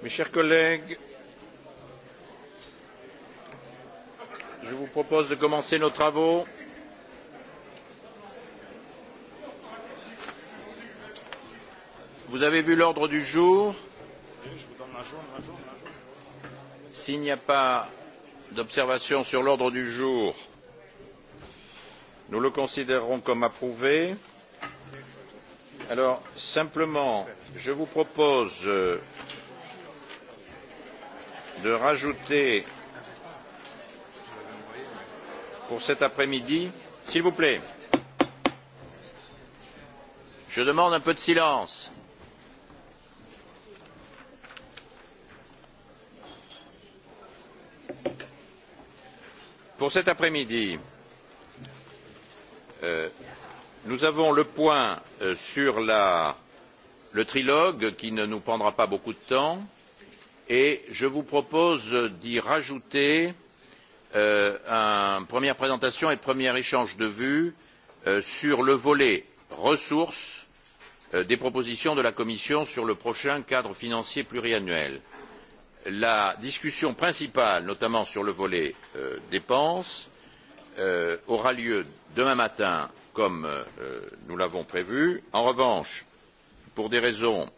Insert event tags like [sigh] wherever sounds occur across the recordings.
Mes chers collègues, je vous propose de commencer nos travaux. Vous avez vu l'ordre du jour. S'il n'y a pas d'observation sur l'ordre du jour, nous le considérerons comme approuvé. Alors, simplement, je vous propose euh, de rajouter pour cet après-midi, s'il vous plaît. Je demande un peu de silence. Pour cet après-midi, euh, nous avons le point euh, sur la, le trilogue qui ne nous prendra pas beaucoup de temps et je vous propose d'y rajouter euh, une première présentation et un premier échange de vues euh, sur le volet ressources euh, des propositions de la commission sur le prochain cadre financier pluriannuel. la discussion principale notamment sur le volet dépenses aura lieu demain matin comme nous l'avons prévu. en revanche pour des raisons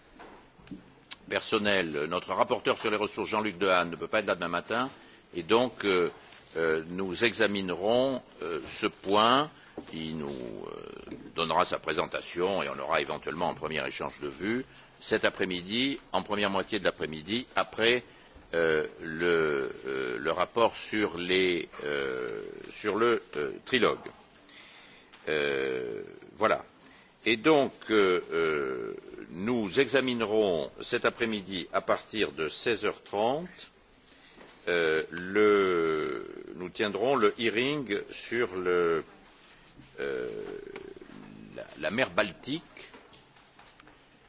personnel, notre rapporteur sur les ressources, Jean-Luc Dehaene, ne peut pas être là demain matin, et donc euh, euh, nous examinerons euh, ce point. Il nous euh, donnera sa présentation et on aura éventuellement un premier échange de vues cet après-midi, en première moitié de l'après-midi, après euh, le, euh, le rapport sur, les, euh, sur le euh, trilogue. Euh, voilà et donc euh, euh, nous examinerons cet après midi à partir de seize heures trente euh, le nous tiendrons le hearing sur le la mer baltique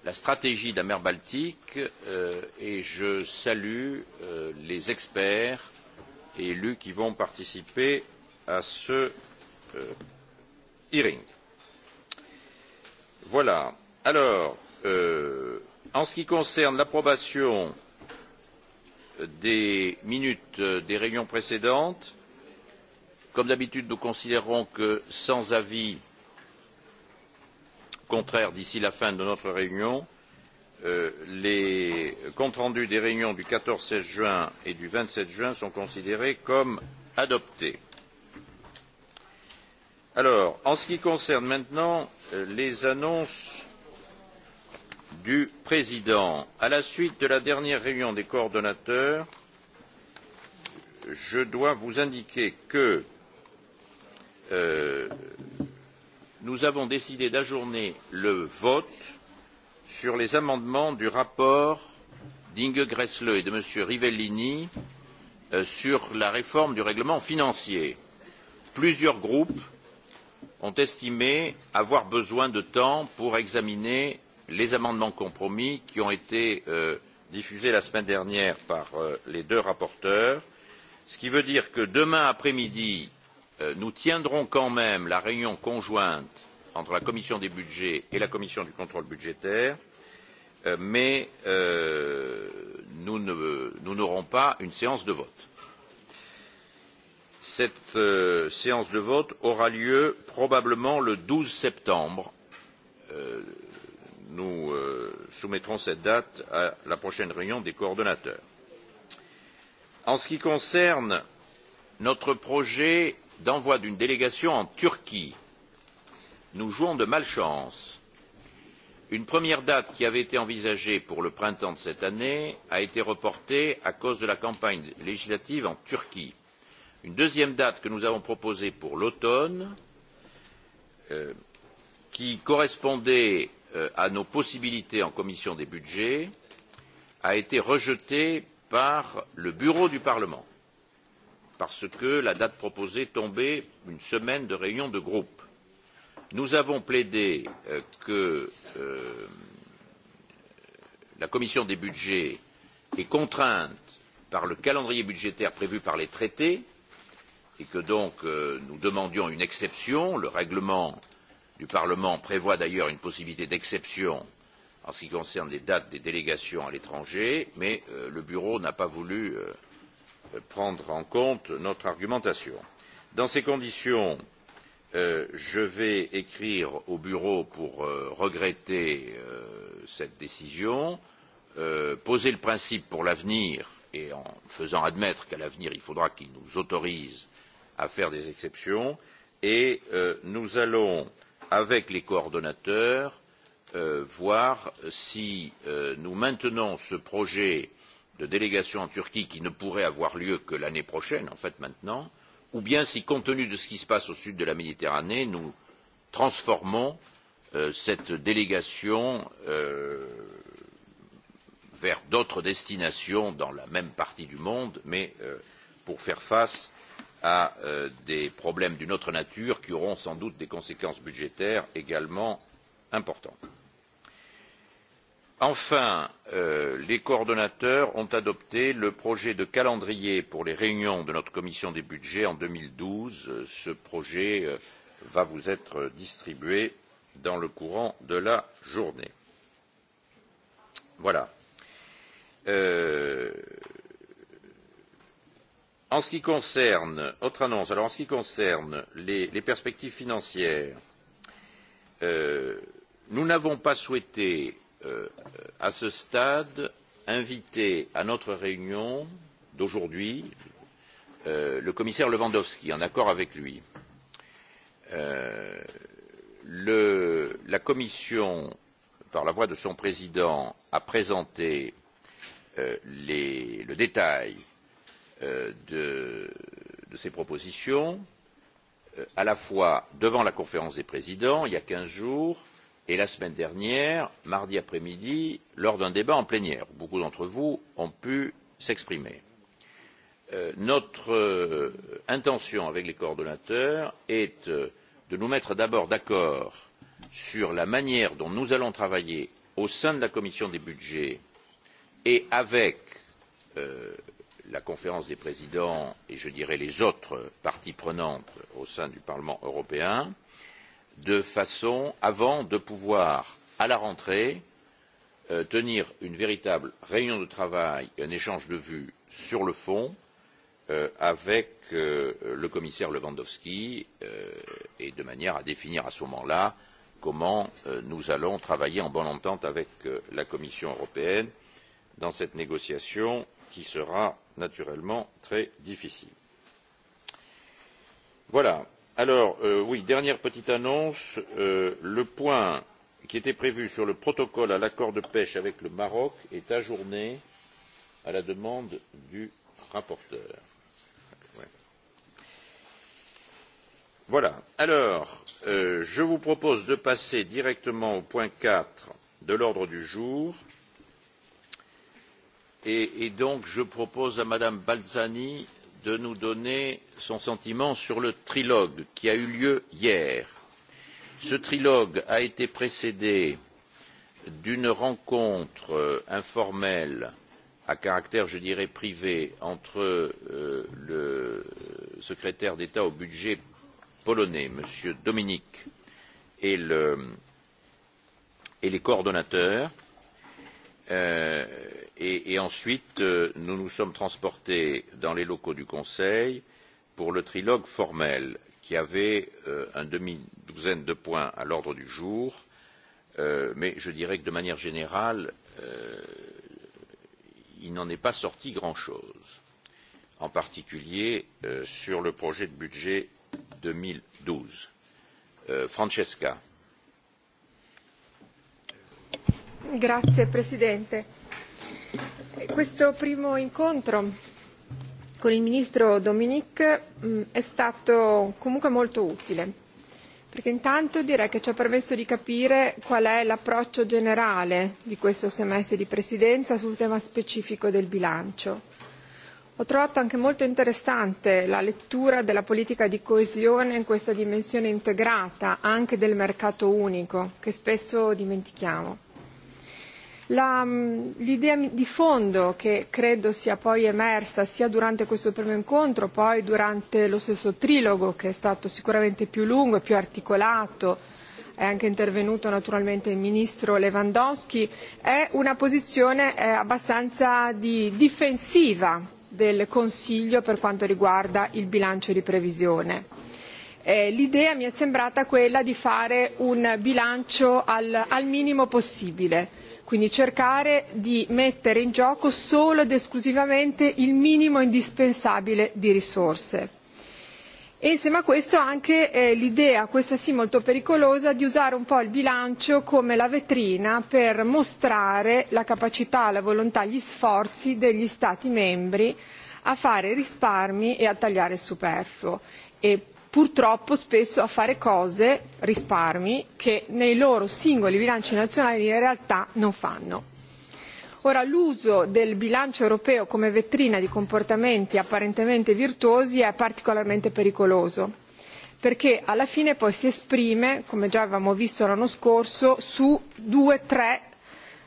la stratégie de la mer baltique et je salue les experts élus qui vont participer à ce hearing. Euh, en ce qui concerne l'approbation des minutes des réunions précédentes comme d'habitude nous considérons que sans avis contraire d'ici la fin de notre réunion euh, les comptes rendus des réunions du quatorze seize juin et du vingt sept juin sont considérés comme adoptés. en ce qui concerne maintenant les annonces du président à la suite de la dernière réunion des coordonnateurs je dois vous indiquer que euh, nous avons décidé d'ajourner le vote sur les amendements du rapport d'inge grässle et de m. rivellini euh, sur la réforme du règlement financier. plusieurs groupes ont estimé avoir besoin de temps pour examiner les amendements compromis qui ont été euh, diffusés la semaine dernière par euh, les deux rapporteurs ce qui veut dire que demain après midi euh, nous tiendrons quand même la réunion conjointe entre la commission des budgets et la commission du contrôle budgétaire mais nous n'aurons pas une séance de vote cette euh, séance de vote aura lieu probablement le 12 septembre. Euh, nous euh, soumettrons cette date à la prochaine réunion des coordonnateurs. En ce qui concerne notre projet d'envoi d'une délégation en Turquie, nous jouons de malchance. Une première date qui avait été envisagée pour le printemps de cette année a été reportée à cause de la campagne législative en Turquie une deuxième date que nous avons proposée pour l'automne euh, qui correspondait euh, à nos possibilités en commission des budgets a été rejetée par le bureau du Parlement parce que la date proposée tombait une semaine de réunion de groupe. Nous avons plaidé euh, que la commission des budgets est contrainte par le calendrier budgétaire prévu par les traités et que donc euh, nous demandions une exception. Le règlement du Parlement prévoit d'ailleurs une possibilité d'exception en ce qui concerne les dates des délégations à l'étranger, mais euh, le Bureau n'a pas voulu euh, prendre en compte notre argumentation. Dans ces conditions, euh, je vais écrire au Bureau pour euh, regretter euh, cette décision, euh, poser le principe pour l'avenir et en faisant admettre qu'à l'avenir, il faudra qu'il nous autorise à faire des exceptions et euh, nous allons, avec les coordonnateurs, euh, voir si euh, nous maintenons ce projet de délégation en Turquie qui ne pourrait avoir lieu que l'année prochaine, en fait maintenant, ou bien si, compte tenu de ce qui se passe au sud de la Méditerranée, nous transformons euh, cette délégation euh, vers d'autres destinations dans la même partie du monde, mais euh, pour faire face euh, à euh, des problèmes d'une autre nature qui auront sans doute des conséquences budgétaires également importantes. Enfin, euh, les coordonnateurs ont adopté le projet de calendrier pour les réunions de notre commission des budgets en 2012. Euh, ce projet euh, va vous être distribué dans le courant de la journée. Voilà. Euh, en ce qui concerne autre annonce en ce qui concerne les perspectives financières euh, nous n'avons pas souhaité euh, à ce stade inviter à notre réunion d'aujourd'hui euh, le commissaire lewandowski en accord avec lui. Le, la commission par la voix de son président a présenté les, le détail Euh, de ces propositions euh, à la fois devant la conférence des présidents il y a quinze jours et la semaine dernière, mardi après midi, lors d'un débat en plénière où beaucoup d'entre vous ont pu s'exprimer. Euh, notre euh, intention avec les coordonnateurs est euh, de nous mettre d'abord d'accord sur la manière dont nous allons travailler au sein de la commission des budgets et avec euh, la conférence des présidents et je dirais les autres parties prenantes au sein du Parlement européen, de façon avant de pouvoir, à la rentrée, euh, tenir une véritable réunion de travail, un échange de vues sur le fond euh, avec euh, le commissaire Lewandowski euh, et de manière à définir à ce moment là comment euh, nous allons travailler en bonne entente avec euh, la Commission européenne dans cette négociation qui sera naturellement très difficile. Euh, dernière petite annonce euh, le point qui était prévu sur le protocole à l'accord de pêche avec le maroc est ajourné à la demande du rapporteur. voilà. Euh, je vous propose de passer directement au point quatre de l'ordre du jour et donc je propose à mme balzani de nous donner son sentiment sur le trilogue qui a eu lieu hier. ce trilogue a été précédé d'une rencontre euh, informelle à caractère je dirais privé entre euh, le secrétaire d'état au budget polonais m. dominik et, le, et les coordonnateurs euh, et, et ensuite euh, nous nous sommes transportés dans les locaux du Conseil pour le trilogue formel qui avait euh, un demi-douzaine de points à l'ordre du jour. Euh, mais je dirais que de manière générale, euh, il n'en est pas sorti grand-chose, en particulier euh, sur le projet de budget 2012. Euh, Francesca. Euh, Grazie Presidente. Questo primo incontro con il Ministro Dominique mh, mm, è stato comunque molto utile, perché intanto direi che ci ha permesso di capire qual è l'approccio generale di questo semestre di Presidenza sul tema specifico del bilancio. Ho trovato anche molto interessante la lettura della politica di coesione in questa dimensione integrata anche del mercato unico, che spesso dimentichiamo. La, mm, l'idea di fondo che credo sia poi emersa sia durante questo primo incontro, poi durante lo stesso trilogo, che è stato sicuramente più lungo e più articolato, è anche intervenuto naturalmente il ministro Lewandowski, è una posizione eh, abbastanza di difensiva del Consiglio per quanto riguarda il bilancio di previsione. Eh, l'idea mi è sembrata quella di fare un bilancio al, al minimo possibile quindi cercare di mettere in gioco solo ed esclusivamente il minimo indispensabile di risorse. E insieme a questo anche eh, l'idea, questa sì molto pericolosa, di usare un po' il bilancio come la vetrina per mostrare la capacità, la volontà, gli sforzi degli Stati membri a fare risparmi e a tagliare superfluo. E purtroppo spesso a fare cose, risparmi, che nei loro singoli bilanci nazionali in realtà non fanno. Ora, l'uso del bilancio europeo come vetrina di comportamenti apparentemente virtuosi è particolarmente pericoloso, perché alla fine poi si esprime, come già avevamo visto l'anno scorso, su due o tre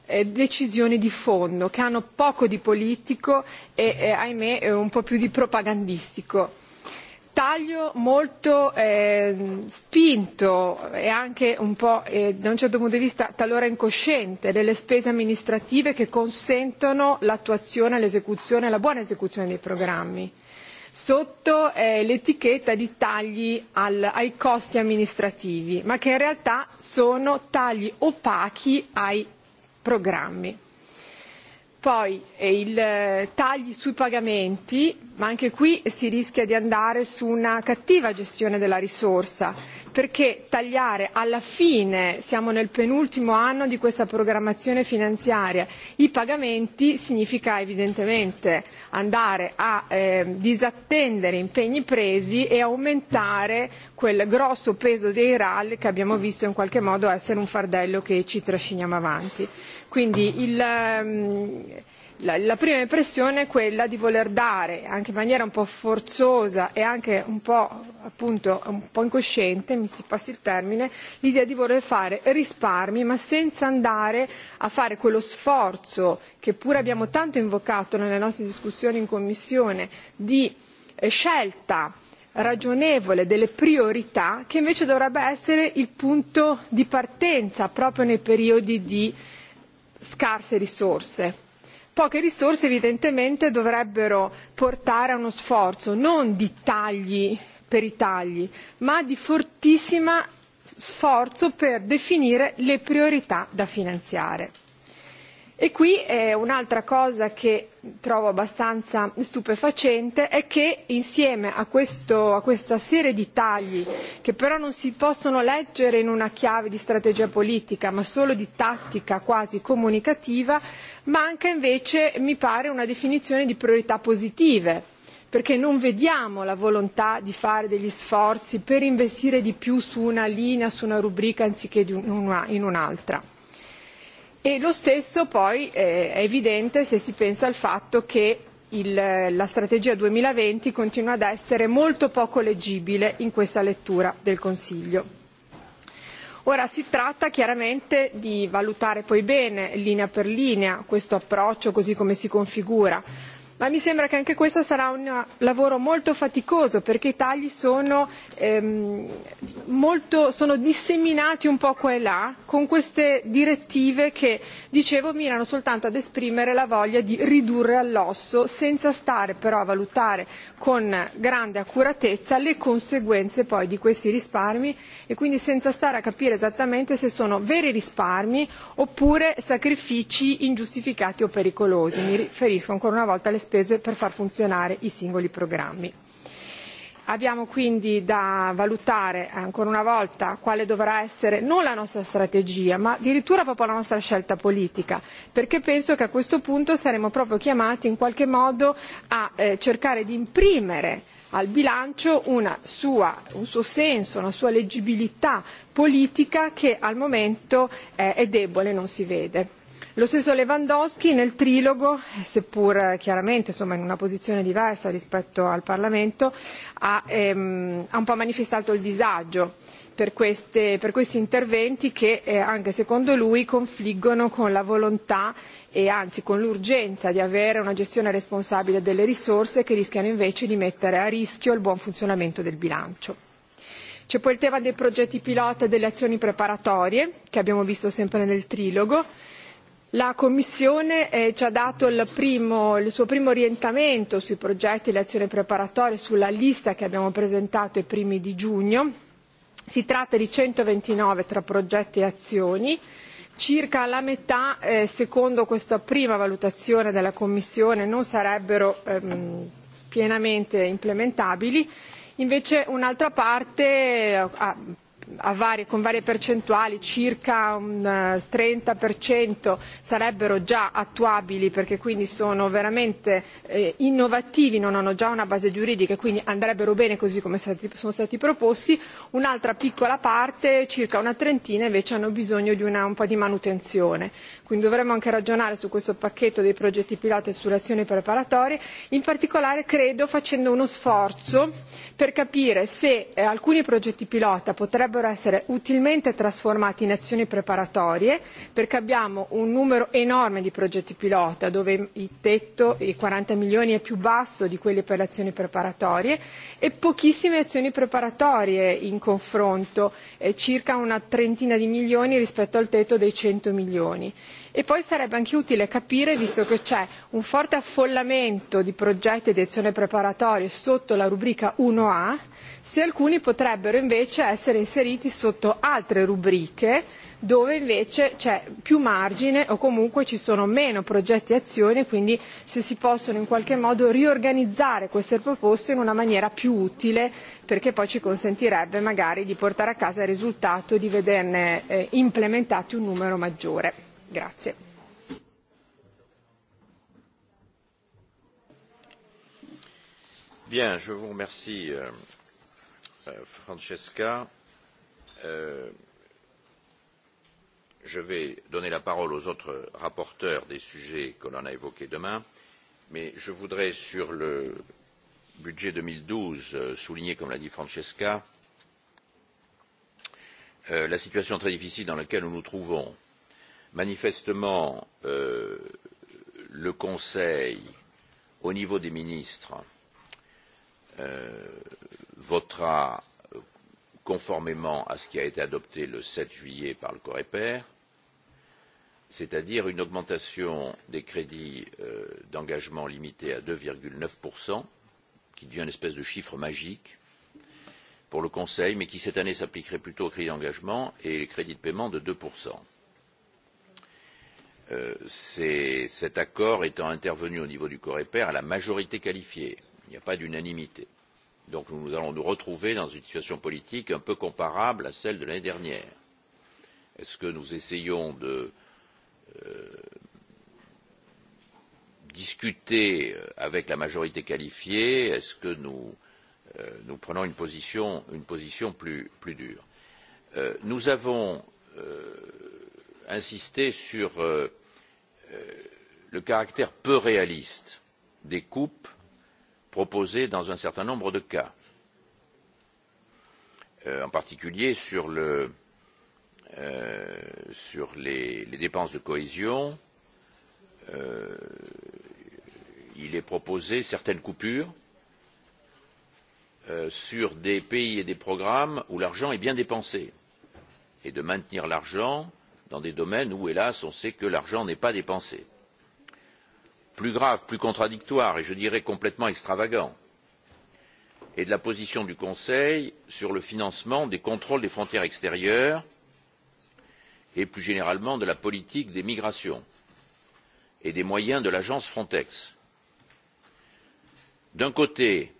eh, decisioni di fondo, che hanno poco di politico e, eh, ahimè, eh, un po' più di propagandistico taglio molto eh, spinto e anche un po' eh, da un certo punto di vista talora incosciente delle spese amministrative che consentono l'attuazione, l'esecuzione, la buona esecuzione dei programmi sotto eh, l'etichetta di tagli al, ai costi amministrativi, ma che in realtà sono tagli opachi ai programmi poi eh, i eh, tagli sui pagamenti ma anche qui si rischia di andare su una cattiva gestione della risorsa perché tagliare alla fine siamo nel penultimo anno di questa programmazione finanziaria i pagamenti significa evidentemente andare a eh, disattendere impegni presi e aumentare quel grosso peso dei RAL che abbiamo visto in qualche modo essere un fardello che ci trasciniamo avanti quindi il, ehm, la, la prima impressione è quella di voler dare anche in maniera un po' forzosa e anche un po' appunto un po' incosciente mi si passi il termine l'idea di voler fare risparmi ma senza andare a fare quello sforzo che pure abbiamo tanto invocato nelle nostre discussioni in commissione di eh, scelta ragionevole delle priorità che invece dovrebbe essere il punto di partenza proprio nei periodi di scarse risorse. Poche risorse evidentemente dovrebbero portare a uno sforzo non di tagli per i tagli, ma di fortissimo sforzo per definire le priorità da finanziare. E qui eh, un'altra cosa che trovo abbastanza stupefacente è che insieme a, questo, a questa serie di tagli, che però non si possono leggere in una chiave di strategia politica, ma solo di tattica quasi comunicativa, manca invece, mi pare, una definizione di priorità positive, perché non vediamo la volontà di fare degli sforzi per investire di più su una linea, su una rubrica, anziché di una, in un'altra. E lo stesso poi eh, è evidente se si pensa al fatto che il, la strategia 2020 continua ad essere molto poco leggibile in questa lettura del Consiglio. Ora si tratta chiaramente di valutare poi bene linea per linea questo approccio così come si configura, ma mi sembra che anche questo sarà un lavoro molto faticoso perché i tagli sono, ehm, molto, sono disseminati un po' qua e là con queste direttive che, dicevo, mirano soltanto ad esprimere la voglia di ridurre all'osso senza stare però a valutare con grande accuratezza le conseguenze poi di questi risparmi e quindi senza stare a capire esattamente se sono veri risparmi oppure sacrifici ingiustificati o pericolosi. Mi riferisco ancora una volta alle spese per far funzionare i singoli programmi abbiamo quindi da valutare ancora una volta quale dovrà essere non la nostra strategia ma addirittura proprio la nostra scelta politica perché penso che a questo punto saremo proprio chiamati in qualche modo a eh, cercare di imprimere al bilancio una sua, un suo senso, una sua leggibilità politica che al momento è, eh, è debole, non si vede. Lo stesso Lewandowski nel trilogo, seppur eh, chiaramente insomma, in una posizione diversa rispetto al Parlamento, ha, ehm, ha un po' manifestato il disagio per, queste, per questi interventi che eh, anche secondo lui confliggono con la volontà e anzi con l'urgenza di avere una gestione responsabile delle risorse che rischiano invece di mettere a rischio il buon funzionamento del bilancio. C'è poi il tema dei progetti pilota e delle azioni preparatorie che abbiamo visto sempre nel trilogo. La Commissione eh, ci ha dato il, primo, il suo primo orientamento sui progetti e le azioni preparatorie sulla lista che abbiamo presentato i primi di giugno. Si tratta di 129 tra progetti e azioni. Circa la metà, eh, secondo questa prima valutazione della Commissione, non sarebbero ehm, pienamente implementabili. Invece un'altra parte, eh, a varie, con varie percentuali circa un 30% eh, sarebbero già attuabili perché quindi sono veramente eh, innovativi, non hanno già una base giuridica e quindi andrebbero bene così come stati, sono stati proposti. Un'altra piccola parte, circa una trentina, invece hanno bisogno di una, un po' di manutenzione. Quindi dovremmo anche ragionare su questo pacchetto dei progetti pilota e sulle azioni preparatorie, in particolare credo facendo uno sforzo per capire se eh, alcuni progetti pilota potrebbero dovrebbero essere utilmente trasformati in azioni preparatorie perché abbiamo un numero enorme di progetti pilota dove il tetto i 40 milioni è e più basso di quelli per le azioni preparatorie e pochissime azioni preparatorie in confronto eh, circa una trentina di milioni rispetto al tetto dei 100 milioni e poi sarebbe anche utile capire visto che c'è un forte affollamento di progetti di azione preparatorie sotto la rubrica 1A se alcuni potrebbero invece essere inseriti sotto altre rubriche dove invece c'è più margine o comunque ci sono meno progetti e azioni e quindi se si possono in qualche modo riorganizzare queste proposte in una maniera più utile perché poi ci consentirebbe magari di portare a casa il risultato e di vederne eh, implementati un numero maggiore. Grazie. Bien, je vous remercie, euh, Euh, francesca euh, je vais donner la parole aux autres rapporteurs des sujets que l'on a évoqués demain mais je voudrais sur le budget deux mille douze euh, souligner comme l'a dit francesca euh, la situation très difficile dans laquelle nous nous trouvons. Manifestement, euh, le Conseil, au niveau des ministres, euh, votera euh, conformément à ce qui a été adopté le 7 juillet par le COREPER, c'est-à-dire une augmentation des crédits euh, d'engagement limités à 2,9%, qui devient une espèce de chiffre magique pour le Conseil, mais qui cette année s'appliquerait plutôt aux crédits d'engagement et les crédits de paiement de 2%. Euh, cet accord étant intervenu au niveau du COREPER à la majorité qualifiée, il n'y a pas d'unanimité. Euh, Donc nous allons nous retrouver dans une situation politique un peu comparable à celle de l'année dernière. Est-ce que nous essayons de euh, discuter euh, avec la majorité qualifiée Est-ce que nous, euh, nous prenons une position, une position plus, plus dure euh, Nous avons euh, insisté sur euh, euh, le caractère peu réaliste des coupes proposée dans un certain nombre de cas, euh, en particulier sur, le, euh, sur les, les dépenses de cohésion. Euh, il est proposé certaines coupures euh, sur des pays et des programmes où l'argent est bien dépensé et de maintenir l'argent dans des domaines où, hélas, on sait que l'argent n'est pas dépensé plus grave plus contradictoire et je dirais complètement extravagant et de la position du conseil sur le financement des contrôles des frontières extérieures et plus généralement de la politique des migrations et des moyens de l'agence frontex. d'un côté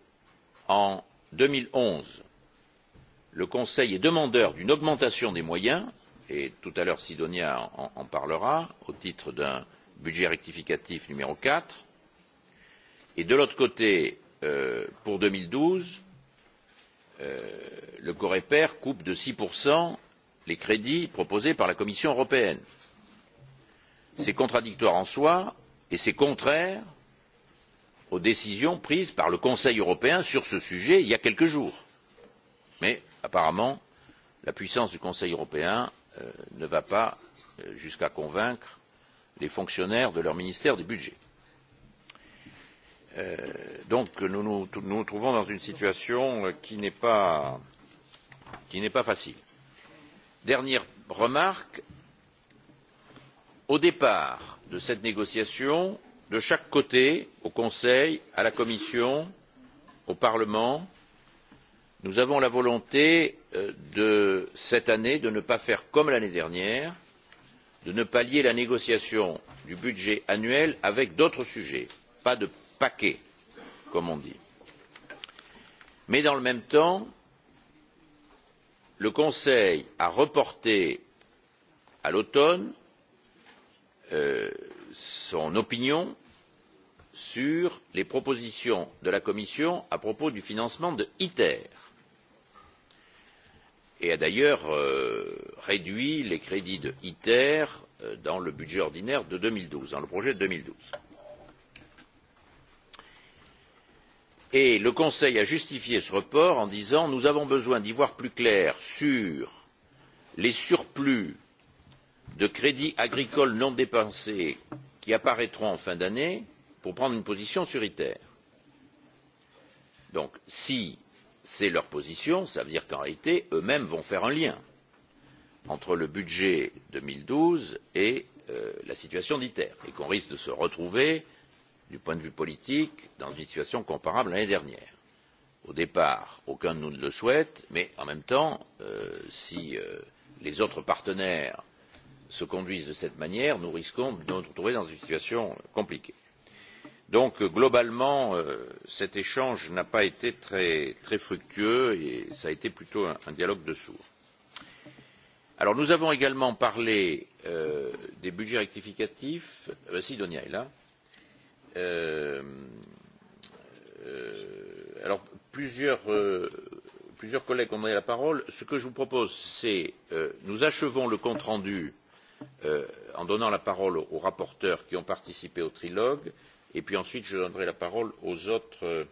en deux mille onze le conseil est demandeur d'une augmentation des moyens et tout à l'heure sidonia en parlera au titre d'un budget rectificatif numéro quatre et de l'autre côté euh, pour deux mille douze euh, le coreper coupe de six les crédits proposés par la commission européenne. c'est contradictoire en soi et c'est contraire aux décisions prises par le conseil européen sur ce sujet il y a quelques jours. mais apparemment la puissance du conseil européen euh, ne va pas euh, jusqu'à convaincre les fonctionnaires de leur ministère des budgets. Euh, donc nous nous, nous nous trouvons dans une situation qui n'est pas qui n'est pas facile. Dernière remarque au départ de cette négociation, de chaque côté, au Conseil, à la Commission, au Parlement, nous avons la volonté euh, de cette année de ne pas faire comme l'année dernière de ne pas lier la négociation du budget annuel avec d'autres sujets pas de paquet comme on dit. mais dans le même temps le conseil a reporté à l'automne euh, son opinion sur les propositions de la commission à propos du financement de iter et a d'ailleurs euh, réduit les crédits de iter euh, dans le budget ordinaire de deux mille douze dans le projet de deux mille douze et le conseil a justifié ce report en disant nous avons besoin d'y voir plus clair sur les surplus de crédits agricoles non dépensés qui apparaîtront en fin d'année pour prendre une position sur ITER. Donc, si c'est leur position, ça veut dire qu'en réalité, eux mêmes vont faire un lien entre le budget 2012 et euh, la situation d'ITER, et qu'on risque de se retrouver, du point de vue politique, dans une situation comparable l'année dernière. Au départ, aucun de nous ne le souhaite, mais en même temps, euh, si euh, les autres partenaires se conduisent de cette manière, nous risquons de nous retrouver dans une situation compliquée donc globalement euh, cet échange n'a pas été très fructueux et cela a été plutôt un dialogue de sourds. nous avons également parlé euh, des budgets rectificatifs sidonia est là euh, alors plusieurs, euh, plusieurs collègues ont donné la parole. Ce que je vous propose, c'est euh, nous achevons le compte rendu euh, en donnant la parole aux rapporteurs qui ont participé au trilogue. Euh, et puis ensuite je donnerai la parole aux autres,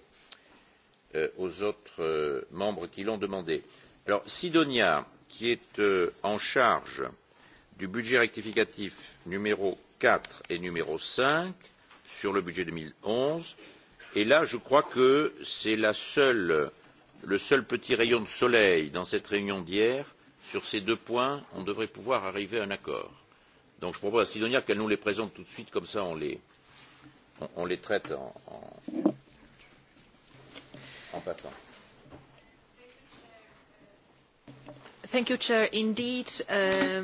euh, aux autres euh, membres qui l'ont demandé. Alors Sidonia, qui est euh, en charge du budget rectificatif numéro 4 et numéro 5 sur le budget 2011, et là je crois que c'est le seul petit rayon de soleil dans cette réunion d'hier, sur ces deux points, on devrait pouvoir arriver à un accord. Donc je propose à Sidonia qu'elle nous les présente tout de suite, comme ça on les, on, on les traite en, en, en passant. Thank you, Chair. Indeed, uh,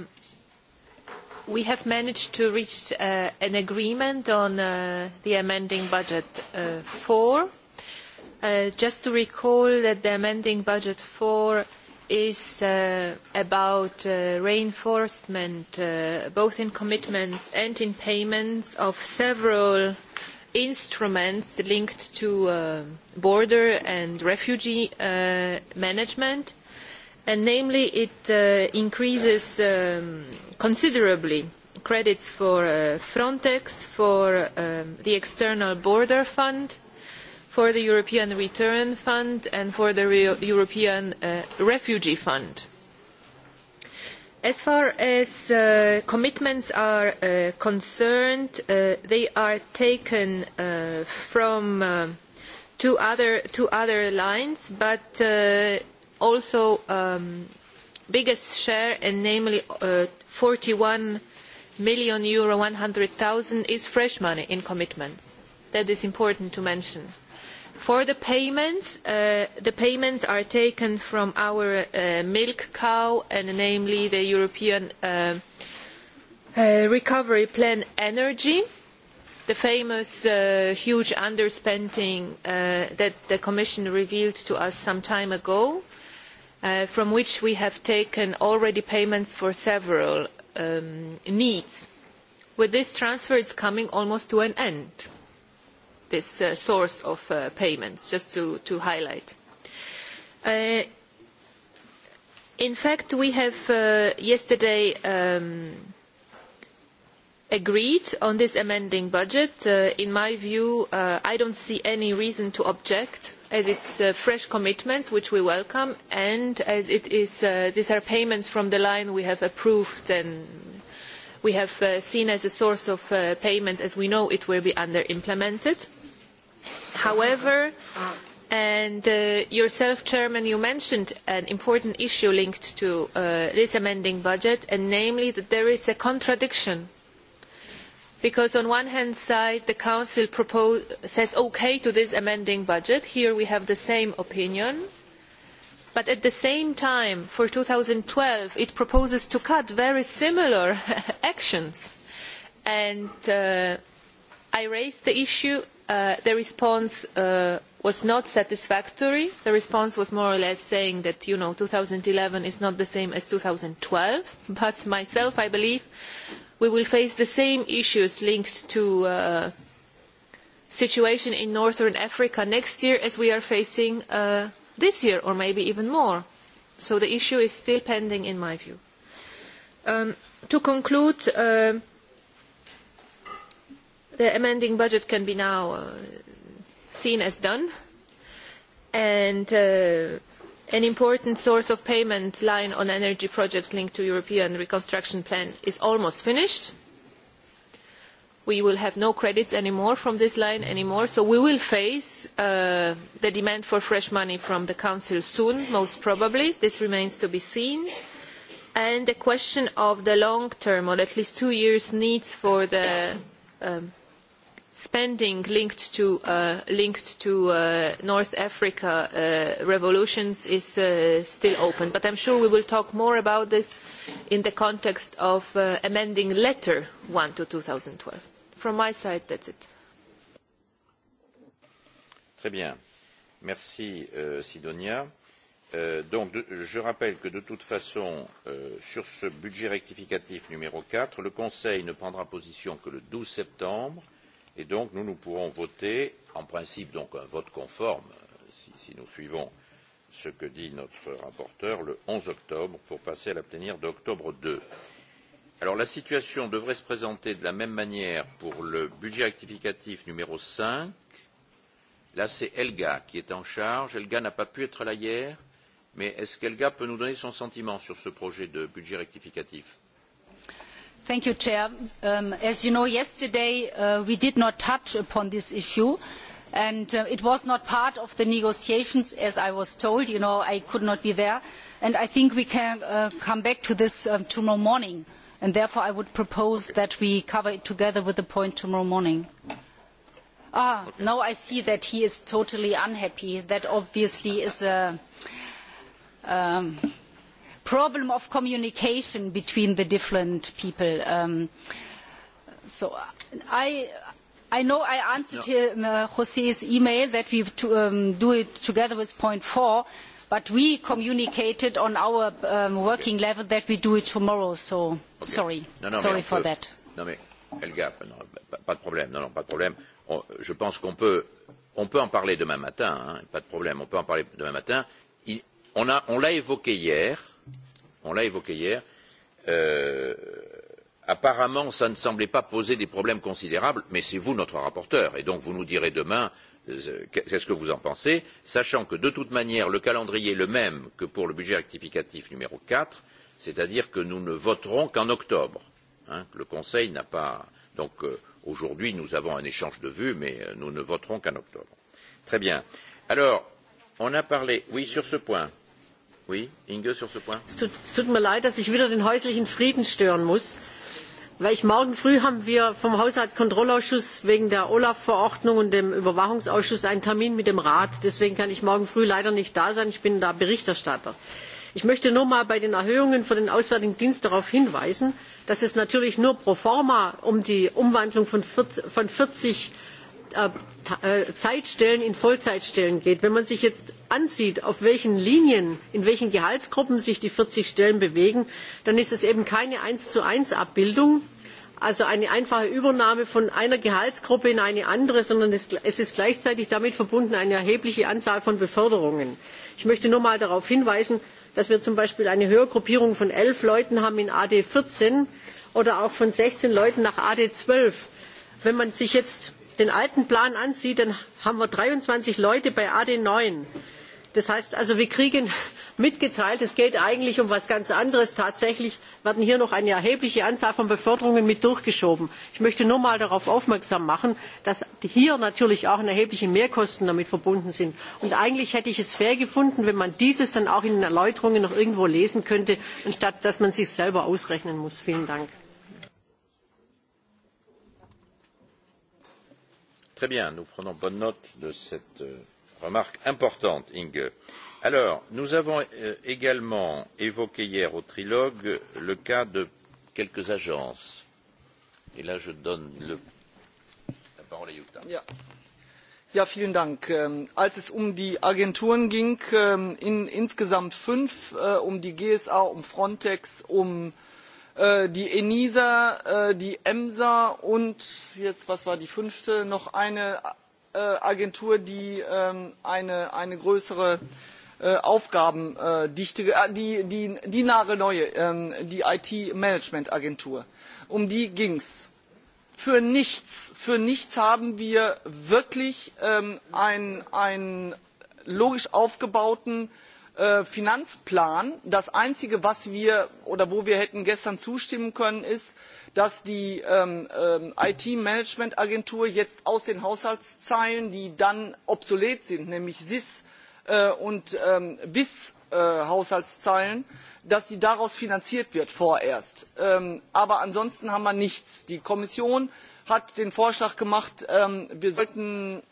we have managed to reach uh, an agreement on uh, the amending budget uh, 4. Uh, just to recall that the amending budget 4 is uh, about uh, reinforcement, uh, both in commitments and in payments, of several instruments linked to uh, border and refugee uh, management. And namely, it uh, increases um, considerably credits for uh, Frontex, for um, the External Border Fund, for the European Return Fund, and for the Re European uh, Refugee Fund. As far as uh, commitments are uh, concerned, uh, they are taken from two other lines, but also um, biggest share, and namely 41.1 million is fresh money in commitments. That is important to mention. For the payments, uh, the payments are taken from our uh, milk cow and namely the European uh, Recovery Plan Energy, the famous huge underspending that the Commission revealed to us some time ago, from which we have taken already payments for several um, needs. With this transfer, it's coming almost to an end this uh, source of uh, payments, just to highlight. Uh, in fact, we have yesterday um, agreed on this amending budget. In my view, I don't see any reason to object, as it's fresh commitments, which we welcome, and as it is, these are payments from the line we have approved and we have uh, seen as a source of uh, payments as we know it will be under implemented however and uh, yourself chairman you mentioned an important issue linked to uh, this amending budget and namely that there is a contradiction because on one hand side the council propose, says okay to this amending budget here we have the same opinion but at the same time for 2012 it proposes to cut very similar [laughs] actions and uh, i raised the issue uh, the response uh, was not satisfactory the response was more or less saying that you know 2011 is not the same as 2012 but myself i believe we will face the same issues linked to uh, situation in northern africa next year as we are facing uh, this year or maybe even more. So the issue is still pending in my view. Um, to conclude, uh, the amending budget can be now uh, seen as done and uh, an important source of payment line on energy projects linked to European reconstruction plan is almost finished we will have no credits anymore from this line anymore. So we will face uh, the demand for fresh money from the Council soon, most probably. This remains to be seen. And the question of the long term, or at least two years needs for the um, spending linked to, uh, linked to uh, North Africa uh, revolutions is uh, still open. But I'm sure we will talk more about this in the context of uh, amending letter 1 to 2012 from my side that is it. Très bien. Merci euh, Sidonia. Euh, donc de, je rappelle que de toute façon, euh, sur ce budget rectificatif numéro 4, le Conseil ne prendra position que le 12 septembre et donc nous, nous pourrons voter, en principe donc un vote conforme, euh, si, si nous suivons ce que dit notre rapporteur, le 11 octobre pour passer à l'obtenir d'octobre 2. Alors la situation devrait se présenter de la même manière pour le budget rectificatif numéro 5. Là, c'est Elga qui est en charge. Elga n'a pas pu être là hier, mais est-ce qu'Elga peut nous donner son sentiment sur ce projet de budget rectificatif Thank you, Chair. Um, as you know, yesterday uh, we did not touch upon this issue, and uh, it was not part of the negotiations, as I was told. You know, I could not be there, and I think we can uh, come back to this uh, tomorrow morning. Uh, and therefore I would propose okay. that we cover it together with the point tomorrow morning. Ah, okay. now I see that he is totally unhappy. That obviously is a um, problem of communication between the different people. Um, so I, I know I answered no. him, uh, Jose's email that we to, um, do it together with point four but we communicated on our um, working okay. level that we do it tomorrow, so okay. No, no, sorry, non, non, sorry for peut... that. Non mais, Elga, non, pas, pas de problème, non, non, pas de problème. On, je pense qu'on peut, on peut en parler demain matin, hein, pas de problème, on peut en parler demain matin. Il, on, a, on l'a évoqué hier, on l'a évoqué hier, euh, apparemment ça ne semblait pas poser des problèmes considérables, mais c'est vous notre rapporteur, et donc vous nous direz demain... Euh, qu'est ce que vous en pensez sachant que de toute manière le calendrier est le même que pour le budget rectificatif numéro quatre c'est à dire que nous ne voterons qu'en octobre hein, le conseil n'a pas donc euh, aujourd'hui nous avons un échange de vues mais euh, nous ne voterons qu'en octobre très bien alors on a parlé oui sur ce point oui inge sur ce point es tut, es tut mir leid dass ich wieder den häuslichen frieden stören muss. Welch morgen früh haben wir vom Haushaltskontrollausschuss wegen der Olaf Verordnung und dem Überwachungsausschuss einen Termin mit dem Rat. Deswegen kann ich morgen früh leider nicht da sein. Ich bin da Berichterstatter. Ich möchte nur mal bei den Erhöhungen für den Auswärtigen Dienst darauf hinweisen, dass es natürlich nur pro forma um die Umwandlung von 40, von 40 Äh, äh, Zeitstellen in Vollzeitstellen geht, wenn man sich jetzt ansieht, auf welchen Linien, in welchen Gehaltsgruppen sich die 40 Stellen bewegen, dann ist es eben keine 1 zu 1 Abbildung, also eine einfache Übernahme von einer Gehaltsgruppe in eine andere, sondern es ist gleichzeitig damit verbunden eine erhebliche Anzahl von Beförderungen. Ich möchte nur mal darauf hinweisen, dass wir zum Beispiel eine Höhergruppierung von elf Leuten haben in AD 14 oder auch von 16 Leuten nach AD 12. Wenn man sich jetzt den alten plan ansieht dann haben wir dreiundzwanzig leute bei ad neun das heißt also wir kriegen [laughs] mitgeteilt es geht eigentlich um etwas ganz anderes tatsächlich wird hier noch eine erhebliche anzahl von beförderungen mit durchgeschoben. ich möchte nur mal darauf aufmerksam machen dass hier natürlich auch erhebliche mehrkosten damit verbunden sind und eigentlich hätte ich es fair gefunden wenn man dieses dann auch in den erläuterungen noch irgendwo lesen könnte anstatt dass man es sich selber ausrechnen muss. vielen dank! très bien nous prenons bonne note de cette euh, remarque importante inge. alors nous avons euh, également évoqué hier au trilogue le cas de quelques agences et là je donne le Ja. ja, vielen Dank. Ähm, als es um die Agenturen ging, ähm, in, insgesamt fünf, äh, um die GSA, um Frontex, um äh, Äh, die enisa äh, die emsa und was war die fünfte noch eine äh, agentur die ähm, eine größere aufgabendichte die nagelneue die it ähm, management agentur um die ging es. für nichts für nichts haben wir wirklich ähm, einen logisch aufgebauten Äh, finanzplan das einzige was wir oder wo wir hätten gestern zustimmen können ist dass die ähm, ähm, it management agentur jetzt aus den haushaltszeilen die dann obsolet sind nämlich sis äh, und ähm, bis äh, haushaltszeilen dass sie daraus finanziert wird vorerst. aber ansonsten haben wir nichts. die kommission hat den vorschlag gemacht wir sollten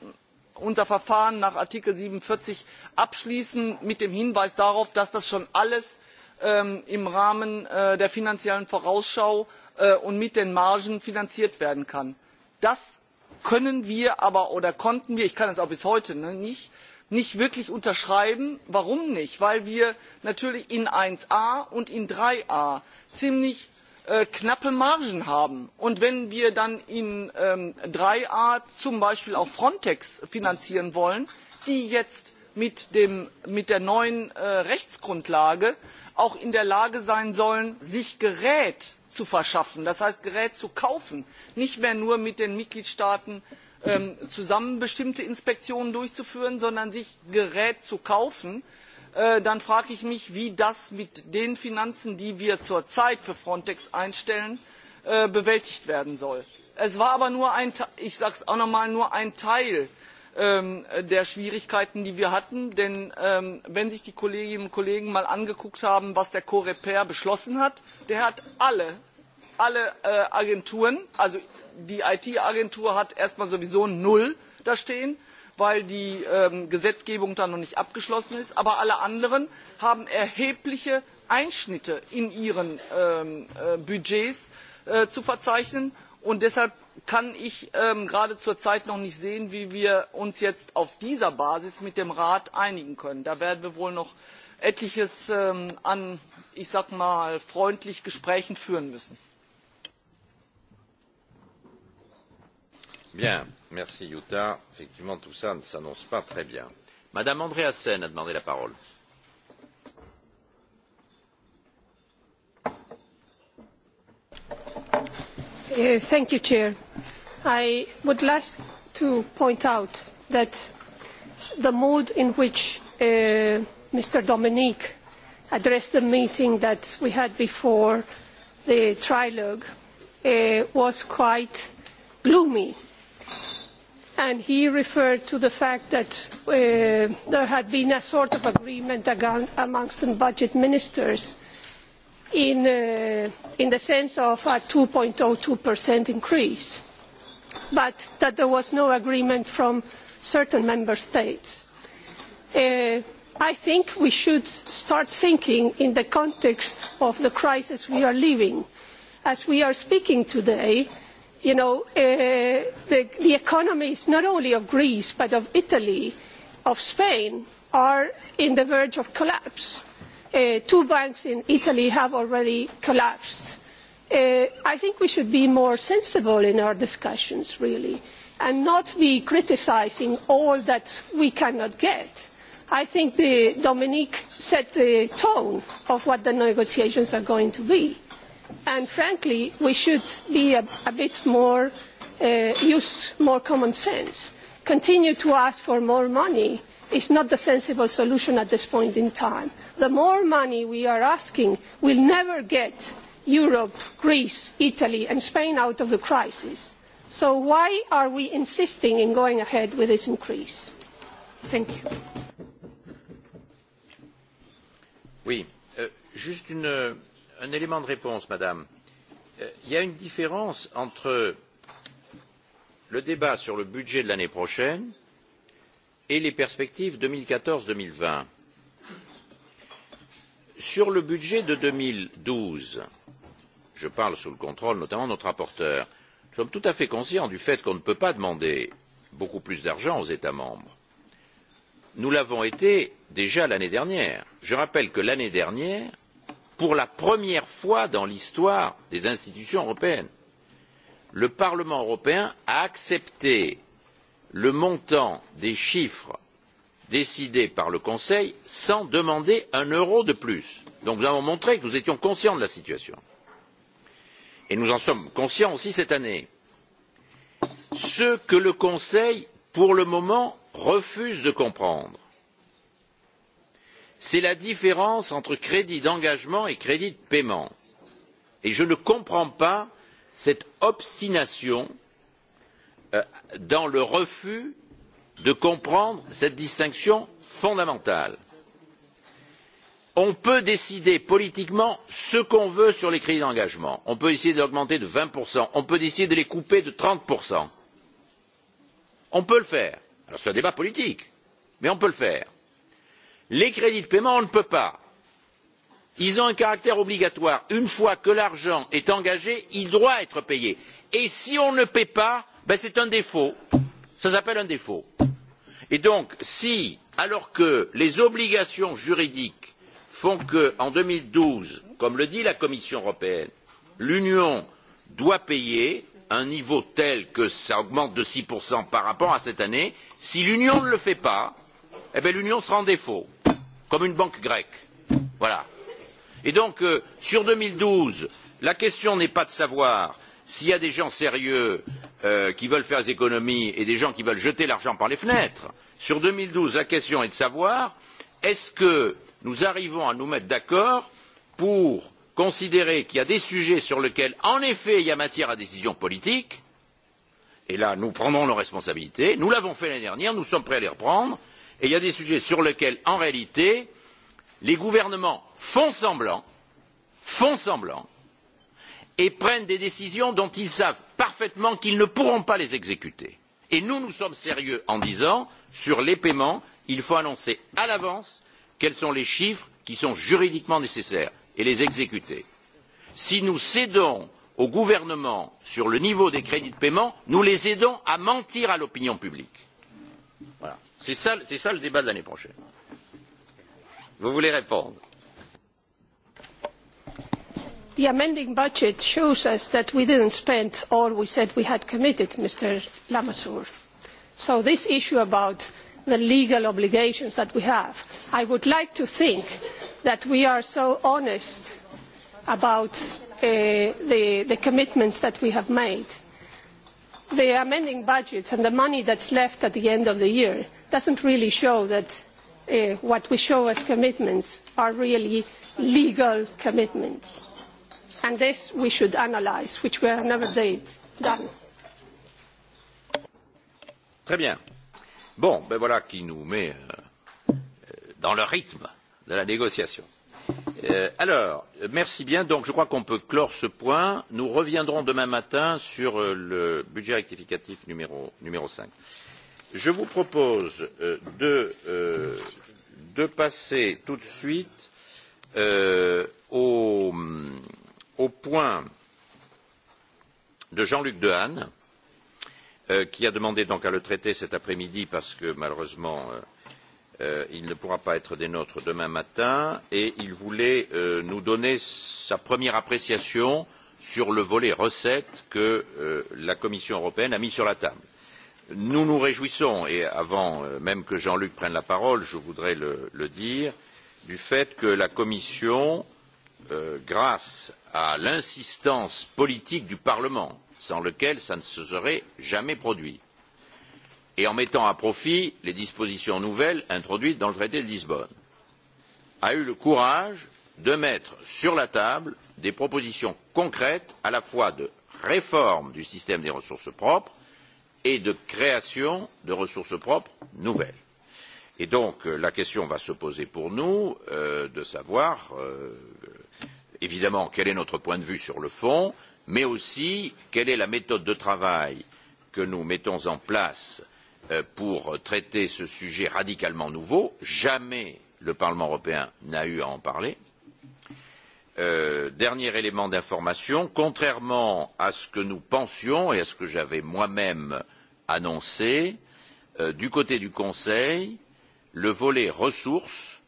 unser Verfahren nach Artikel 47 abschließen mit dem Hinweis darauf, dass das schon alles ähm, im Rahmen äh, der finanziellen Vorausschau äh, und mit den Margen finanziert werden kann. Das können wir aber oder konnten wir, ich kann es auch bis heute ne, nicht, nicht wirklich unterschreiben. Warum nicht? Weil wir natürlich in 1a und in 3a ziemlich Äh, knappe margen haben und wenn wir dann in ähm, drei a zum beispiel auch frontex finanzieren wollen die jetzt mit, dem, mit der neuen äh, rechtsgrundlage auch in der lage sein sollen sich gerät zu verschaffen das heißt gerät zu kaufen nicht mehr nur mit den mitgliedstaaten ähm, zusammen bestimmte inspektionen durchzuführen sondern sich gerät zu kaufen Äh, dann frage ich mich wie das mit den finanzen die wir zurzeit für frontex einstellen äh, bewältigt werden soll. es war aber nur ein ich sage es auch noch einmal nur ein teil ähm, der schwierigkeiten die wir hatten denn ähm, wenn sich die kolleginnen und kollegen einmal angeschaut haben was der coreper beschlossen hat der hat alle alle äh, agenturen also die it agentur hat erst einmal sowieso null dastehen weil die ähm, Gesetzgebung dann noch nicht abgeschlossen ist, aber alle anderen haben erhebliche Einschnitte in ihren ähm, äh, Budgets äh, zu verzeichnen. Und deshalb kann ich ähm, gerade zur Zeit noch nicht sehen, wie wir uns jetzt auf dieser Basis mit dem Rat einigen können. Da werden wir wohl noch etliches ähm, an, ich sag mal, freundlich Gesprächen führen müssen. Bien, merci Yuta. Effectivement, tout ça ne s'annonce pas très bien. Madame Andréassen a demandé la parole. Uh, thank you, Chair. I would like to point out that the mood in which uh, eh, Mr. Dominique addressed the meeting that we had before the trilogue uh, was quite gloomy, and he referred to the fact that uh, there had been a sort of agreement amongst the budget ministers in, uh, in the sense of a 2.02% increase, but that there was no agreement from certain member states. Uh, I think we should start thinking in the context of the crisis we are living. As we are speaking today, you know, uh, the, the economies not only of Greece but of Italy, of Spain, are in the verge of collapse. Uh, two banks in Italy have already collapsed. Uh, I think we should be more sensible in our discussions, really, and not be criticizing all that we cannot get. I think the Dominique set the tone of what the negotiations are going to be and frankly we should be a, a bit more uh, use more common sense continue to ask for more money is not the sensible solution at this point in time the more money we are asking will never get europe greece italy and spain out of the crisis so why are we insisting in going ahead with this increase thank you oui euh, juste une euh, un élément de réponse madame euh, il y a une différence entre le débat sur le budget de l'année prochaine et les perspectives deux mille quatorze deux mille vingt sur le budget de deux mille douze je parle sous le contrôle notamment de notre rapporteur nous sommes tout à fait conscients du fait qu'on ne peut pas demander beaucoup plus d'argent aux États membres. Nous l'avons été déjà l'année dernière. Je rappelle que l'année dernière, pour la première fois dans l'histoire des institutions européennes, le Parlement européen a accepté le montant des chiffres décidés par le Conseil sans demander un euro de plus. Donc nous avons montré que nous étions conscients de la situation. Et nous en sommes conscients aussi cette année. Ce que le Conseil, pour le moment, refuse de comprendre, c'est la différence entre crédits d'engagement et crédits de paiement et je ne comprends pas cette obstination euh, dans le refus de comprendre cette distinction fondamentale. on peut décider politiquement ce qu'on veut sur les crédits d'engagement on peut décider de les augmenter de vingt on peut décider de les couper de trente on peut le faire c'est un débat politique mais on peut le faire les crédits de paiement on ne peut pas. ils ont un caractère obligatoire une fois que l'argent est engagé il doit être payé et si on ne paie pas c'est un défaut ça s'appelle un défaut. et donc si alors que les obligations juridiques font qu'en deux mille douze comme le dit la commission européenne l'union doit payer à un niveau tel que cela augmente de six par rapport à cette année si l'union ne le fait pas eh l'union sera en défaut comme une banque grecque. Voilà. Et donc, euh, sur 2012, la question n'est pas de savoir s'il y a des gens sérieux euh, qui veulent faire des économies et des gens qui veulent jeter l'argent par les fenêtres. Sur 2012, la question est de savoir est-ce que nous arrivons à nous mettre d'accord pour considérer qu'il y a des sujets sur lesquels, en effet, il y a matière à décision politique, et là, nous prendrons nos responsabilités. Nous l'avons fait l'année dernière, nous sommes prêts à les reprendre et il y a des sujets sur lesquels en réalité les gouvernements font semblant font semblant et prennent des décisions dont ils savent parfaitement qu'ils ne pourront pas les exécuter. et nous nous sommes sérieux en disant sur les paiements il faut annoncer à l'avance quels sont les chiffres qui sont juridiquement nécessaires et les exécuter. si nous cédons au gouvernement sur le niveau des crédits de paiement nous les aidons à mentir à l'opinion publique. C'est ça, c'est ça le débat de l'année prochaine. Vous voulez répondre The amending budget shows us that we didn't spend all we said we had committed, Mr. Lamassoor. So this issue about the legal obligations that we have, I would like to think that we are so honest about uh, the, the commitments that we have made the amending budgets and the money that is left at the end of the year does not really show that uh, what we show as commitments are really legal commitments. And this we should analyse, which we have never done. Très bien. Bon, ben voilà qui nous met euh, dans le rythme de la négociation. Euh, merci bien donc je crois qu'on peut clore ce point nous reviendrons demain matin sur euh, le budget rectificatif numéro. cinq je vous propose euh, de passer tout de suite au point de jean luc dehaene qui a demandé donc à le traiter cet après midi parce que malheureusement Euh, il ne pourra pas être des nôtres demain matin et il voulait euh, nous donner sa première appréciation sur le volet recettes que euh, la Commission européenne a mis sur la table. Nous nous réjouissons et avant euh, même que Jean Luc prenne la parole, je voudrais le, le dire du fait que la Commission, euh, grâce à l'insistance politique du Parlement, sans lequel ça ne se serait jamais produit, et en mettant à profit les dispositions nouvelles introduites dans le traité de lisbonne a eu le courage de mettre sur la table des propositions concrètes à la fois de réforme du système des ressources propres et de création de ressources propres nouvelles. Et donc euh, la question va se poser pour nous euh, de savoir euh, évidemment quel est notre point de vue sur le fond, mais aussi quelle est la méthode de travail que nous mettons en place euh, Euh, pour traiter ce sujet radicalement nouveau. Jamais le Parlement européen n'a eu à en parler. Euh, dernier élément d'information, contrairement à ce que nous pensions et à ce que j'avais moi-même annoncé, euh, du côté du Conseil, le volet ressources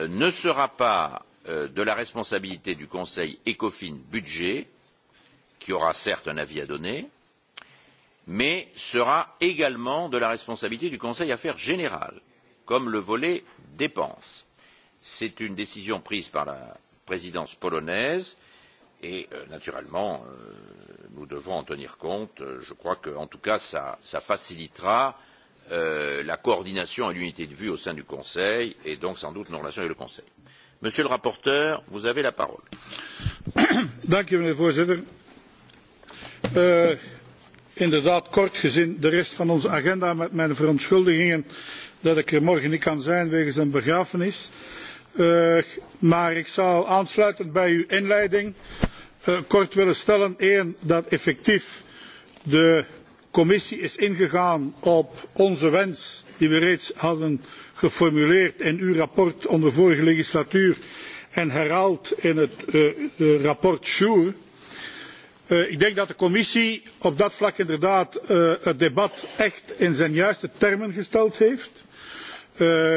euh, ne sera pas euh, de la responsabilité du Conseil ECOFIN budget, qui aura certes un avis à donner, euh, mais sera également de la responsabilité du conseil affaires générales comme le volet dépenses. c'est une décision prise par la présidence polonaise et euh, naturellement euh, nous devons en tenir compte. je crois qu'en tout cas ça, ça facilitera euh, la coordination et l'unité de vue au sein du conseil et donc sans doute nos relations avec le conseil. monsieur le rapporteur vous avez la parole. [coughs] Dank u, meneer voorzitter. Uh, inderdaad kort gezien de rest van onze agenda met mijn verontschuldigingen dat ik er morgen niet kan zijn wegens een begrafenis. Uh, maar ik zou aansluitend bij uw inleiding uh, kort willen stellen. één, dat effectief de commissie is ingegaan op onze wens die we reeds hadden geformuleerd in uw rapport onder vorige legislatuur en herhaald in het uh, rapport Schuur. Eh, ik denk dat de commissie op dat vlak inderdaad eh, het debat echt in zijn juiste termen gesteld heeft. Eh,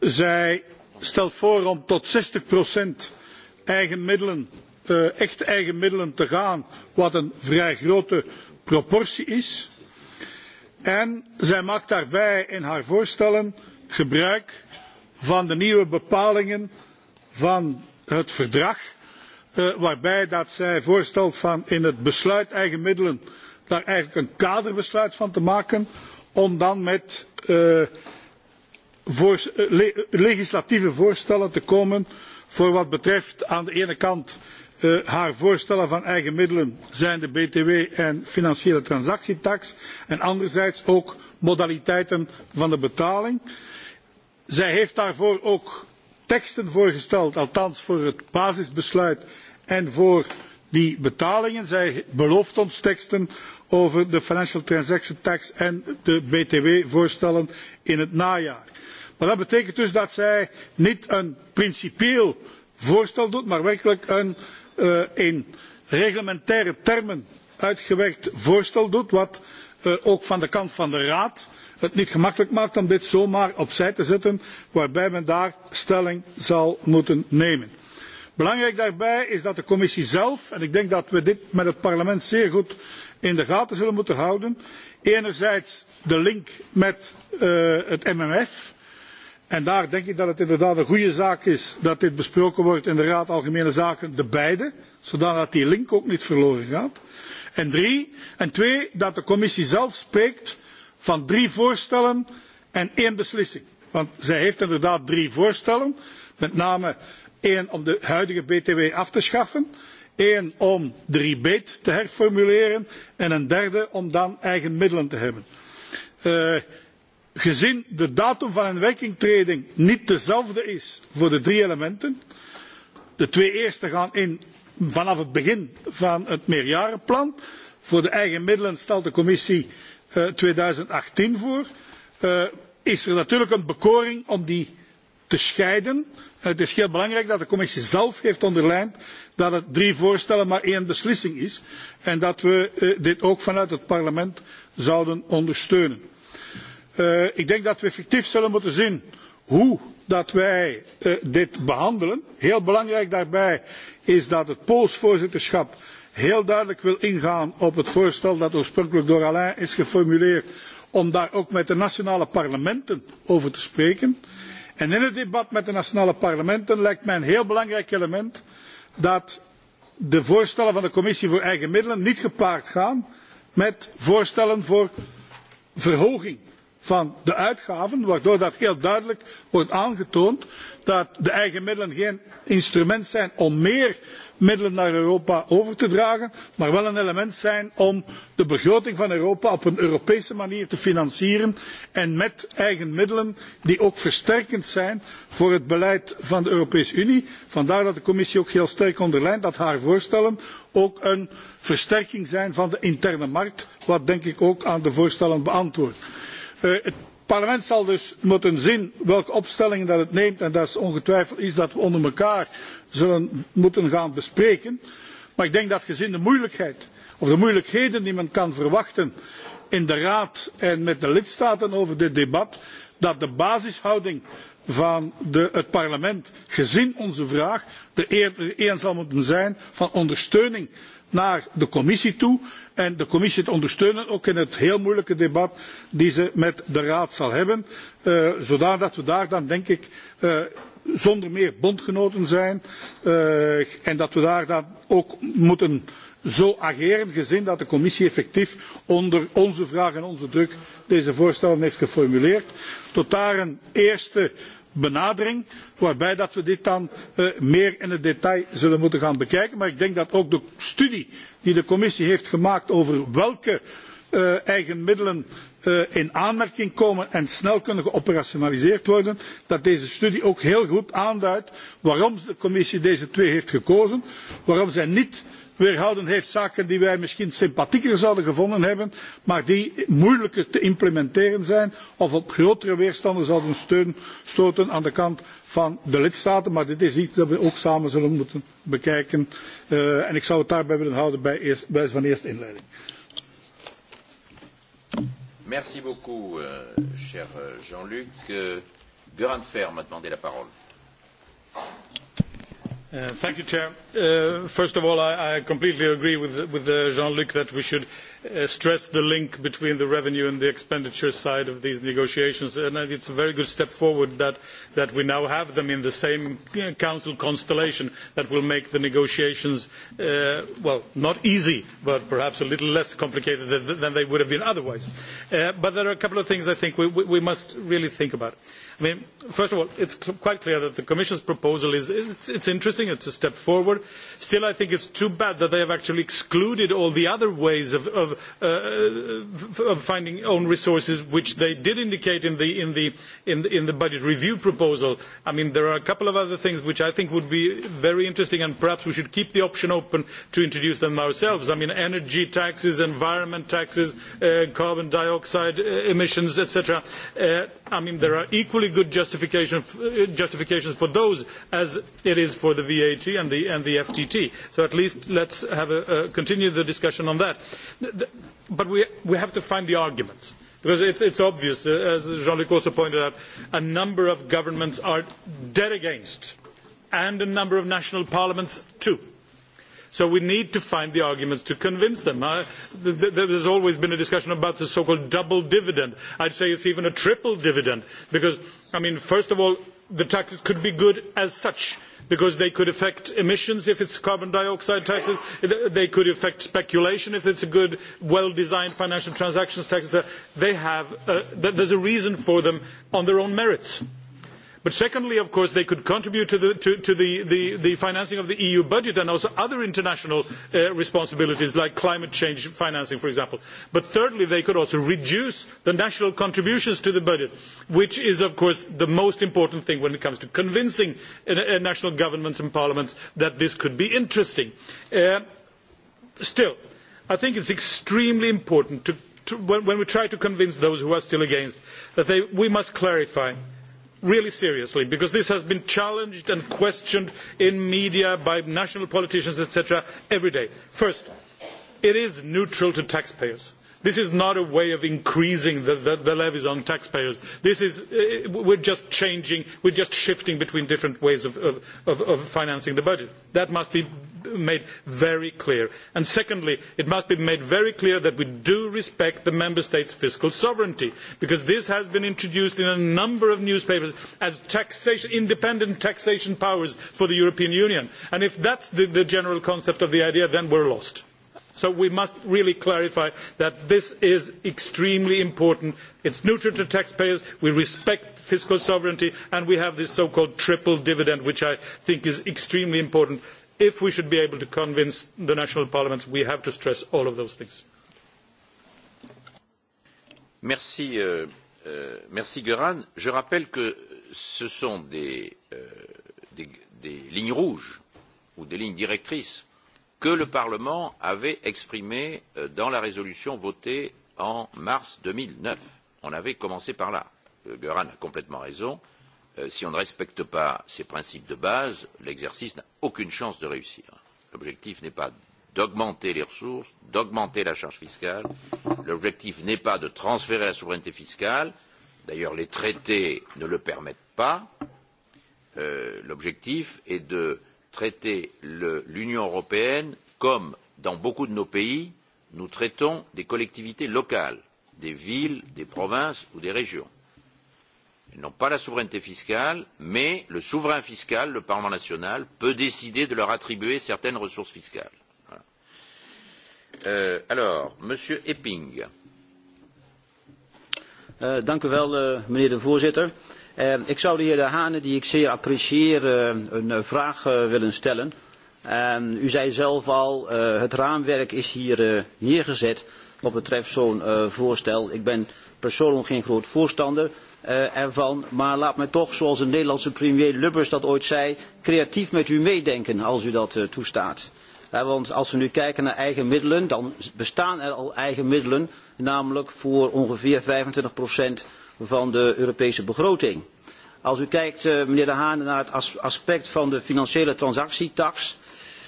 zij stelt voor om tot zestig eigen middelen echt eigen middelen te gaan wat een vrij grote proportie is en zij maakt daarbij in haar voorstellen gebruik van de nieuwe bepalingen van het verdrag Eh, waarbij zij voorstelt om in het besluit eigen middelen daar eigenlijk een kaderbesluit van te maken om dan met eh, eh, legislatieve voorstellen te komen voor wat betreft aan de ene kant haar voorstellen van eigen middelen zijnde btw en financiële transactietaks en anderzijds ook modaliteiten van de betaling. zij heeft daarvoor ook teksten voorgesteld althans voor het basisbesluit en voor die betalingen. zij belooft ons teksten over de financial transaction tax en de btw voorstellen in het najaar. maar dat betekent dus dat zij niet een principieel voorstel doet maar werkelijk een uh, in reglementaire termen uitgewerkt voorstel doet wat uh, ook van de kant van de raad het niet gemakkelijk maakt om dit zomaar opzij te zetten waarbij men daar stelling zal moeten nemen. Belangrijk daarbij is dat de commissie zelf, en ik denk dat we dit met het parlement zeer goed in de gaten zullen moeten houden, enerzijds de link met uh, het MMF, en daar denk ik dat het inderdaad een goede zaak is dat dit besproken wordt in de Raad Algemene Zaken, de beide, zodat die link ook niet verloren gaat. En drie, en twee, dat de commissie zelf spreekt van drie voorstellen en één beslissing. Want zij heeft inderdaad drie voorstellen met name één om de huidige btw af te schaffen één om de rebate te herformuleren en een derde om dan eigen middelen te hebben. Uh, gezien de datum van inwerkingtreding niet dezelfde is voor de drie elementen de twee eerste gaan in vanaf het begin van het meerjarenplan voor de eigen middelen stelt de commissie uh, eh, 2018 voor uh, is er natuurlijk een bekoring om die te scheiden Het is heel belangrijk dat de commissie zelf heeft onderlijnd dat het drie voorstellen maar één beslissing is en dat we eh, dit ook vanuit het parlement zouden ondersteunen. Eh, ik denk dat we effectief zullen moeten zien hoe dat wij eh, dit behandelen. Heel belangrijk daarbij is dat het Pools voorzitterschap heel duidelijk wil ingaan op het voorstel dat oorspronkelijk door Alain is geformuleerd om daar ook met de nationale parlementen over te spreken. En in het debat met de nationale parlementen lijkt mij een heel belangrijk element dat de voorstellen van de commissie voor eigen middelen niet gepaard gaan met voorstellen voor verhoging van de uitgaven, waardoor dat heel duidelijk wordt aangetoond dat de eigen middelen geen instrument zijn om meer middelen naar Europa over te dragen, maar wel een element zijn om de begroting van Europa op een Europese manier te financieren en met eigen middelen die ook versterkend zijn voor het beleid van de Europese Unie. Vandaar dat de commissie ook heel sterk onderlijnt dat haar voorstellen ook een versterking zijn van de interne markt, wat denk ik ook aan de voorstellen beantwoordt. Eh, het parlement zal dus moeten zien welke opstellingen dat het neemt. En dat is ongetwijfeld iets dat we onder elkaar zullen moeten gaan bespreken. Maar ik denk dat gezien de moeilijkheid of de moeilijkheden die men kan verwachten in de Raad en met de lidstaten over dit debat, dat de basishouding van de, het parlement gezien onze vraag de eerste zal moeten zijn van ondersteuning naar de commissie toe en de commissie te ondersteunen ook in het heel moeilijke debat dat ze met de raad zal hebben uh, eh, zodat we daar dan denk ik uh, zonder meer bondgenoten zijn uh, en dat we daar dan ook moeten zo ageren gezien dat de commissie effectief onder onze vraag en onze druk deze voorstellen heeft geformuleerd. Tot daar een eerste benadering, waarbij dat we dit dan uh, meer in het detail zullen moeten gaan bekijken. Maar ik denk dat ook de studie die de commissie heeft gemaakt over welke uh, eh, eigen middelen uh, eh, in aanmerking komen en snel kunnen geoperationaliseerd worden, dat deze studie ook heel goed aanduidt waarom de commissie deze twee heeft gekozen, waarom zij niet uh, weerhouden heeft zaken die wij misschien sympathieker zouden gevonden hebben, maar die moeilijker te implementeren zijn of op grotere weerstanden zouden steun stoten aan de kant van de lidstaten. Maar dit is iets dat we ook samen zullen moeten bekijken. Uh, en ik zou het daarbij willen houden bij eerst, bij van eerste inleiding. Merci beaucoup, uh, cher Jean-Luc. Uh, eh, Gurand Fer m'a demandé la parole mr uh, president uh, first of all i completely agree with uh, jean luc that we should stress the link between the revenue and the expenditure side of these negotiations and it is a very good step forward that we now have them in the same council constellation that will make the negotiations well not easy but perhaps a little less complicated than they would have been otherwise. but there are a couple of things i think we must really think about. I mean, first of all, it's cl- quite clear that the Commission's proposal is, is it's, it's interesting, it's a step forward. Still, I think it's too bad that they have actually excluded all the other ways of, of, uh, of finding own resources, which they did indicate in the, in, the, in, the, in the budget review proposal. I mean, there are a couple of other things which I think would be very interesting, and perhaps we should keep the option open to introduce them ourselves. I mean, energy taxes, environment taxes, uh, carbon dioxide uh, emissions, etc. Uh, I mean, there are equally good uh, justifications for those as it is for the VAT and the, and the FTT. So at least let's have a, a uh, continue the discussion on that. But we, we have to find the arguments. Because it's, it's obvious, uh, as Jean-Luc also pointed out, a number of governments are dead against, and a number of national parliaments too. So we need to find the arguments to convince them. Uh, th th there's always been a discussion about the so-called double dividend. I'd say it's even a triple dividend, because I mean, first of all, the taxes could be good as such because they could affect emissions if it's carbon dioxide taxes. They could affect speculation if it's a good, well-designed financial transactions tax. They have a, there's a reason for them on their own merits. But secondly, of course, they could contribute to the, to, to the, the, the financing of the EU budget and also other international uh, responsibilities like climate change financing, for example. But thirdly, they could also reduce the national contributions to the budget, which is, of course, the most important thing when it comes to convincing uh, uh, national governments and parliaments that this could be interesting. Uh, still, I think it's extremely important to, to, when, when we try to convince those who are still against that they, we must clarify. Mm-hmm really seriously because this has been challenged and questioned in media by national politicians etc. every day. first it is neutral to taxpayers this is not a way of increasing the, the, the levies on taxpayers. This is, uh, we're just changing, we're just shifting between different ways of, of, of, of financing the budget. That must be made very clear. And secondly, it must be made very clear that we do respect the Member States' fiscal sovereignty, because this has been introduced in a number of newspapers as taxation, independent taxation powers for the European Union. And if that's the, the general concept of the idea, then we're lost. So we must really clarify that this is extremely important. It's neutral to taxpayers. We respect fiscal sovereignty. And we have this so-called triple dividend, which I think is extremely important. If we should be able to convince the national parliaments, we have to stress all of those things. Merci, euh, euh, merci Göran. Je rappelle que ce sont des, euh, des, des lignes rouges ou des lignes directrices que le Parlement avait exprimée euh, dans la résolution votée en mars 2009. On avait commencé par là. Euh, Göran a complètement raison. Euh, si on ne respecte pas ces principes de base, l'exercice n'a aucune chance de réussir. L'objectif n'est pas d'augmenter les ressources, d'augmenter la charge fiscale. L'objectif n'est pas de transférer la souveraineté fiscale. D'ailleurs, les traités ne le permettent pas. Euh, L'objectif est de euh, traiter l'union européenne comme dans beaucoup de nos pays nous traitons des collectivités locales des villes des provinces ou des régions. elles n'ont pas la souveraineté fiscale mais le souverain fiscal le parlement national peut décider de leur attribuer certaines ressources fiscales. Voilà. Euh, alors monsieur epping. Uh, dank u wel, uh, meneer de voorzitter. Ehm, ik zou de heer De Hane, die ik zeer apprecieer, eh, een eh, vraag eh, willen stellen. Ehm, u zei zelf al, het raamwerk is hier neergezet wat betreft zo'n voorstel. Ik ben persoonlijk geen groot voorstander ervan. Maar laat mij toch, zoals een Nederlandse premier Lubbers dat ooit zei, creatief met u meedenken als u dat toestaat. Want als we nu kijken naar eigen middelen, dan bestaan er al eigen middelen. Namelijk voor ongeveer 25 procent van de Europese begroting. Als u kijkt, eh, meneer De Haan, naar het as aspect van de financiële transactietax,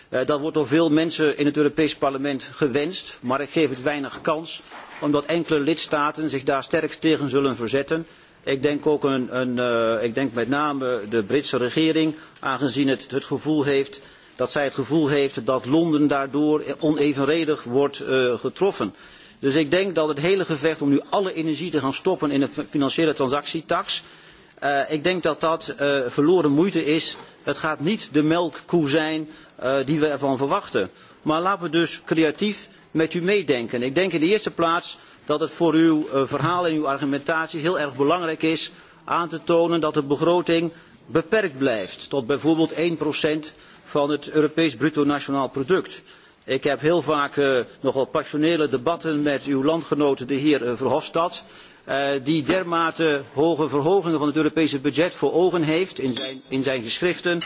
eh, dat wordt door veel mensen in het Europese parlement gewenst, maar ik geef het weinig kans, omdat enkele lidstaten zich daar sterk tegen zullen verzetten. Ik denk, ook een, een, uh, ik denk met name de Britse regering, aangezien het het gevoel heeft dat zij het gevoel heeft dat Londen daardoor onevenredig wordt uh, getroffen. Dus ik denk dat het hele gevecht om nu alle energie te gaan stoppen in de financiële transactietax, uh, eh, ik denk dat dat uh, verloren moeite is. Het gaat niet de melkkoe zijn uh, die we ervan verwachten. Maar laten we dus creatief met u meedenken. Ik denk in de eerste plaats dat het voor uw uh, verhaal en uw argumentatie heel erg belangrijk is aan te tonen dat de begroting beperkt blijft tot bijvoorbeeld 1% van het Europees bruto nationaal product ik heb heel vaak eh, nogal passionele debatten met uw landgenoot de heer eh, verhofstadt eh, die dermate hoge verhogingen van het europese budget voor ogen heeft in zijn geschriften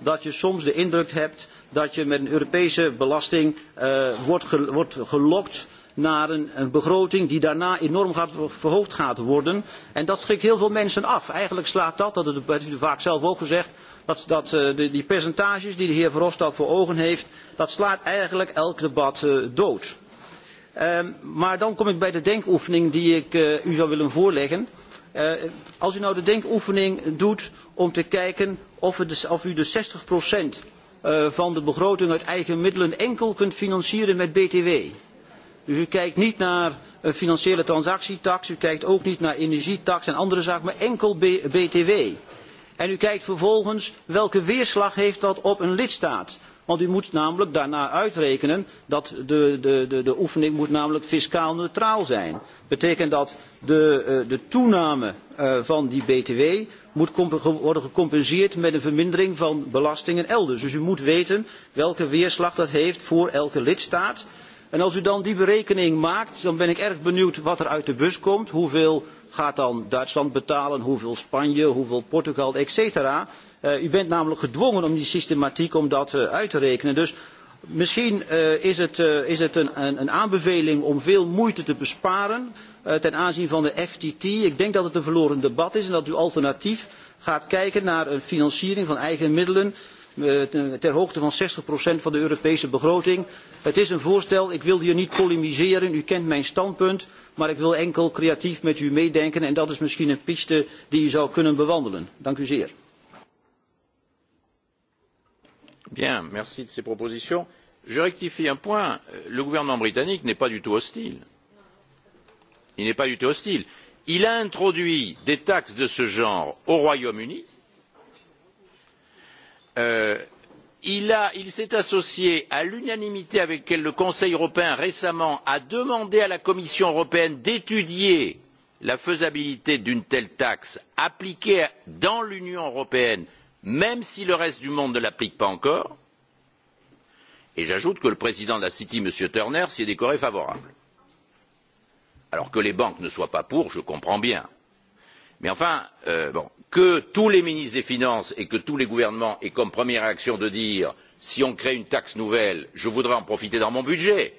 dat je soms de indruk hebt dat je met een europese belasting wordt gelokt naar een begroting die daarna enorm verhoogd gaat worden. dat schrikt heel veel mensen af. eigenlijk slaat dat dat heeft u vaak zelf ook gezegd dat, dat, uh, eh, die, die percentages die de heer Verhofstadt voor ogen heeft, dat slaat eigenlijk elk debat uh, dood. Uh, maar dan kom ik bij de denkoefening die ik uh, u zou willen voorleggen. Uh, als u nou de denkoefening doet om te kijken of, het, of u de 60% van de begroting uit eigen middelen enkel kunt financieren met BTW. Dus u kijkt niet naar een financiële transactietax, u kijkt ook niet naar energietax en andere zaken, maar enkel B BTW en u kijkt vervolgens welke weerslag heeft dat op een lidstaat. Want u moet namelijk daarna uitrekenen dat de, de, de, de oefening moet namelijk fiscaal neutraal zijn. Dat betekent dat de, eh, de toename eh, van die btw moet worden gecompenseerd met een vermindering van belastingen elders. Dus u moet weten welke weerslag dat heeft voor elke lidstaat. En als u dan die berekening maakt, dan ben ik erg benieuwd wat er uit de bus komt. Hoeveel gaat dan Duitsland betalen, hoeveel Spanje, hoeveel Portugal, etc. Uh, eh, u bent namelijk gedwongen om die systematiek om dat uh, uit te rekenen. Dus misschien uh, is het, uh, is het een, een, een aanbeveling om veel moeite te besparen uh, ten aanzien van de FTT. Ik denk dat het een verloren debat is en dat u alternatief gaat kijken naar een financiering van eigen middelen. Eh, ter hoogte van 60% van de Europese begroting. Het is een voorstel, ik wil hier niet polemiseren, u kent mijn standpunt, maar ik wil enkel creatief met u meedenken en dat is misschien een piste die u zou kunnen bewandelen. Dank u zeer. Bien, merci de ces propositions. Je rectifie un point, le gouvernement britannique n'est pas du tout hostile. Il n'est pas du tout hostile. Il a introduit des taxes de ce genre au Royaume-Uni, Euh, il s'est associé à l'unanimité avec laquelle le conseil européen récemment a demandé à la commission européenne d'étudier la faisabilité d'une telle taxe appliquée dans l'union européenne même si le reste du monde ne l'applique pas encore et j'ajoute que le président de la city m. turner s'y est déclaré favorable. alors que les banques ne soient pas pour je comprends bien mais enfin euh, bon que tous les ministres des finances et que tous les gouvernements aient comme première action de dire si on crée une taxe nouvelle, je voudrais en profiter dans mon budget.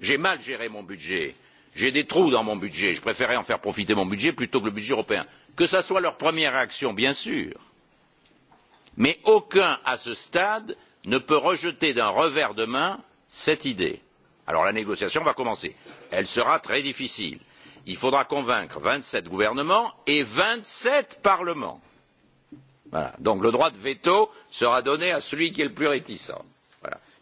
J'ai mal géré mon budget. J'ai des trous dans mon budget. Je préférais en faire profiter mon budget plutôt que le budget européen. Que ce soit leur première action, bien sûr. Mais aucun, à ce stade, ne peut rejeter d'un revers de main cette idée. Alors la négociation va commencer. Elle sera très difficile il faudra convaincre vingt sept gouvernements et vingt sept parlements. voilà donc le droit de veto sera donné à celui qui est le plus réticent.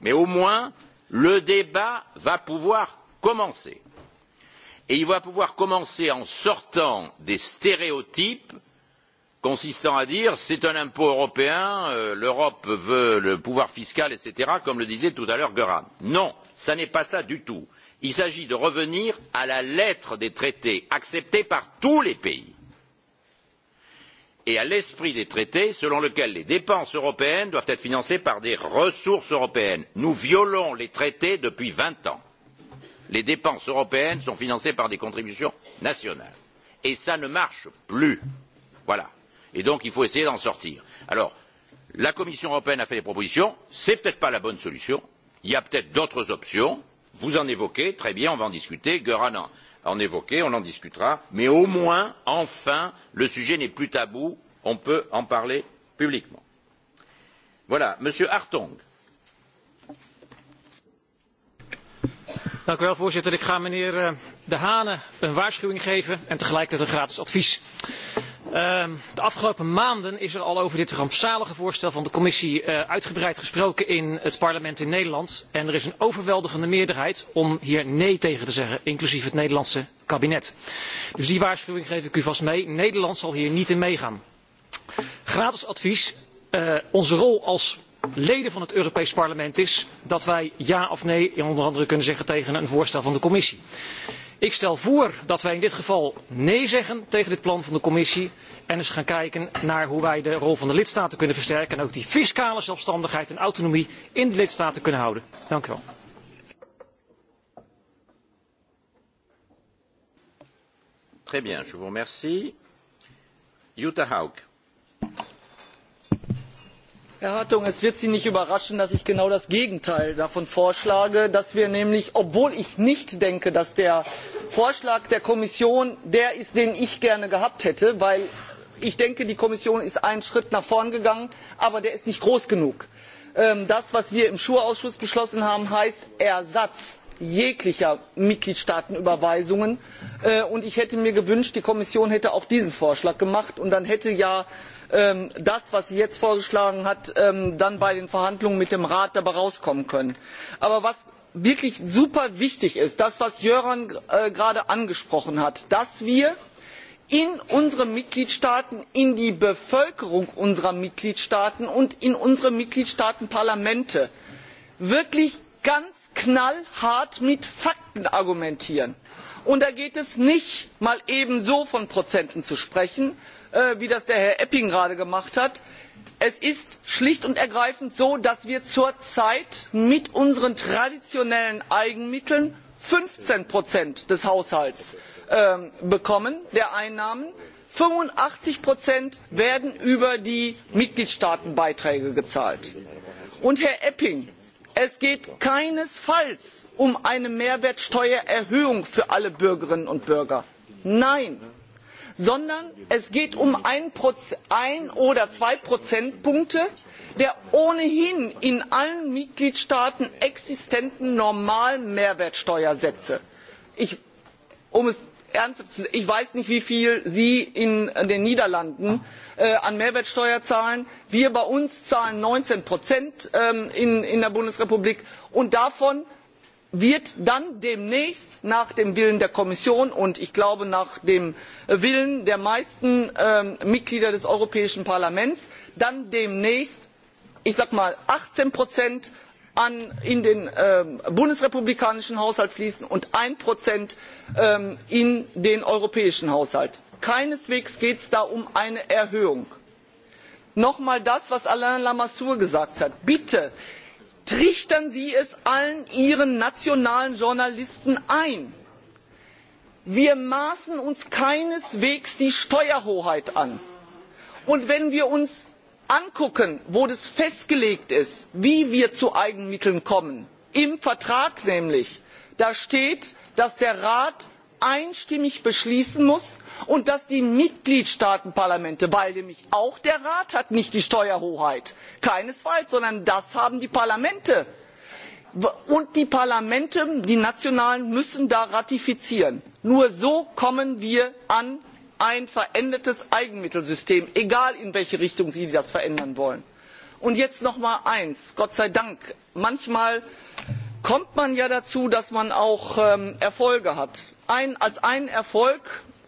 mais au moins le débat va pouvoir commencer et il va pouvoir commencer en sortant des stéréotypes consistant à dire c'est un impôt européen euh, l'europe veut le pouvoir fiscal etc. comme le disait tout à l'heure goerens. non ce n'est pas ça du tout il s'agit de revenir à la lettre des traités acceptés par tous les pays et à l'esprit des traités selon lequel les dépenses européennes doivent être financées par des ressources européennes. nous violons les traités depuis vingt ans. les dépenses européennes sont financées par des contributions nationales et cela ne marche plus. voilà. et donc il faut essayer d'en sortir. alors la commission européenne a fait des propositions ce n'est peut être pas la bonne solution il y a peut être d'autres options vous en évoquez très bien on va en discuter gran en évoquer on en discutera mais au moins enfin le sujet n'est plus tabou on peut en parler publiquement. voilà monsieur hartong. Dank u wel, voorzitter. Ik ga meneer eh, De Hane een waarschuwing geven en tegelijkertijd een gratis advies. Uh, Ehm, de afgelopen maanden is er al over dit rampzalige voorstel van de commissie eh, uitgebreid gesproken in het parlement in nederland en er is een overweldigende meerderheid om hier neen tegen te zeggen inclusief het nederlandse kabinet. dus die waarschuwing geef ik u vast mee nederland zal hier niet in meegaan. gratis advies eh, onze rol als leden van het europees parlement is dat wij ja of nee onder andere kunnen zeggen tegen een voorstel van de commissie ik stel voor dat wij in dit geval nee zeggen tegen dit plan van de commissie en eens gaan kijken naar hoe wij de rol van de lidstaten kunnen versterken en ook die fiscale zelfstandigheid en autonomie in de lidstaten kunnen houden. Dank u wel. Très bien, je vous remercie. Jutta Haug herr hartong es wird sie nicht überraschen dass ich genau das gegenteil davon vorschlage dass wir nämlich obwohl ich nicht denke dass der vorschlag der kommission der ist den ich gerne gehabt hätte weil ich denke die kommission ist einen schritt nach vorn gegangen aber der ist nicht groß genug ähm, das was wir im sure ausschuss beschlossen haben heißt ersatz jeglicher mitgliedstaatenüberweisungen äh, und ich hätte mir gewünscht die kommission hätte auch diesen vorschlag gemacht und dann hätte ja Ähm, das was sie jetzt vorgeschlagen hat ähm, dann bei den verhandlungen mit dem rat dabei herauskommen können. aber was wirklich superwichtig ist das was jran äh, gerade angesprochen hat dass wir in unseren mitgliedstaaten in die bevölkerung unserer mitgliedstaaten und in unsere mitgliedstaatenparlamente wirklich ganz knallhart mit fakten argumentieren. und da geht es nicht mal eben so von prozenten zu sprechen Äh, wie das herr eppink gerade gemacht hat es ist schlicht und ergreifend so dass wir zurzeit mit unseren traditionellen eigenmitteln fünfzehn des haushalts ähm, der einnahmen bekommen fünfundachtzig werden über die mitgliedstaatenbeiträge gezahlt. und herr eppink es geht keinesfalls um eine mehrwertsteuererhöhung für alle bürgerinnen und bürger nein! sondern es geht um ein oder zwei prozentpunkte der ohnehin in allen mitgliedstaaten existenten normalen mehrwertsteuersätze. Um ich weiß nicht wie viel sie in den niederlanden äh, an mehrwertsteuer zahlen wir bei uns zahlen neunzehn ähm, in der bundesrepublik und davon wird dann demnächst nach dem willen der kommission und ich glaube nach dem willen der meisten ähm, mitglieder des europäischen parlaments dann demnächst ich sage mal achtzehn in den ähm, bundesrepublikanischen haushalt fließen und eins ähm, in den europäischen haushalt. keineswegs geht es da um eine erhöhung. nochmals das was alain lamassoure gesagt hat bitte trichtern sie es allen ihren nationalen journalisten ein wir maßen uns keineswegs die steuerhoheit an und wenn wir uns ansehen wo es festgelegt ist wie wir zu eigenmitteln kommen im vertrag nämlich da steht dass der rat einstimmig beschließen muss und dass die mitgliedstaatenparlamente weil nämlich auch der rat nicht die steuerhoheit hat keinesfalls sondern das haben die parlamente und die parlamente die nationalen müssen da ratifizieren. nur so kommen wir an ein verändertes eigenmittelsystem egal in welche richtung sie das verändern wollen. und jetzt noch einmal eins gott sei dank manchmal kommt man ja dazu dass man auch ähm, erfolge hat. als einen erfolg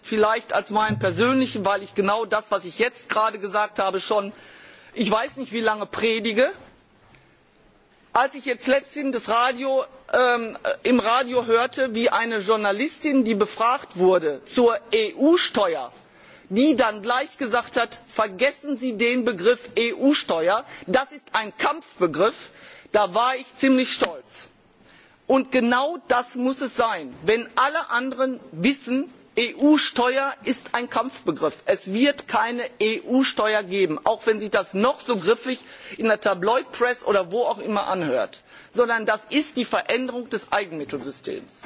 vielleicht als meinen persönlichen weil ich genau das was ich jetzt gerade gesagt habe schon ich weiß nicht wie lange predige als ich jetzt letzthin ähm, äh, im radio hörte wie eine journalistin die befragt wurde zur eu steuer dann gleich gesagt hat vergessen sie den begriff eu steuer das ist ein kampfbegriff da war ich ziemlich stolz und genau das muss es sein wenn alle anderen wissen eu steuer ist ein kampfbegriff es wird keine eu steuer geben auch wenn sich das noch so griffig in der tabloid press oder wo auch immer anhört sondern das ist die veränderung des eigenmittelsystems.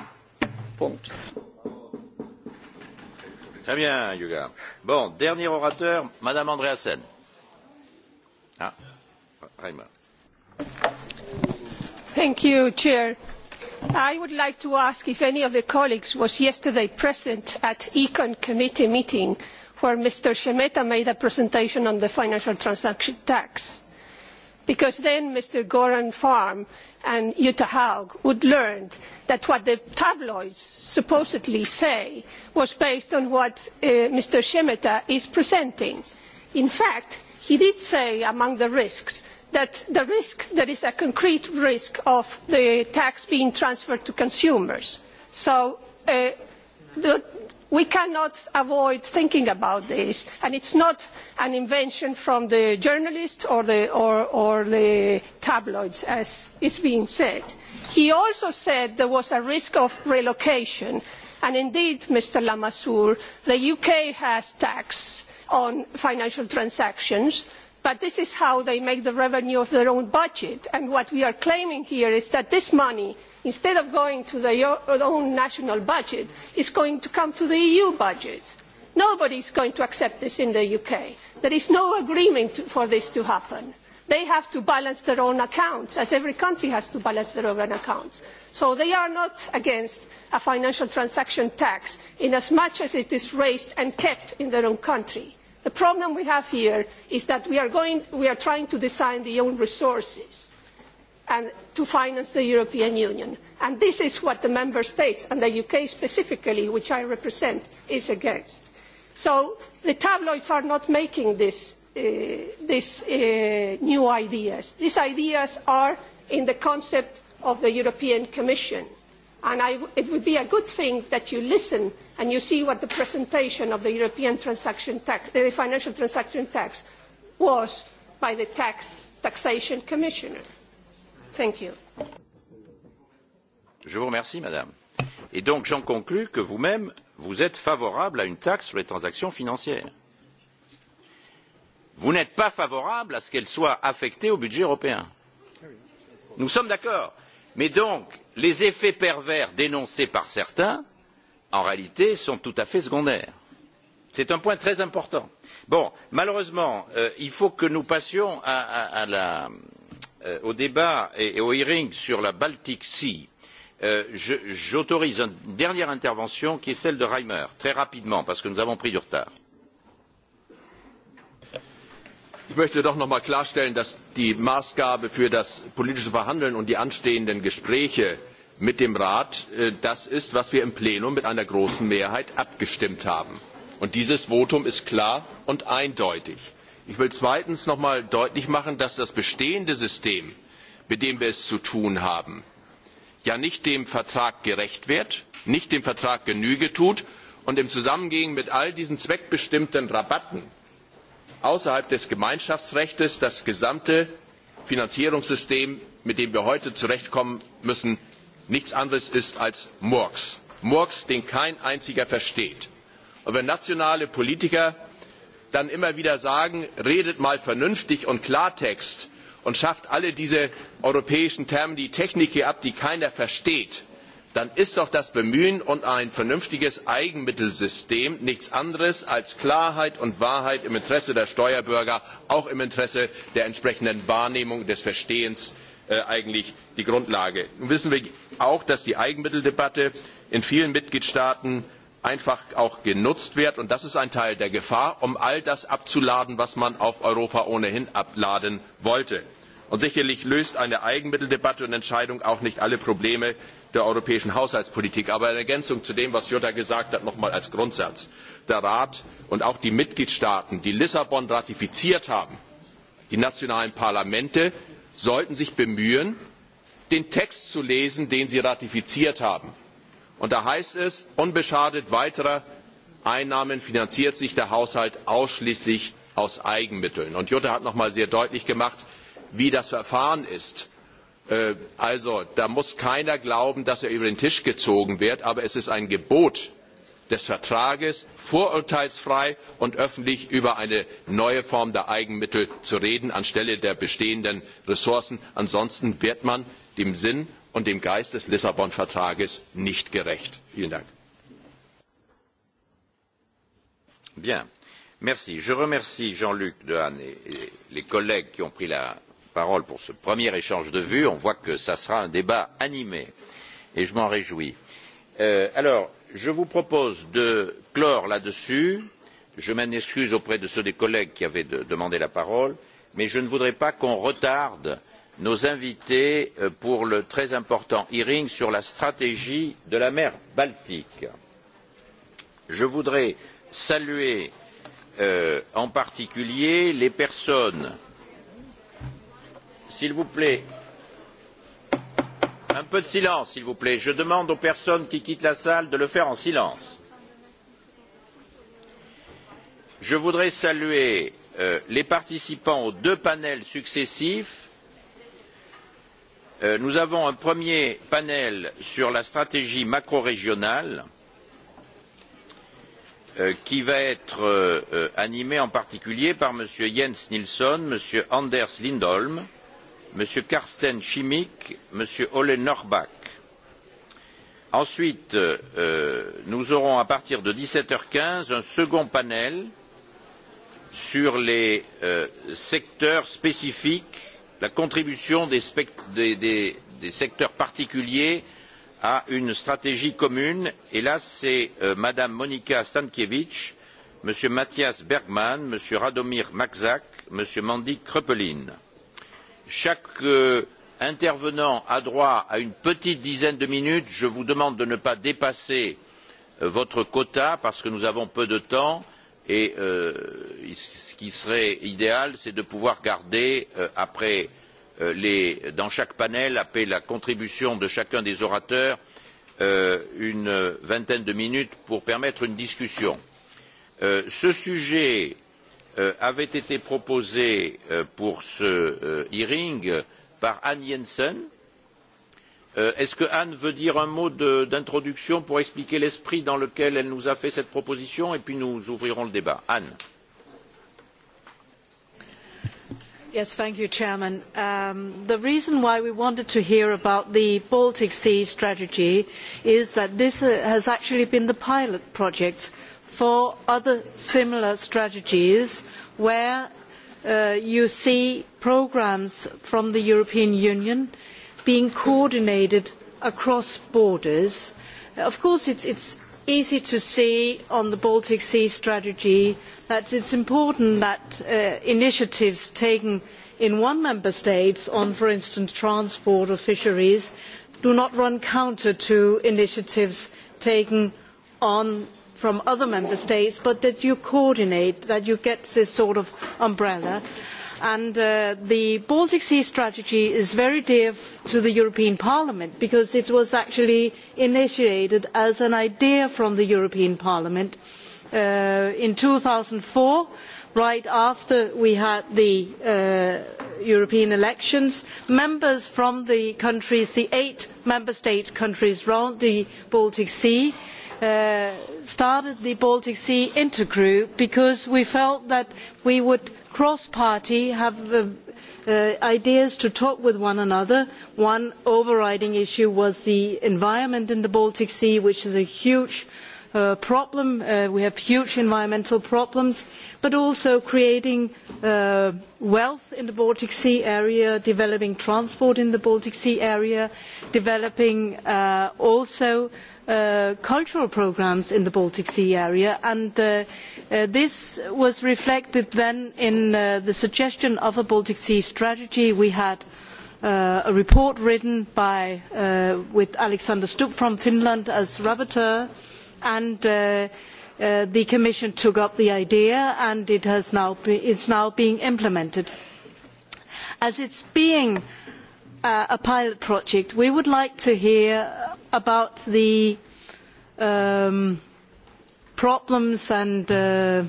I would like to ask if any of the colleagues was yesterday present at Econ committee meeting where Mr. Shemeta made a presentation on the financial transaction tax. Because then Mr. Goran Farm and Jutta Haug would learn that what the tabloids supposedly say was based on what uh, Mr. Shemeta is presenting. In fact, he did say among the risks that the risk, there is a concrete risk of the tax being transferred to consumers. So uh, the, we cannot avoid thinking about this. And it's not an invention from the journalists or the, or, or the tabloids, as is being said. He also said there was a risk of relocation. And indeed, Mr. Lamassoure, the UK has tax on financial transactions, but this is how they make the revenue of their own budget and what we are claiming here is that this money instead of going to their own national budget is going to come to the eu budget. nobody is going to accept this in the uk. there is no agreement to, for this to happen. they have to balance their own accounts as every country has to balance their own accounts. so they are not against a financial transaction tax in as much as it is raised and kept in their own country. The problem we have here is that we are, going, we are trying to design the own resources and to finance the European Union. And this is what the Member States and the UK specifically, which I represent, is against. So the tabloids are not making this, uh, this uh, new ideas. These ideas are in the concept of the European Commission and I, it would be a good thing that you listen and you see what the presentation of the European transaction tax, the financial transaction tax was by the tax taxation commissioner. Thank you. Je vous remercie, madame. Et donc, j'en conclus que vous-même, vous êtes favorable à une taxe sur les transactions financières. Vous n'êtes pas favorable à ce qu'elle soit affectée au budget européen. Nous sommes d'accord. Mais donc, les effets pervers dénoncés par certains en réalité sont tout à fait secondaires. c'est un point très important. malheureusement euh, il faut que nous passions euh, au débat et aux hearings sur la baltic sea. Euh, j'autorise une dernière intervention qui est celle de reimer très rapidement parce que nous avons pris du retard. Ich möchte doch noch einmal klarstellen, dass die Maßgabe für das politische Verhandeln und die anstehenden Gespräche mit dem Rat äh, das ist, was wir im Plenum mit einer großen Mehrheit abgestimmt haben. Und dieses Votum ist klar und eindeutig. Ich will zweitens noch einmal deutlich machen, dass das bestehende System, mit dem wir es zu tun haben, ja nicht dem Vertrag gerecht wird, nicht dem Vertrag Genüge tut und im Zusammengehen mit all diesen zweckbestimmten Rabatten außerhalb des gemeinschaftsrechts das gesamte finanzierungssystem mit dem wir heute zurechtkommen müssen nichts anderes ist als murks murks den kein einziger versteht. wenn nationale politiker dann immer wieder sagen redet mal vernünftig und klartext und schafft alle diese europäischen termini technici ab die keiner versteht dann ist doch das bemühen um ein vernünftiges eigenmittelsystem nichts anderes als klarheit und wahrheit im interesse der steuerbürger auch im interesse der entsprechenden wahrnehmung des verstehens äh, eigentlich die grundlage. nun wissen wir auch dass die eigenmitteldebatte in vielen mitgliedstaaten einfach auch genutzt wird und das ist ein teil der gefahr um all das abzuladen was man auf europa ohnehin abladen wollte. und sicherlich löst eine eigenmitteldebatte und entscheidung auch nicht alle probleme der europäischen Haushaltspolitik. Aber in Ergänzung zu dem, was Jutta gesagt hat, nochmal als Grundsatz. Der Rat und auch die Mitgliedstaaten, die Lissabon ratifiziert haben, die nationalen Parlamente, sollten sich bemühen, den Text zu lesen, den sie ratifiziert haben. Und da heißt es, unbeschadet weiterer Einnahmen finanziert sich der Haushalt ausschließlich aus Eigenmitteln. Und Jutta hat nochmal sehr deutlich gemacht, wie das Verfahren ist. Äh, also da muss keiner glauben dass er über den tisch gezogen wird aber es ist ein gebot des vertrages vorurteilsfrei und öffentlich über eine neue form der eigenmittel zu reden anstelle der bestehenden ressourcen ansonsten wird man dem sinn und dem geist des lissabon vertrages nicht gerecht. vielen dank. bien merci je remercie jean luc dehaene et les collègues qui ont pris la parole pour ce premier échange de vues. On voit que ça sera un débat animé et je m'en réjouis. Euh, alors, je vous propose de clore là-dessus. Je m'en excuse auprès de ceux des collègues qui avaient de, demandé la parole, mais je ne voudrais pas qu'on retarde nos invités euh, pour le très important hearing sur la stratégie de la mer Baltique. Je voudrais saluer euh, en particulier les personnes s'il vous plaît. Un peu de silence, s'il vous plaît. Je demande aux personnes qui quittent la salle de le faire en silence. Je voudrais saluer euh, les participants aux deux panels successifs. Euh, nous avons un premier panel sur la stratégie macro-régionale euh, qui va être euh, euh, animé en particulier par M. Jens Nilsson, M. Anders Lindholm, m. carsten schmidt m. ole norrback. ensuite euh, nous aurons à partir de dix sept h quinze un second panel sur les euh, secteurs spécifiques la contribution des secteurs particuliers à une stratégie commune et là c'est euh, mme monika statkevich m. matthias bergmann m. radomir maksak m. mandy krpelin chaque euh, intervenant a droit à une petite dizaine de minutes je vous demande de ne pas dépasser euh, votre quota parce que nous avons peu de temps et euh, ce qui serait idéal c'est de pouvoir garder après dans chaque panel après la contribution de chacun des orateurs une vingtaine de minutes pour permettre une discussion. ce sujet Euh, avait été proposé euh, pour ce euh, hearing par anne jensen. est ce que anne veut dire un mot d'introduction pour expliquer l'esprit dans lequel elle nous a fait cette proposition et puis nous ouvrirons le débat? anne. Yes, thank you, Chairman. Um, the reason why we wanted to hear about the Baltic Sea strategy is that this uh, has actually been the pilot project for other similar strategies where uh, you see programmes from the european union being coordinated across borders. of course it is easy to see on the baltic sea strategy that it is important that uh, initiatives taken in one member state on for instance transport or fisheries do not run counter to initiatives taken on from other member states, but that you coordinate, that you get this sort of umbrella. And uh, the Baltic Sea strategy is very dear f- to the European Parliament because it was actually initiated as an idea from the European Parliament uh, in 2004, right after we had the uh, European elections. Members from the countries, the eight member state countries around the Baltic Sea, uh, started the baltic sea intergroup because we felt that we would cross party have uh, uh, ideas to talk with one another one overriding issue was the environment in the baltic sea which is a huge uh, Uh, problem. Uh, we have huge environmental problems, but also creating uh, wealth in the Baltic Sea area, developing transport in the Baltic Sea area, developing uh, also uh, cultural programs in the Baltic Sea area. And uh, uh, this was reflected then in uh, the suggestion of a Baltic Sea strategy we had. Uh, a report written by uh, with Alexander Stup from Finland as rapporteur uh, and uh, uh, the Commission took up the idea and it has now be, it's now being implemented. As it's being uh, a pilot project, we would like to hear about the um, problems and uh,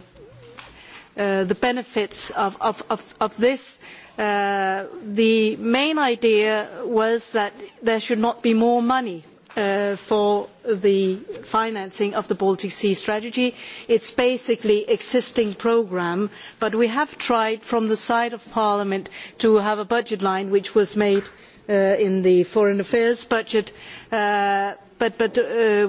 uh, the benefits of, of, of, of this. Uh, the main idea was that there should not be more money Uh, for the financing of the Baltic Sea Strategy. It is basically an existing programme, but we have tried from the side of Parliament to have a budget line which was made uh, in the Foreign Affairs budget. Uh, but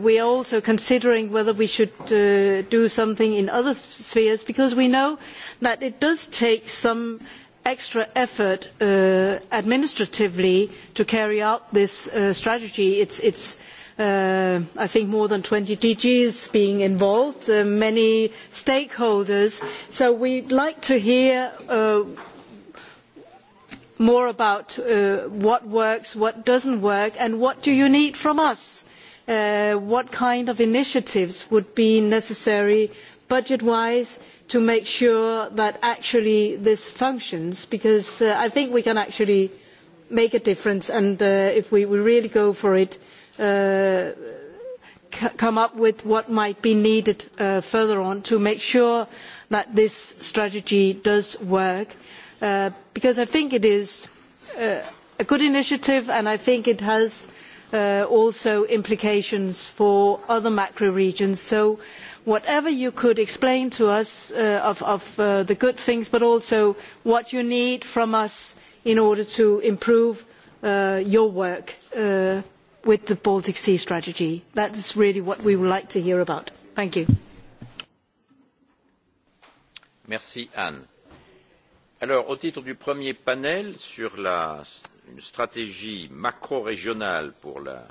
we are also considering whether we should do something in other spheres because we know that it does take some extra effort uh, administratively to carry out this uh, strategy. It's, it's uh, I think, more than 20 DGs being involved, uh, many stakeholders. So we'd like to hear uh, more about uh, what works, what doesn't work, and what do you need from us? Uh, what kind of initiatives would be necessary budget-wise uh, to make sure that actually this functions because uh, I think we can actually make a difference and uh, if we, we really go for it, uh, c- come up with what might be needed uh, further on to make sure that this strategy does work. Uh, because I think it is uh, a good initiative and I think it has uh, also implications for other macro regions. So, uh, whatever you could explain to us uh, of, of uh, the good things, but also what you need from us in order to improve uh, your work uh, with the Baltic Sea strategy. That is really what we would like to hear about. Thank you. Merci, Anne. Alors, au titre du premier panel sur la, une stratégie macro-régionale pour la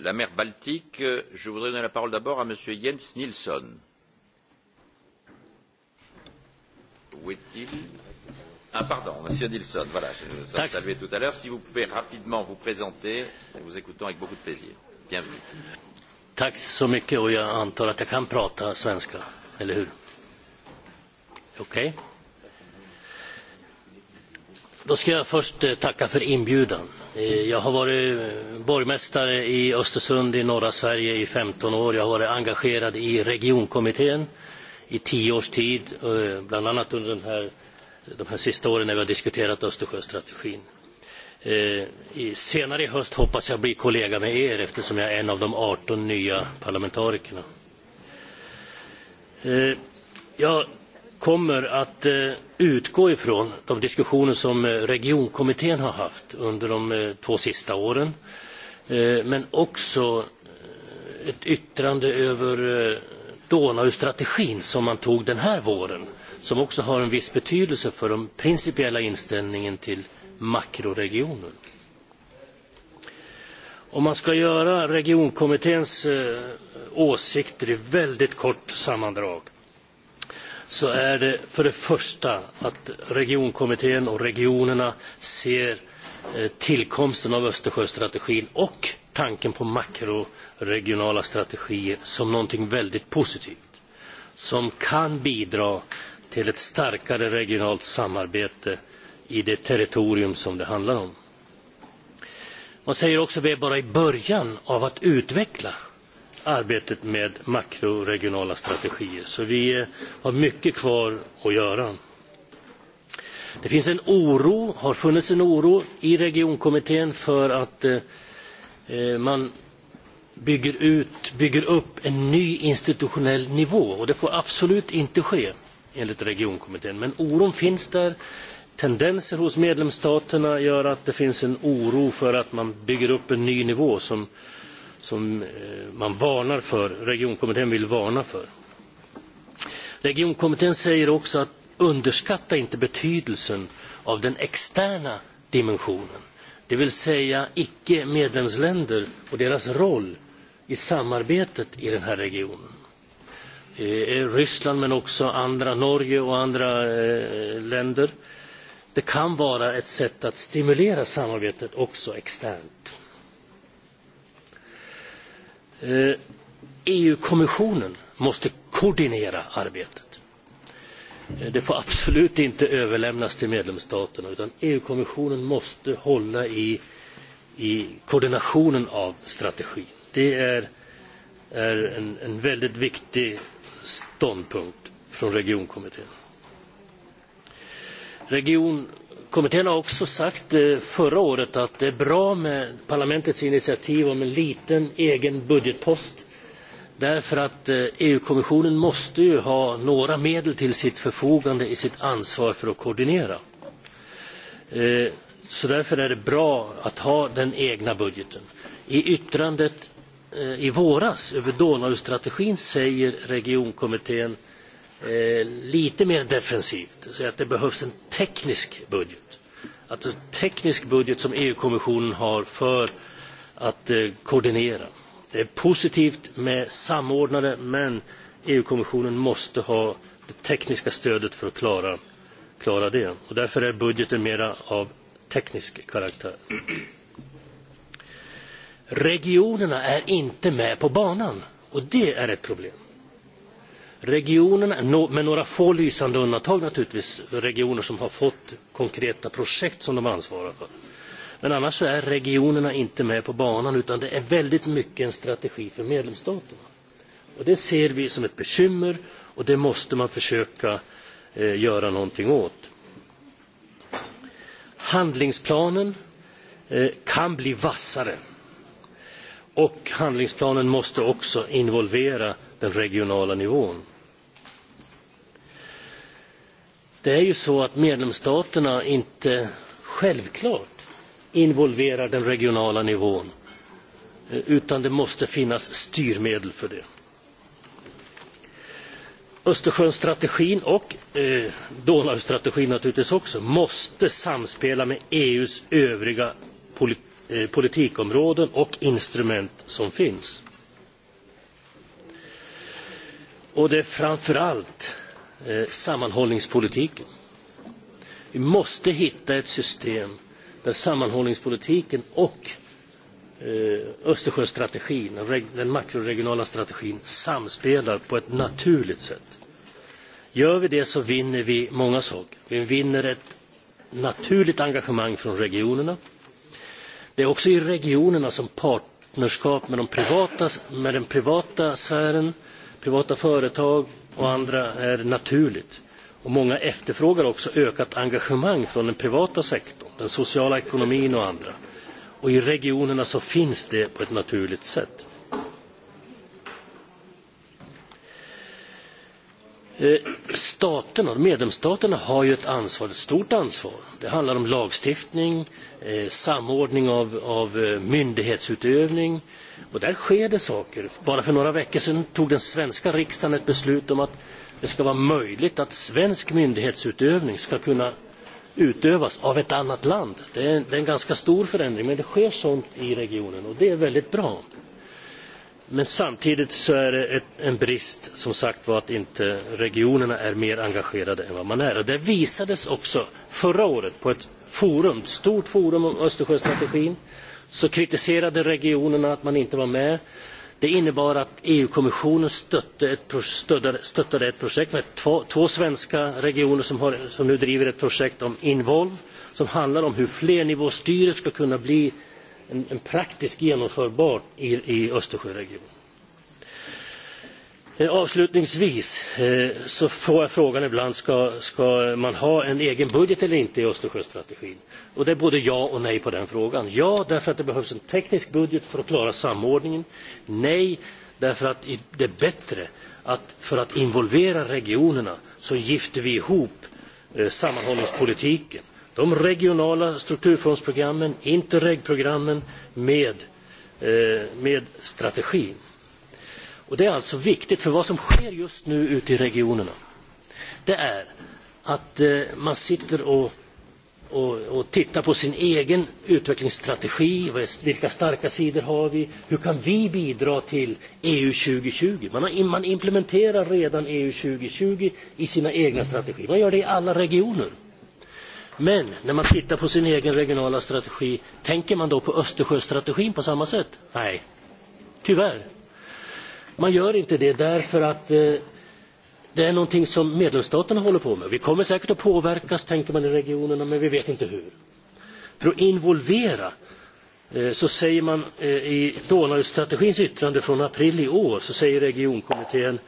la mer baltique je voudrais donner la parole d'abord à m. jens nilsson. Ah, si vous pouvez rapidement vous présenter nous vous écoutons avec beaucoup de plaisir. bienvenue. Tack så mycket och jag antar att jag kan prata svenska, eller hur? Okej. Okay. Då ska jag först eh, tacka för inbjudan. Eh, jag har varit eh, borgmästare i Östersund i norra Sverige i 15 år. Jag har varit engagerad i regionkommittén i tio års tid, bland annat under den här, de här sista åren när vi har diskuterat Östersjöstrategin. Senare i höst hoppas jag bli kollega med er eftersom jag är en av de 18 nya parlamentarikerna. Jag kommer att eh, utgå ifrån de diskussioner som eh, regionkommittén har haft under de eh, två sista åren. Men också ett yttrande över Donau-strategin som man tog den här våren. Som också har en viss betydelse för den principiella inställningen till makroregioner. Om man ska göra regionkommitténs åsikter i väldigt kort sammandrag så är det för det första att regionkommittén och regionerna ser eh, tillkomsten av Östersjöstrategin och tanken på makroregionala strategier som någonting väldigt positivt som kan bidra till ett starkare regionalt samarbete i det territorium som det handlar om. Man säger också att vi är bara i början av att utveckla arbetet med makroregionala strategier. Så vi eh, har mycket kvar att göra. Det finns en oro, har funnits en oro i regionkommittén för att eh, eh, man bygger, ut, bygger upp en ny institutionell nivå. Och det får absolut inte ske enligt regionkommittén. Men oron finns där. Tendenser hos medlemsstaterna gör att det finns en oro för att man bygger upp en ny nivå som som eh, man varnar för, regionkommittén vill varna för. Regionkommittén säger också att underskatta inte betydelsen av den externa dimensionen. Det vill säga icke-medlemsländer och deras roll i samarbetet i den här regionen. Eh, eh, Ryssland men också andra, Norge och andra länder. Det kan vara ett sätt att stimulera samarbetet också externt. EU-kommissionen eh, e måste koordinera arbetet. Eh, det får absolut inte överlämnas till medlemsstaterna utan EU-kommissionen måste hålla i, i koordinationen av strategin. Det är, är en, en väldigt viktig ståndpunkt från regionkommittén. Region kommittén har också sagt eh, förra året att det är bra med parlamentets initiativ om en liten egen budgetpost därför att eh, EU-kommissionen måste ju ha några medel till sitt förfogande i sitt ansvar för att koordinera. Eh, så därför är det bra att ha den egna budgeten. I yttrandet i våras över Donaustrategin säger regionkommittén lite mer defensivt, att det behövs en teknisk budget att det teknisk budget som EU-kommissionen har för att eh, koordinera. Det är positivt med samordnare men EU-kommissionen måste ha det tekniska stödet för att klara, klara det. Och därför är budgeten mera av teknisk karaktär. Regionerna är inte med på banan och det är ett problem regionerna, med några få lysande undantag naturligtvis, regioner som har fått konkreta projekt som de ansvarar för. Men annars så är regionerna inte med på banan utan det är väldigt mycket en strategi för medlemsstaterna. Och det ser vi som ett bekymmer och det måste man försöka eh, göra någonting åt. Handlingsplanen eh, kan bli vassare. Och handlingsplanen måste också involvera den regionala nivån. Det är ju så att medlemsstaterna inte självklart involverar den regionala nivån eh, utan det måste finnas styrmedel för det. Östersjöstrategin och eh, Donaustrategin naturligtvis också måste samspela med EUs övriga poli eh, politikområden och instrument som finns. Och det är framförallt Eh, sammanhållningspolitiken. Vi måste hitta ett system där sammanhållningspolitiken och eh, Östersjöstrategin, den makroregionala strategin, samspelar på ett naturligt sätt. Gör vi det så vinner vi många saker. Vi vinner ett naturligt engagemang från regionerna. Det är också i regionerna som partnerskap med, de privata, med den privata sfären, privata företag, och andra är naturligt. Och många efterfrågar också ökat engagemang från den privata sektorn, den sociala ekonomin och andra. Och i regionerna så finns det på ett naturligt sätt. Eh, staterna, medlemsstaterna har ju ett ansvar, ett stort ansvar. Det handlar om lagstiftning, eh, samordning av, av eh, myndighetsutövning, Och där sker det saker. Bara för några veckor sedan tog den svenska riksdagen ett beslut om att det ska vara möjligt att svensk myndighetsutövning ska kunna utövas av ett annat land. Det är, det är en ganska stor förändring, men det sker sånt i regionen och det är väldigt bra. Men samtidigt så är det ett, en brist, som sagt var, att inte regionerna är mer engagerade än vad man är. Och det visades också förra året på ett forum, ett stort forum om Östersjöstrategin så kritiserade regionerna att man inte var med. Det innebar att EU-kommissionen stötte ett, stöttade, stöttade ett projekt med två, två svenska regioner som, har, som nu driver ett projekt om Involv som handlar om hur flernivåstyre ska kunna bli en, en praktisk genomförbar i, i Östersjöregionen. Eh, avslutningsvis eh, så får jag frågan ibland ska, ska man ha en egen budget eller inte i Östersjöstrategin. Det är både ja och nej på den frågan. Ja, därför att det behövs en teknisk budget för att klara samordningen. Nej, därför att det är bättre att för att involvera regionerna så gifter vi ihop eh, sammanhållningspolitiken. De regionala strukturfondsprogrammen, interregprogrammen med, eh, med strategin. Och det är alltså viktigt, för vad som sker just nu ute i regionerna det är att eh, man sitter och och, och titta på sin egen utvecklingsstrategi. Vilka starka sidor har vi? Hur kan vi bidra till EU 2020? Man, har, man implementerar redan EU 2020 i sina egna strategier. Man gör det i alla regioner. Men när man tittar på sin egen regionala strategi, tänker man då på Östersjöstrategin på samma sätt? Nej, tyvärr. Man gör inte det därför att eh, det är någonting som medlemsstaterna håller på med. Vi kommer säkert att påverkas, tänker man i regionerna, men vi vet inte hur. För att involvera eh, så säger man eh, i Donaustrategins yttrande från april i år, så säger regionkommittén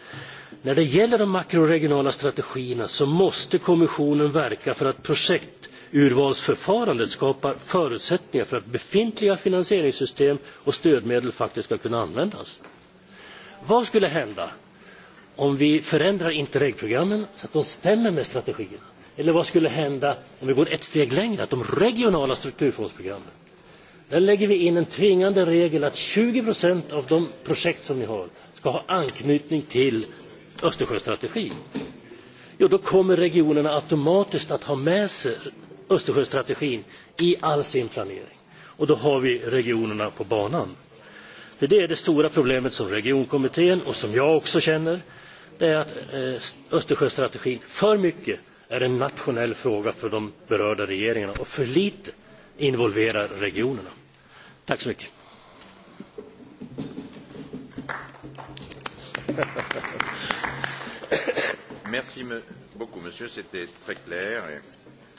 när det gäller de makroregionala strategierna så måste kommissionen verka för att projekturvalsförfarandet skapar förutsättningar för att befintliga finansieringssystem och stödmedel faktiskt ska kunna användas. Vad skulle hända om vi förändrar Interreg-programmen så att de stämmer med strategierna? Eller vad skulle hända om vi går ett steg längre, att de regionala strukturfondsprogrammen, där lägger vi in en tvingande regel att 20 av de projekt som ni har ska ha anknytning till Östersjöstrategin. Jo, då kommer regionerna automatiskt att ha med sig Östersjöstrategin i all sin planering. Och då har vi regionerna på banan. För det är det stora problemet som regionkommittén och som jag också känner det är att eh, Östersjöstrategin för mycket är en nationell fråga för de berörda regeringarna och för lite involverar regionerna. Tack så mycket. [laughs] Merci beaucoup, monsieur. C'était très clair et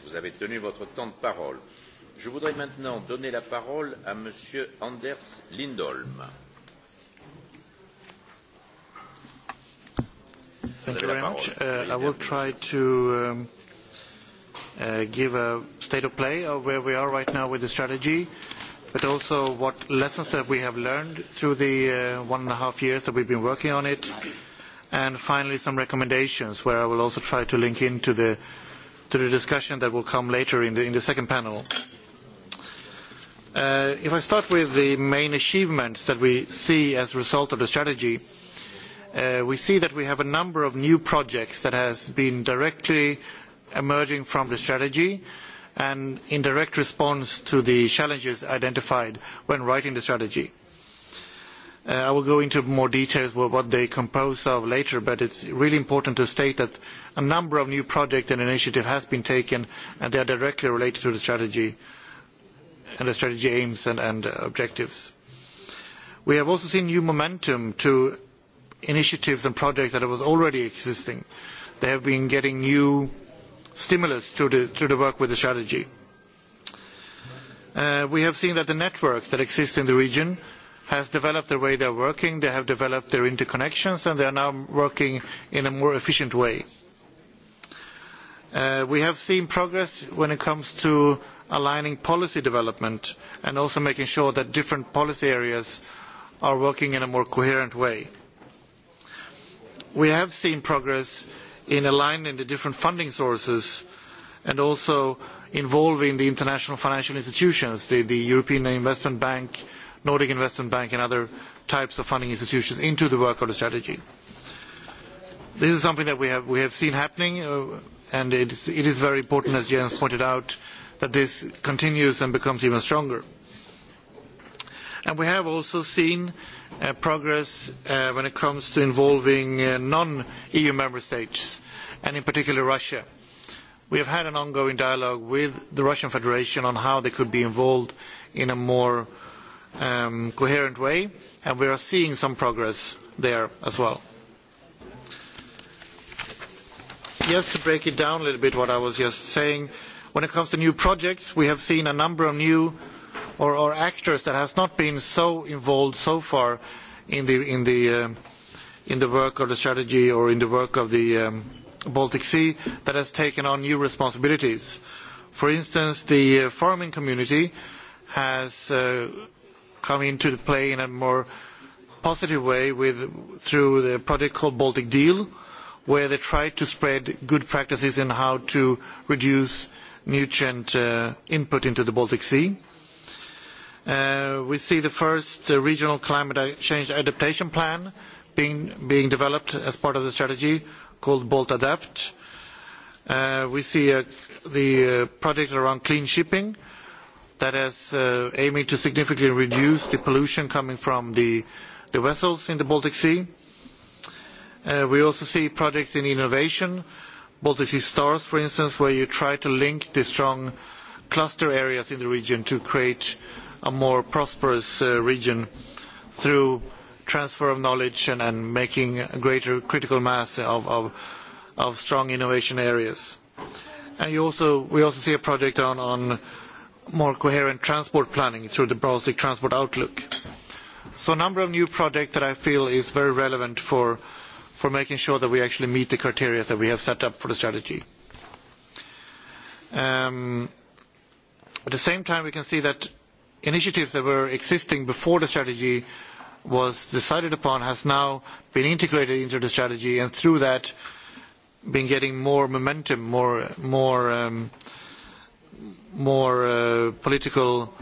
vous avez tenu votre temps de parole. Je voudrais maintenant donner la parole à monsieur Anders Lindholm. Thank you very much. Uh, I will try to um, uh, give a state of play of where we are right now with the strategy, but also what lessons that we have learned through the uh, one and a half years that we've been working on it, and finally some recommendations where I will also try to link into the to the discussion that will come later in the, in the second panel. Uh, if I start with the main achievements that we see as a result of the strategy, Uh, we see that we have a number of new projects that has been directly emerging from the strategy and in direct response to the challenges identified when writing the strategy. Uh, I will go into more details what they compose of later, but it's really important to state that a number of new project and initiative has been taken, and they are directly related to the strategy and the strategy aims and objectives. We have also seen new momentum to initiatives and projects that was already existing. They have been getting new stimulus through the work with the strategy. Uh, we have seen that the networks that exist in the region has developed the way they're working, they have developed their interconnections, and they are now working in a more efficient way. Uh, we have seen progress when it comes to aligning policy development and also making sure that different policy areas are working in a more coherent way. We have seen progress in aligning the different funding sources and also involving the international financial institutions, the European Investment Bank, Nordic Investment Bank, and other types of funding institutions into the work of the strategy. This is something that we have seen happening, uh, and it is very important, as Jens pointed out, that this continues and becomes even stronger. We have also seen uh, progress uh, when it comes to involving uh, non-EU member states, and in particular Russia. We have had an ongoing dialogue with the Russian Federation on how they could be involved in a more um, coherent way, and we are seeing some progress there as well. Just to break it down a little bit what I was just saying, when it comes to new projects, we have seen a number of new or, or actors that has not been so involved so far in the in the uh, in the work of the strategy or in the work of the um, Baltic Sea that has taken on new responsibilities. For instance, the uh, farming community has uh, come into play in a more positive way with, through the project called Baltic Deal, where they try to spread good practices in how to reduce nutrient uh, input into the Baltic Sea. Uh, Uh, we see the first uh, regional climate change adaptation plan being being developed as part of the strategy called bolt adapt uh, we see a, uh, the project around clean shipping that is uh, aiming to significantly reduce the pollution coming from the the vessels in the baltic sea uh, we also see projects in innovation baltic sea stars for instance where you try to link the strong cluster areas in the region to create a more prosperous uh, region through transfer of knowledge and, and making a greater critical mass of, of, of strong innovation areas. And you also, we also see a project on, on more coherent transport planning through the Baltic Transport Outlook. So a number of new projects that I feel is very relevant for, for making sure that we actually meet the criteria that we have set up for the strategy. Um, at the same time, we can see that initiatives that were existing before the strategy was decided upon has now been integrated into the strategy and through that been getting more momentum, more, more, um, more uh, political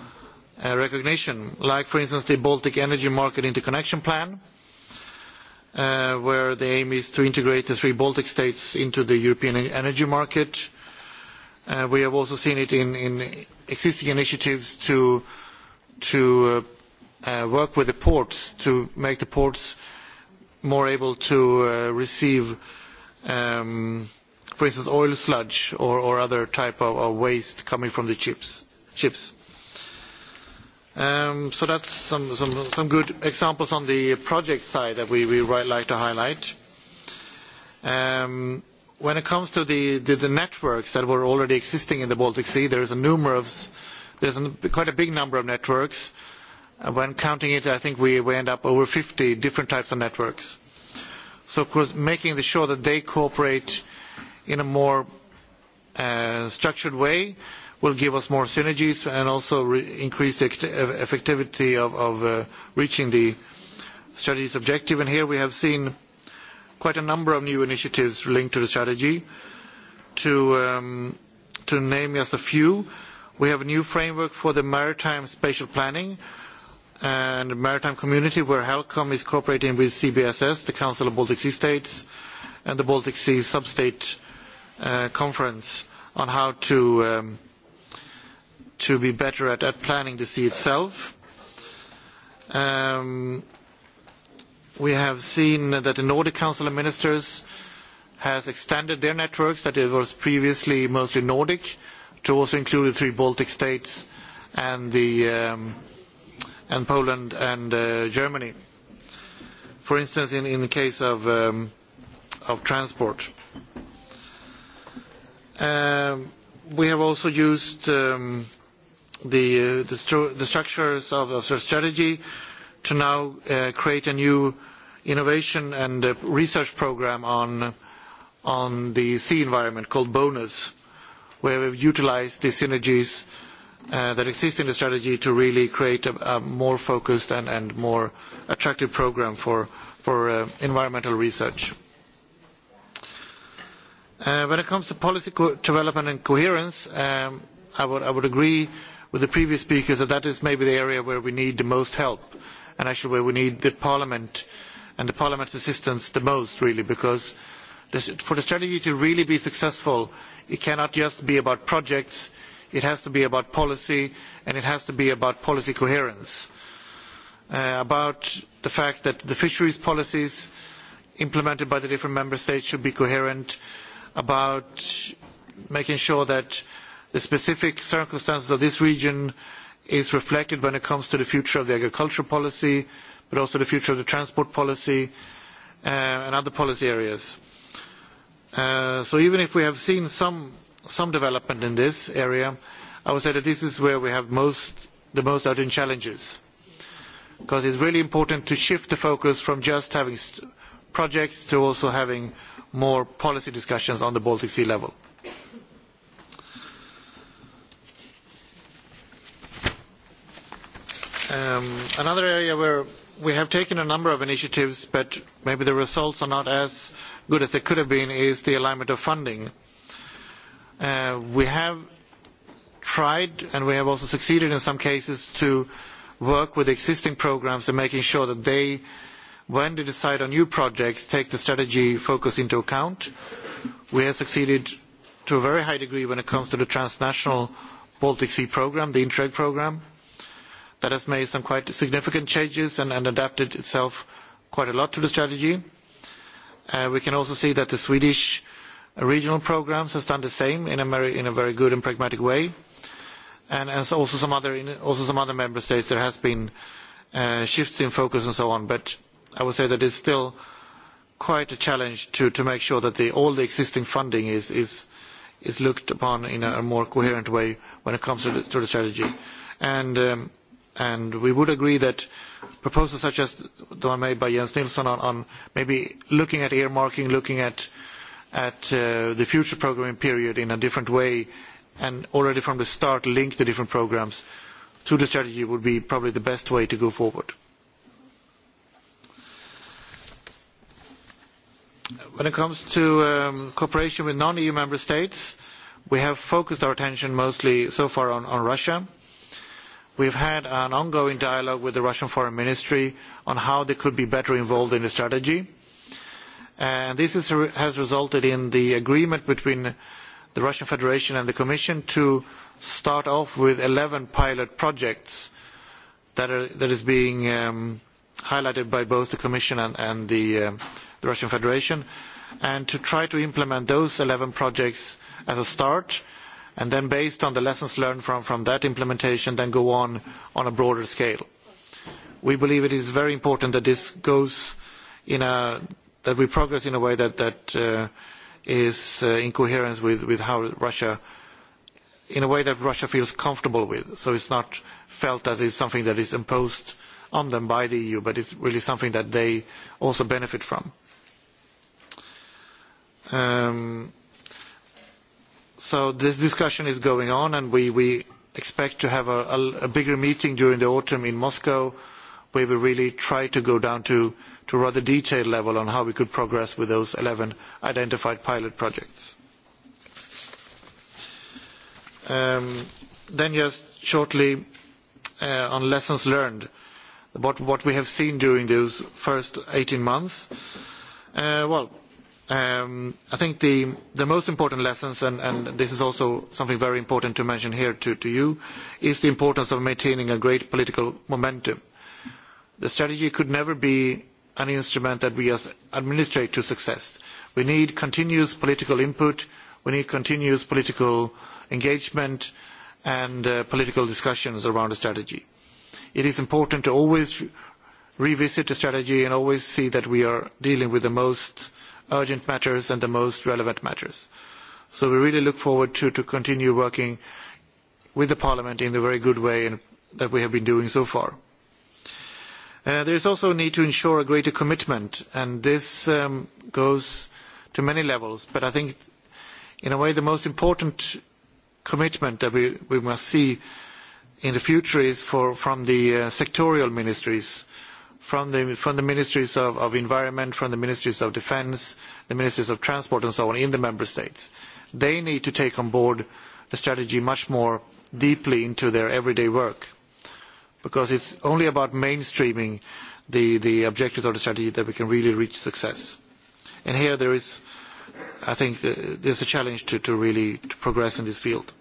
uh, recognition. Like, for instance, the Baltic Energy Market Interconnection Plan, uh, where the aim is to integrate the three Baltic states into the European energy market. Uh, we have also seen it in, in existing initiatives to uh, to uh, uh, work with the ports to make the ports more able to uh, receive, um, for instance, oil sludge or, or other type of, of waste coming from the ships. ships. Um, so that's some, some, some good examples on the project side that we, we right like to highlight. Um, when it comes to the, the, the networks that were already existing in the Baltic Sea, there is a numerous uh, there's quite a big number of networks. Uh, when counting it, I think we, we end up over 50 different types of networks. So, of course, making the sure that they cooperate in a more uh, structured way will give us more synergies and also re increase the effectivity of, of uh, reaching the strategy's objective. And here we have seen quite a number of new initiatives linked to the strategy. To, um, to name just a few, We have a new framework for the maritime spatial planning and maritime community, where HELCOM is cooperating with CBSS, the Council of Baltic Sea States, and the Baltic Sea Sub-State uh, Conference on how to um, be better at planning the sea itself. Um, we have seen that the Nordic Council of Ministers has extended their networks that it was previously mostly Nordic, to also include the three Baltic states and the um, and Poland and uh, Germany. For instance, in, in the case of um, of transport, um, we have also used um, the uh, the, stru the structures of our strategy to now uh, create a new innovation and uh, research program on on the sea environment called BONUS. Uh, where we've utilized the synergies uh, that exist in the strategy to really create a more focused and more attractive program for uh, environmental research. Uh, when it comes to policy co-development and coherence, um, I would agree with the previous speakers that that is maybe the area where we need the most help, and actually where we need the parliament and the parliament's assistance the most, really. Because for the strategy to really be successful, it cannot just be about projects it has to be about policy and it has to be about policy coherence uh, about the fact that the fisheries policies implemented by the different member states should be coherent about making sure that the specific circumstances of this region is reflected when it comes to the future of the agricultural policy but also the future of the transport policy uh, and other policy areas. Uh, even if we have seen some development in this area, I would say that this is where we have the most urgent challenges. Because it's really important to shift the focus from just having projects to also having more policy discussions on the Baltic Sea level. Um, another area where we have taken a number of initiatives, but maybe the results are not as good as they could have been, is the alignment of funding. Uh, we have tried, and we have also succeeded in some cases, to work with existing programs and making sure that they, when they decide on new projects, take the strategy focus into account. We have succeeded to a very high degree when it comes to the transnational Baltic Sea program, the Interreg program that has made some quite significant changes and adapted itself quite a lot to the strategy. Uh, we can also see that the Swedish regional programs has done the same in a very good and pragmatic way. Also some other member states, there has been uh, shifts in focus and so on. I would say that it's still quite a challenge to make sure that all the existing funding is looked upon in a more coherent way when it comes to the strategy. Um, and we would agree that proposals such as the one made by Jens Nilsson on, on maybe looking at earmarking, looking at at uh, the future programming period in a different way, and already from the start link the different programs to the strategy would be probably the best way to go forward. When it comes to um, cooperation with non-EU member states, we have focused our attention mostly so far on, on Russia we have had an ongoing dialogue with the russian foreign ministry on how they could be better involved in the strategy and this has resulted in the agreement between the russian federation and the commission to start off with eleven pilot projects that are being um, highlighted by both the commission and um, the russian federation and to try to implement those eleven projects as a starting point and then based on the lessons learned from, from that implementation, then go on on a broader scale. We believe it is very important that this goes in a, that we progress in a way that, that uh, is uh, in coherence with, with how Russia, in a way that Russia feels comfortable with, so it's not felt that it's something that is imposed on them by the EU, but it's really something that they also benefit from. Um, This discussion is going on, and we expect to have a bigger meeting during the autumn in Moscow, where we really try to go down to a rather detailed level on how we could progress with those 11 identified pilot projects. Um, just shortly uh, on lessons learned, what we have seen during those first 18 months. Uh, well, um, I think the, the most important lessons, and, and this is also something very important to mention here to, to you, is the importance of maintaining a great political momentum. The strategy could never be an instrument that we as administrate to success. We need continuous political input, we need continuous political engagement and uh, political discussions around the strategy. It is important to always revisit the strategy and always see that we are dealing with the most uh, urgent matters and the most relevant matters. So we really look forward to, to continue working with the Parliament in the very good way in, that we have been doing so far. Uh, there is also a need to ensure a greater commitment, and this um, goes to many levels. But I think, in a way, the most important commitment that we, we must see in the future is for, from the uh, sectorial ministries uh, from the ministries of environment, from the ministries of defense, the ministries of transport, and so on in the member states. They need to take on board the strategy much more deeply into their everyday work, because it's only about mainstreaming the objectives of the strategy that we can really reach success. Here there is, I think, uh, there's a challenge to really progress in this field.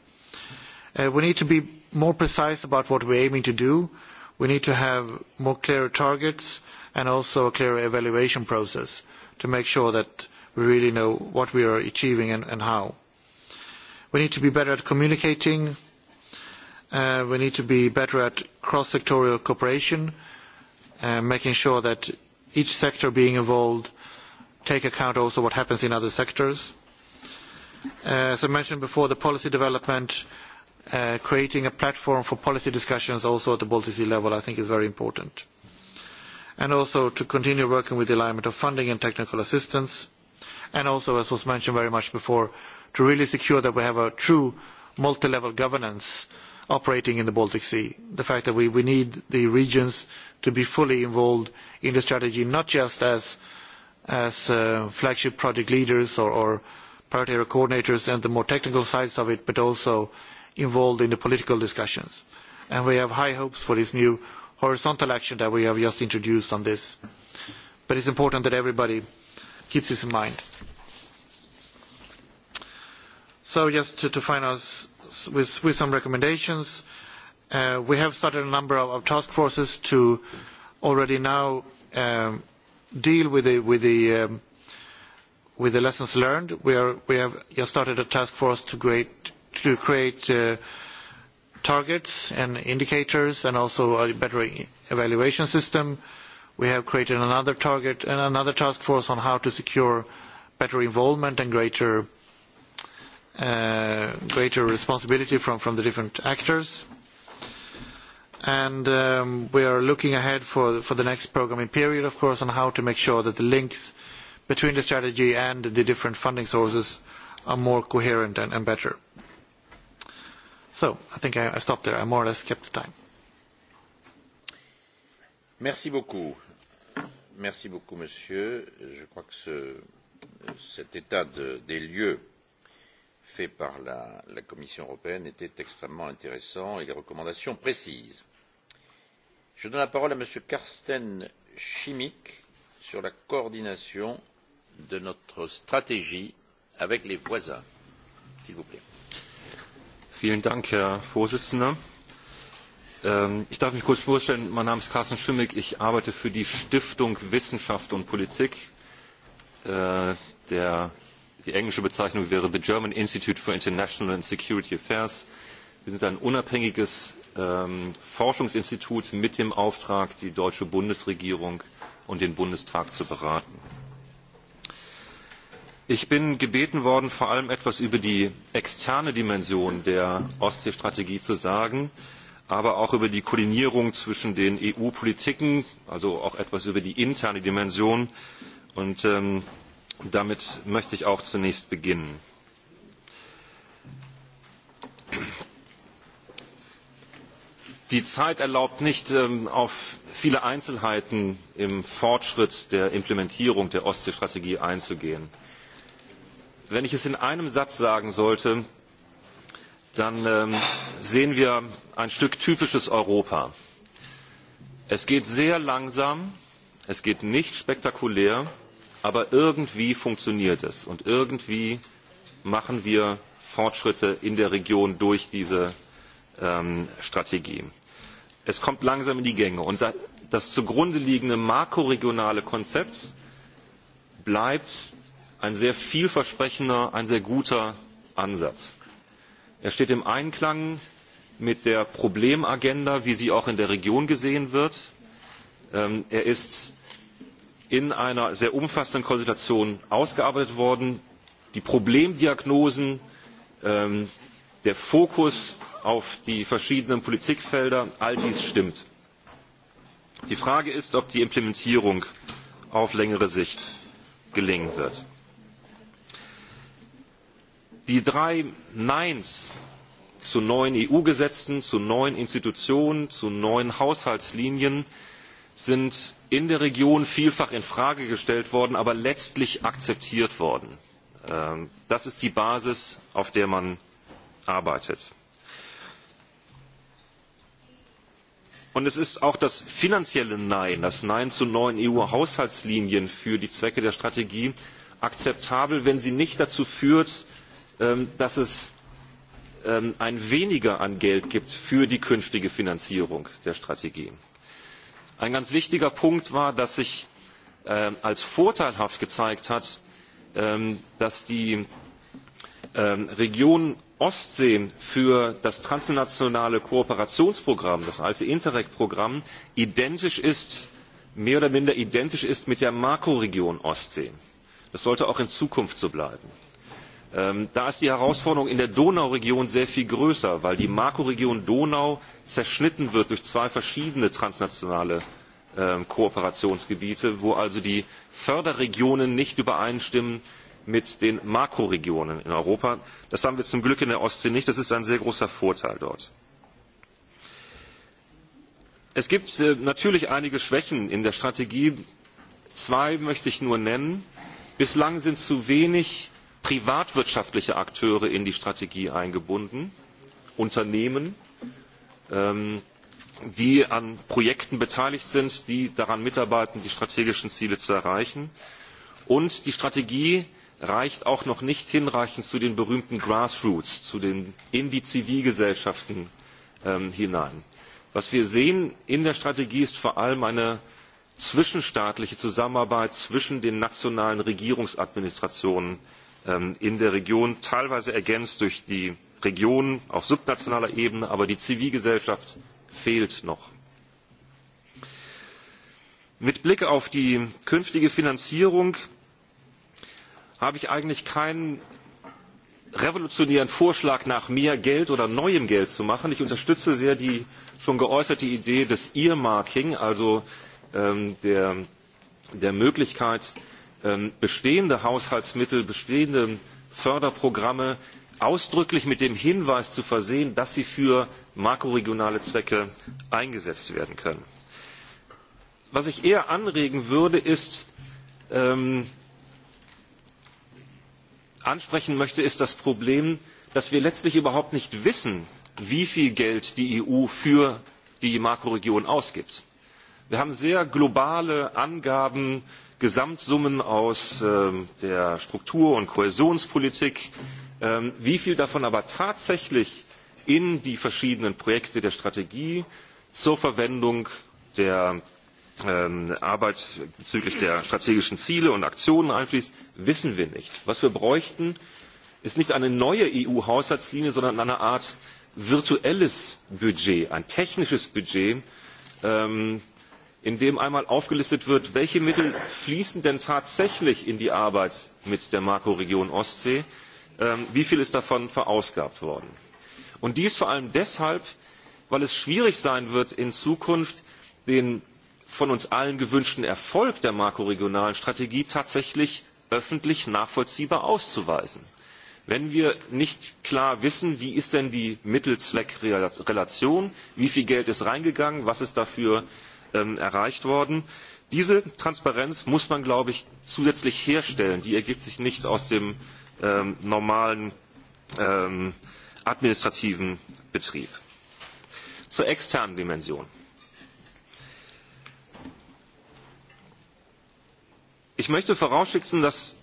Uh, we need to be more precise about what we're aiming to do, We need to have more clearer targets and also a clearer evaluation process to make sure that we really know what we are achieving and how. We need to be better at communicating. Uh, we need to be better at cross-sectorial cooperation, uh, making sure that each sector being involved take account also what happens in other sectors. Uh, as I mentioned before, the policy development, uh, creating a platform for policy discussions also at the Baltic Sea level I think is very important. And also to continue working with the alignment of funding and technical assistance. And also, as was mentioned very much before, to really secure that we have a true multi-level governance operating in the Baltic Sea. The fact that we, we need the regions to be fully involved in the strategy, not just as, as uh, flagship project leaders or, or priority area coordinators and the more technical sides of it, but also involved in the political discussions. And we have high hopes for this new horizontal action that we have just introduced on this. But it's important that everybody keeps this in mind. So just to, to finalize with, with some recommendations, uh, we have started a number of, of task forces to already now um, deal with the, with, the, um, with the lessons learned. We, are, we have just started a task force to create to create uh, targets and indicators and also a better e-, evaluation system. We have created another target and another task force on how to secure better involvement and greater uh, responsibility from the different actors. Um, we are looking ahead for the next programming period, of course, on how to make sure that the links between the strategy and the different funding sources are more coherent and better. So I think I stopped there. I more or less kept the time. Merci beaucoup. Merci beaucoup, monsieur. Je crois que ce, cet état de, des lieux fait par la, la Commission européenne était extrêmement intéressant et les recommandations précises. Je donne la parole à monsieur Karsten Schimmick sur la coordination de notre stratégie avec les voisins. S'il vous plaît herr präsident! Ähm, ich darf mich kurz vorstellen mein name ist carsten schimmick ich arbeite für die stiftung wissenschaft und politik äh, die englische bezeichnung wäre the german institute for international and security affairs. wir sind ein unabhängiges ähm, forschungsinstitut mit dem auftrag die deutsche bundesregierung und den bundestag zu beraten ich bin gebeten worden vor allem etwas über die externe dimension der ostseestrategie zu sagen aber auch über die koordinierung zwischen den eu politiken also auch etwas über die interne dimension und ähm, damit möchte ich auch zunächst beginnen. die zeit erlaubt nicht ähm, auf viele einzelheiten im fortschritt der implementierung der ostseestrategie einzugehen wenn ich es in einem satz sagen sollte dann ähm, sehen wir ein stück typisches europa es geht sehr langsam es geht nicht spektakulär aber irgendwie funktioniert es und irgendwie machen wir fortschritte in der region durch diese ähm, strategie. es kommt langsam in die gänge und das zugrunde liegende makroregionale konzept bleibt ein sehr vielversprechender ein sehr guter ansatz. er steht im einklang mit der problemagenda wie sie auch in der region gesehen wird. Ähm, er ist in einer sehr umfassenden konsultation ausgearbeitet worden. die problemdiagnosen ähm, der fokus auf die verschiedenen politikfelder all dies stimmt. die frage ist ob die implementierung auf längere sicht gelingen wird die drei neins zu neuen eu gesetzen zu neuen institutionen zu neuen haushaltslinien sind in der region vielfach in frage gestellt worden aber letztlich akzeptiert worden. Ähm, das ist die basis auf der man arbeitet. es ist auch das finanzielle nein das nein zu neuen eu haushaltslinien für die zwecke der strategie akzeptabel wenn sie nicht dazu führt Ähm, dass es ähm, ein weniger an Geld gibt für die künftige Finanzierung der Strategie. Ein ganz wichtiger Punkt war, dass sich ähm, als vorteilhaft gezeigt hat, dass die Region Ostsee für das transnationale Kooperationsprogramm, das alte Interreg-Programm, identisch ist, mehr oder minder identisch ist mit der Makroregion Ostsee. Das sollte auch in Zukunft so bleiben. Ähm, da ist die herausforderung in der donauregion sehr viel größer weil die makroregion donau zerschnitten wird durch zwei verschiedene transnationale ähm, kooperationsgebiete wo also die förderregionen nicht übereinstimmen mit den makroregionen in europa. das haben wir zum glück in der ostsee nicht das ist ein sehr großer vorteil dort. es gibt äh, natürlich einige schwächen in der strategie zwei möchte ich nur nennen bislang sind zu wenig privatwirtschaftliche Akteure in die Strategie eingebunden, Unternehmen, ähm, die an Projekten beteiligt sind, die daran mitarbeiten, die strategischen Ziele zu erreichen. Und die Strategie reicht auch noch nicht hinreichend zu den berühmten Grassroots, zu den, in die Zivilgesellschaften ähm, hinein. Was wir sehen in der Strategie ist vor allem eine zwischenstaatliche Zusammenarbeit zwischen den nationalen Regierungsadministrationen Ähm, in der Region, teilweise ergänzt durch die Regionen auf subnationaler Ebene, aber die Zivilgesellschaft fehlt noch. Mit Blick auf die künftige Finanzierung habe ich eigentlich keinen revolutionären Vorschlag nach mehr Geld oder neuem Geld zu machen. Ich unterstütze sehr die schon geäußerte Idee des Earmarking, also ähm, der, der Möglichkeit, Ähm, bestehende haushaltsmittel bestehende förderprogramme ausdrücklich mit dem hinweis zu versehen dass sie für makroregionale zwecke eingesetzt werden können. was ich eher anregen würde ist ähm, ansprechen möchte ist das problem dass wir letztlich überhaupt nicht wissen wie viel geld die eu für die makroregion ausgibt. wir haben sehr globale angaben gesamtsummen aus ähm, der struktur und kohäsionspolitik ähm, wie viel davon aber tatsächlich in die verschiedenen projekte der strategie zur verwendung der ähm, arbeit bezüglich der strategischen ziele und aktionen einfließt wissen wir nicht. was wir bräuchten ist nicht eine neue eu haushaltslinie sondern eine art virtuelles budget ein technisches budget in dem einmal aufgelistet wird welche mittel fließen denn tatsächlich in die arbeit mit der makroregion ostsee ähm, wie viel ist davon verausgabt worden? Und dies vor allem deshalb weil es schwierig sein wird in zukunft den von uns allen gewünschten erfolg der makroregionalen strategie tatsächlich öffentlich nachvollziehbar auszuweisen. Wenn wir nicht klar wissen, wie ist denn die Mittelzweckrelation, wie viel Geld ist reingegangen, was ist dafür Ähm, erreicht worden. diese transparenz muss man glaube ich zusätzlich herstellen. die ergibt sich nicht aus dem ähm, normalen ähm, administrativen betrieb. zur externen dimension ich möchte vorausschicken dass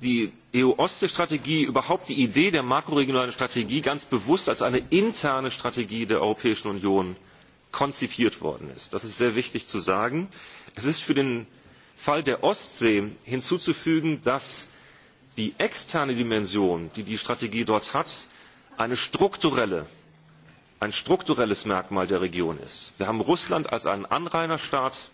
die EU Oste Strategie überhaupt die Idee der makroregionalen Strategie ganz bewusst als eine interne Strategie der Europäischen Union konzipiert worden ist. Das ist sehr wichtig zu sagen. Es ist für den Fall der Ostsee hinzuzufügen, dass die externe Dimension, die die Strategie dort hat, eine strukturelle, ein strukturelles Merkmal der Region ist. Wir haben Russland als einen Anrainerstaat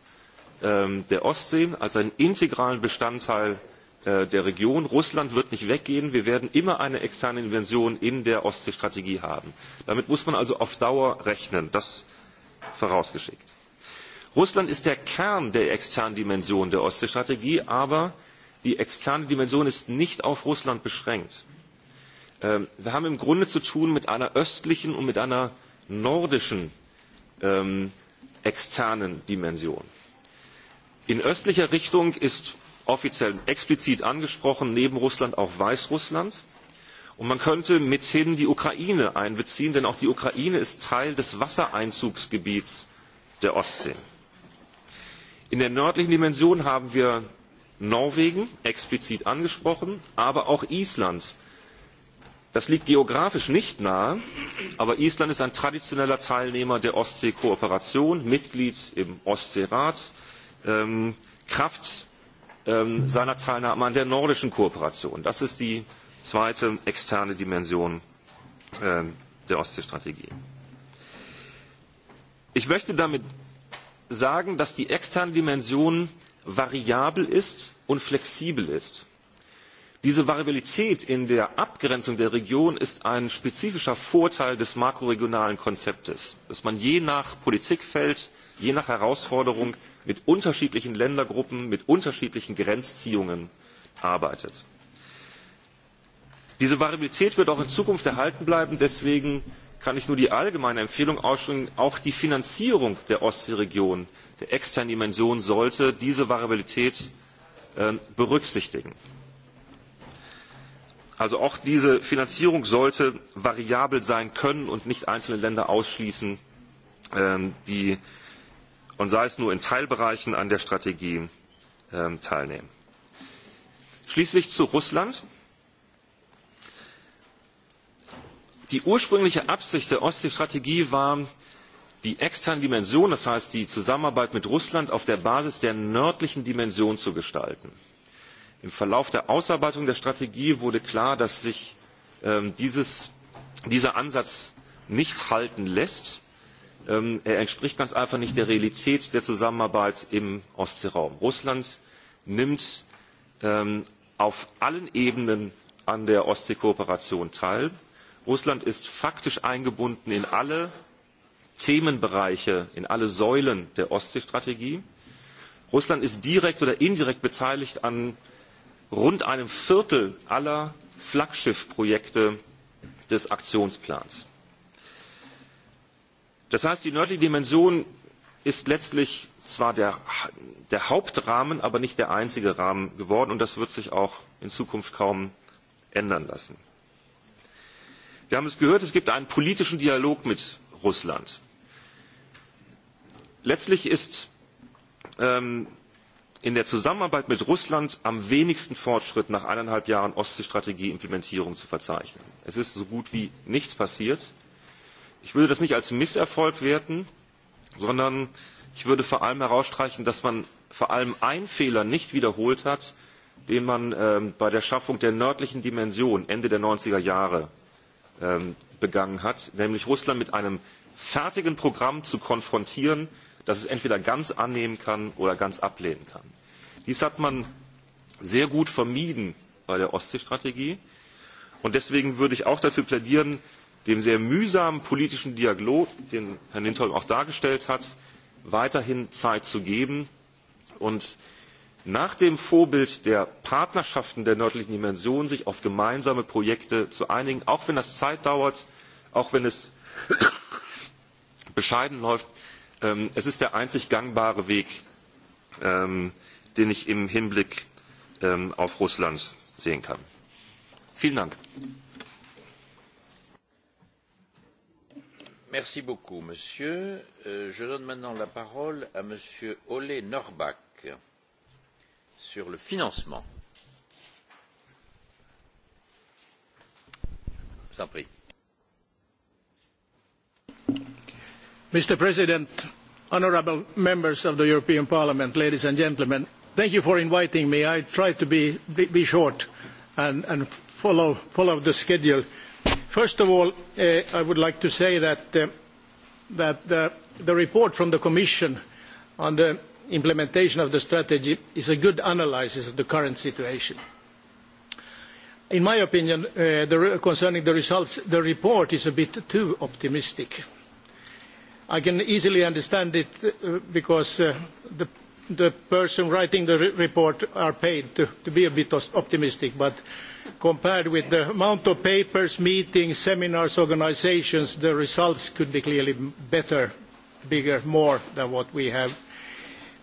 ähm, der Ostsee, als einen integralen Bestandteil äh, der Region. Russland wird nicht weggehen. Wir werden immer eine externe Dimension in der Ostseestrategie haben. Damit muss man also auf Dauer rechnen. Das äh, vorausgeschickt. Russland ist der Kern der externen Dimension der Ostseestrategie, aber die externe Dimension ist nicht auf Russland beschränkt. Ähm, wir haben im Grunde zu tun mit einer östlichen und mit einer nordischen ähm, externen Dimension. In östlicher Richtung ist offiziell explizit angesprochen neben Russland auch Weißrussland und man könnte mithin die ukraine einbeziehen denn auch die ukraine ist teil des wassereinzugsgebiets der ostsee. in der nördlichen dimension haben wir norwegen explizit angesprochen aber auch island. das liegt geografisch nicht nahe aber island ist ein traditioneller teilnehmer der ostseekooperation mitglied im ostseerat ähm, kraft ähm, seiner teilnahme an der nordischen kooperation. das ist die zweite externe Dimension ähm, der Ostseestrategie. Ich möchte damit sagen, dass die externe Dimension variabel ist und flexibel ist. Diese Variabilität in der Abgrenzung der Region ist ein spezifischer Vorteil des makroregionalen Konzeptes, dass man je nach Politikfeld, je nach Herausforderung mit unterschiedlichen Ländergruppen, mit unterschiedlichen Grenzziehungen arbeitet diese variabilität wird auch in zukunft erhalten bleiben deswegen kann ich nur die allgemeine empfehlung aussprechen auch die finanzierung der ostseeregion der externen dimension sollte diese variabilität ähm, berücksichtigen. also auch diese finanzierung sollte variabel sein können und nicht einzelne länder ausschließen ähm, die und sei es nur in teilbereichen an der strategie ähm, teilnehmen. schließlich zu russland Die ursprüngliche Absicht der Ostseestrategie war, die externe Dimension, das heißt die Zusammenarbeit mit Russland, auf der Basis der nördlichen Dimension zu gestalten. Im Verlauf der Ausarbeitung der Strategie wurde klar, dass sich ähm, dieses, dieser Ansatz nicht halten lässt. Ähm, er entspricht ganz einfach nicht der Realität der Zusammenarbeit im Ostseeraum. Russland nimmt ähm, auf allen Ebenen an der Ostseekooperation teil russland ist faktisch eingebunden in alle themenbereiche in alle säulen der ostseestrategie. russland ist direkt oder indirekt beteiligt an rund einem viertel aller flaggschiffprojekte des aktionsplans. das heißt die nördliche dimension ist letztlich zwar der, der hauptrahmen aber nicht der einzige rahmen geworden und das wird sich auch in zukunft kaum ändern lassen wir haben es gehört es gibt einen politischen dialog mit russland. letztlich ist ähm, in der zusammenarbeit mit russland am wenigsten fortschritt nach eineinhalb jahren ostseestrategie implementierung zu verzeichnen. es ist so gut wie nichts passiert. ich würde das nicht als misserfolg werten sondern ich würde vor allem herausstreichen dass man vor allem einen fehler nicht wiederholt hat den man ähm, bei der schaffung der nördlichen dimension ende der neunzig er jahre Ähm, begangen hat, nämlich Russland mit einem fertigen Programm zu konfrontieren, das es entweder ganz annehmen kann oder ganz ablehnen kann. Dies hat man sehr gut vermieden bei der Ostseestrategie. Und deswegen würde ich auch dafür plädieren, dem sehr mühsamen politischen Dialog, den Herr Lindholm auch dargestellt hat, weiterhin Zeit zu geben und äh, nach dem vorbild der partnerschaften der nördlichen dimension sich auf gemeinsame projekte zu einigen auch wenn das zeit dauert auch wenn es [coughs] bescheiden läuft ähm, es ist der einzig gangbare weg ähm, den ich im hinblick ähm, auf russland sehen kann. vielen dank! merci beaucoup monsieur. Euh, je donne maintenant la parole à m. ole norrback sur le financement. mr president honourable members of the european parliament ladies and gentlemen thank you for inviting me. i try to be short and follow the schedule. first of all eh, i would like to say that eh, the report from the commission on the implementation of the strategy is a good analysis of the current situation. In my opinion, uh, concerning the results, the report is a bit too optimistic. I can easily understand it uh, because uh, the, the person writing the re report are paid to, to be a bit optimistic, but compared with the amount of papers, meetings, seminars, organizations, the results could be clearly better, bigger, more than what we have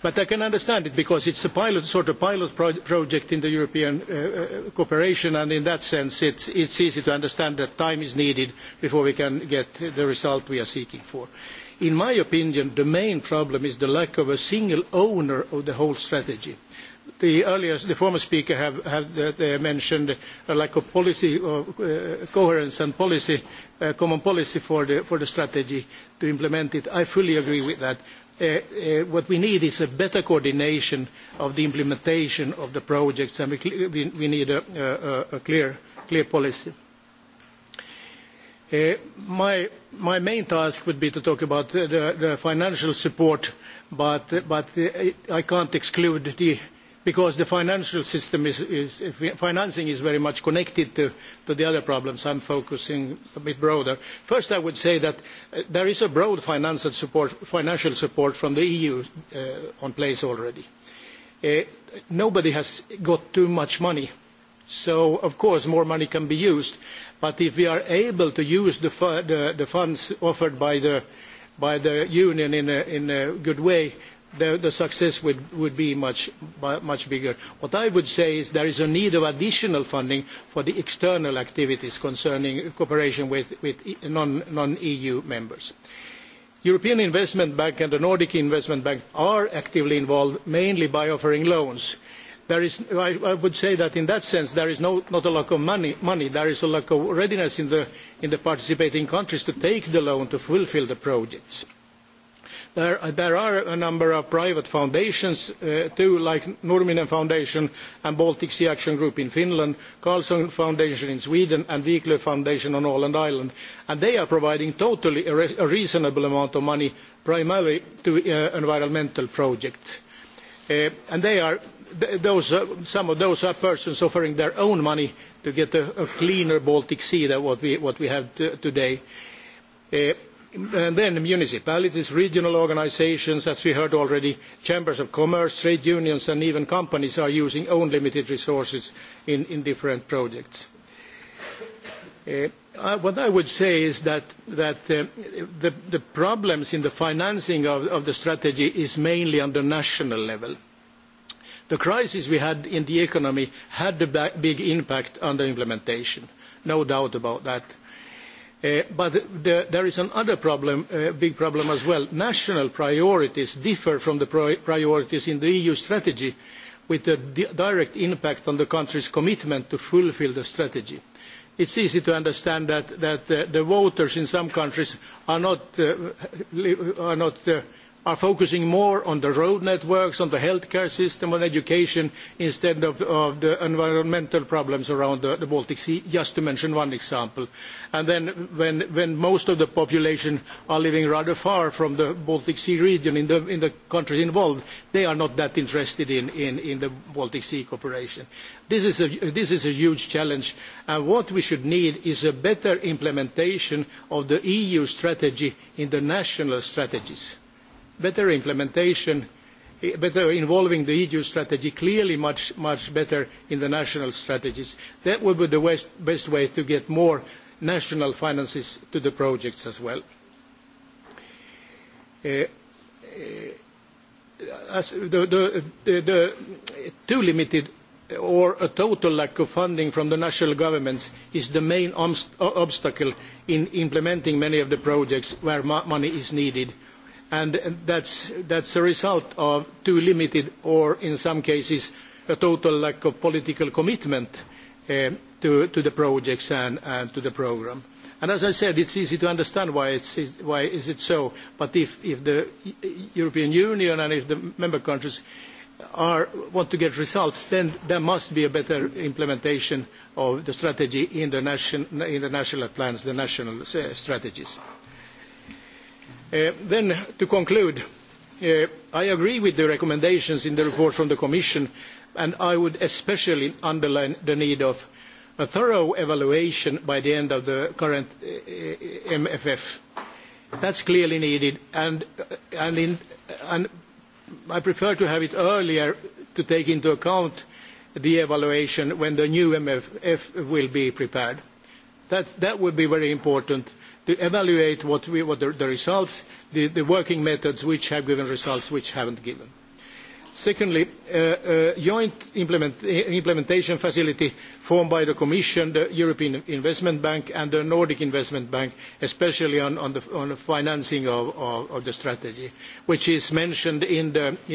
but I can understand it because it's a pilot sort of pilot pro project in the European uh, uh, cooperation, and in that sense, it's, it's easy to understand that time is needed before we can get the result we are seeking for. In my opinion, the main problem is the lack of a single owner of the whole strategy. The earlier, the former speaker have, have uh, they mentioned a lack of policy or uh, uh, coherence and policy, uh, common policy for the, for the strategy to implement it. I fully agree with that. Uh, uh, what we need is a better coordination of the implementation of the projects, and we need a clear policy. Uh, my main task would be to talk about the financial support, but I can't exclude the because the financial system is, is financing is very much connected to, to the other problems. I'm focusing a bit broader. First, I would say that uh, there is a broad financial support, financial support from the EU uh, on place already. Uh, nobody has got too much money, so of course more money can be used. But if we are able to use the, fu- the, the funds offered by the by the union in a, in a good way, the success would be much bigger. What I would say is there is a need of additional funding for the external activities concerning cooperation with e, non-EU members. European Investment Bank and the Nordic Investment Bank are actively involved, mainly by offering loans. I would say that in that sense, there is no, not a lack of money. There is a lack of readiness in the participating countries to take the loan to fulfill the projects. Uh, there are a number of private foundations uh, too like the nurminen foundation and baltic sea action group in finland the carlsson foundation in sweden and the wikile foundation on åland island and they are providing a totally reasonable amount of money primarily to uh, environmental projects. and they are those, some of those are persons offering their own money to get a cleaner baltic sea than what we, what we have today. Uh, then municipalities, regional organisations, as we heard already, chambers of commerce, trade unions and even companies are using own limited resources in, in different projects. Uh, I, uh, what I would say is that, that uh, the, the problems in the financing of, of the strategy is mainly on the national level. The crisis we had in the economy had a big impact on the implementation, no doubt about that. Uh, but the, there is another problem, a uh, big problem as well. National priorities differ from the pri priorities in the EU strategy with a di direct impact on the country's commitment to fulfill the strategy. It's easy to understand that, that uh, the voters in some countries are not, uh, are not uh, are focusing more on the road networks, on the healthcare system, on education, instead of, of the environmental problems around the, the Baltic Sea, just to mention one example. And then when, when most of the population are living rather far from the Baltic Sea region in the, in the countries involved, they are not that interested in, in, in the Baltic Sea cooperation. This is, a, this is a huge challenge, and what we should need is a better implementation of the EU strategy in the national strategies better implementation, eh, better involving the EU strategy clearly much, much better in the national strategies. That would be the best, best way to get more national finances to the projects as well. Uh, as the, the, the, the too limited or a total lack of funding from the national governments is the main obst obstacle in implementing many of the projects where mo money is needed uh, That's a result of too limited, or in some cases, a total lack of political commitment uh, to the projects and to the program. As I said, it's easy to understand why is it so. If the European Union and if the member countries want to get results, then there must be a better implementation of the strategy in the national plans, the national uh, strategies. Uh, to conclude, uh, I agree with the recommendations in the report from the Commission, and I would especially underline the need of a thorough evaluation by the end of the current uh, MFF. That's clearly needed, and I prefer to have it earlier to take into account the evaluation when the new MFF will be prepared. That would be very important to evaluate what the results, the working methods which have given results, which haven't given. Secondly, a uh, uh, joint implementation facility formed by the Commission, the European Investment Bank, and the Nordic Investment Bank, especially on the financing of the strategy, which is mentioned in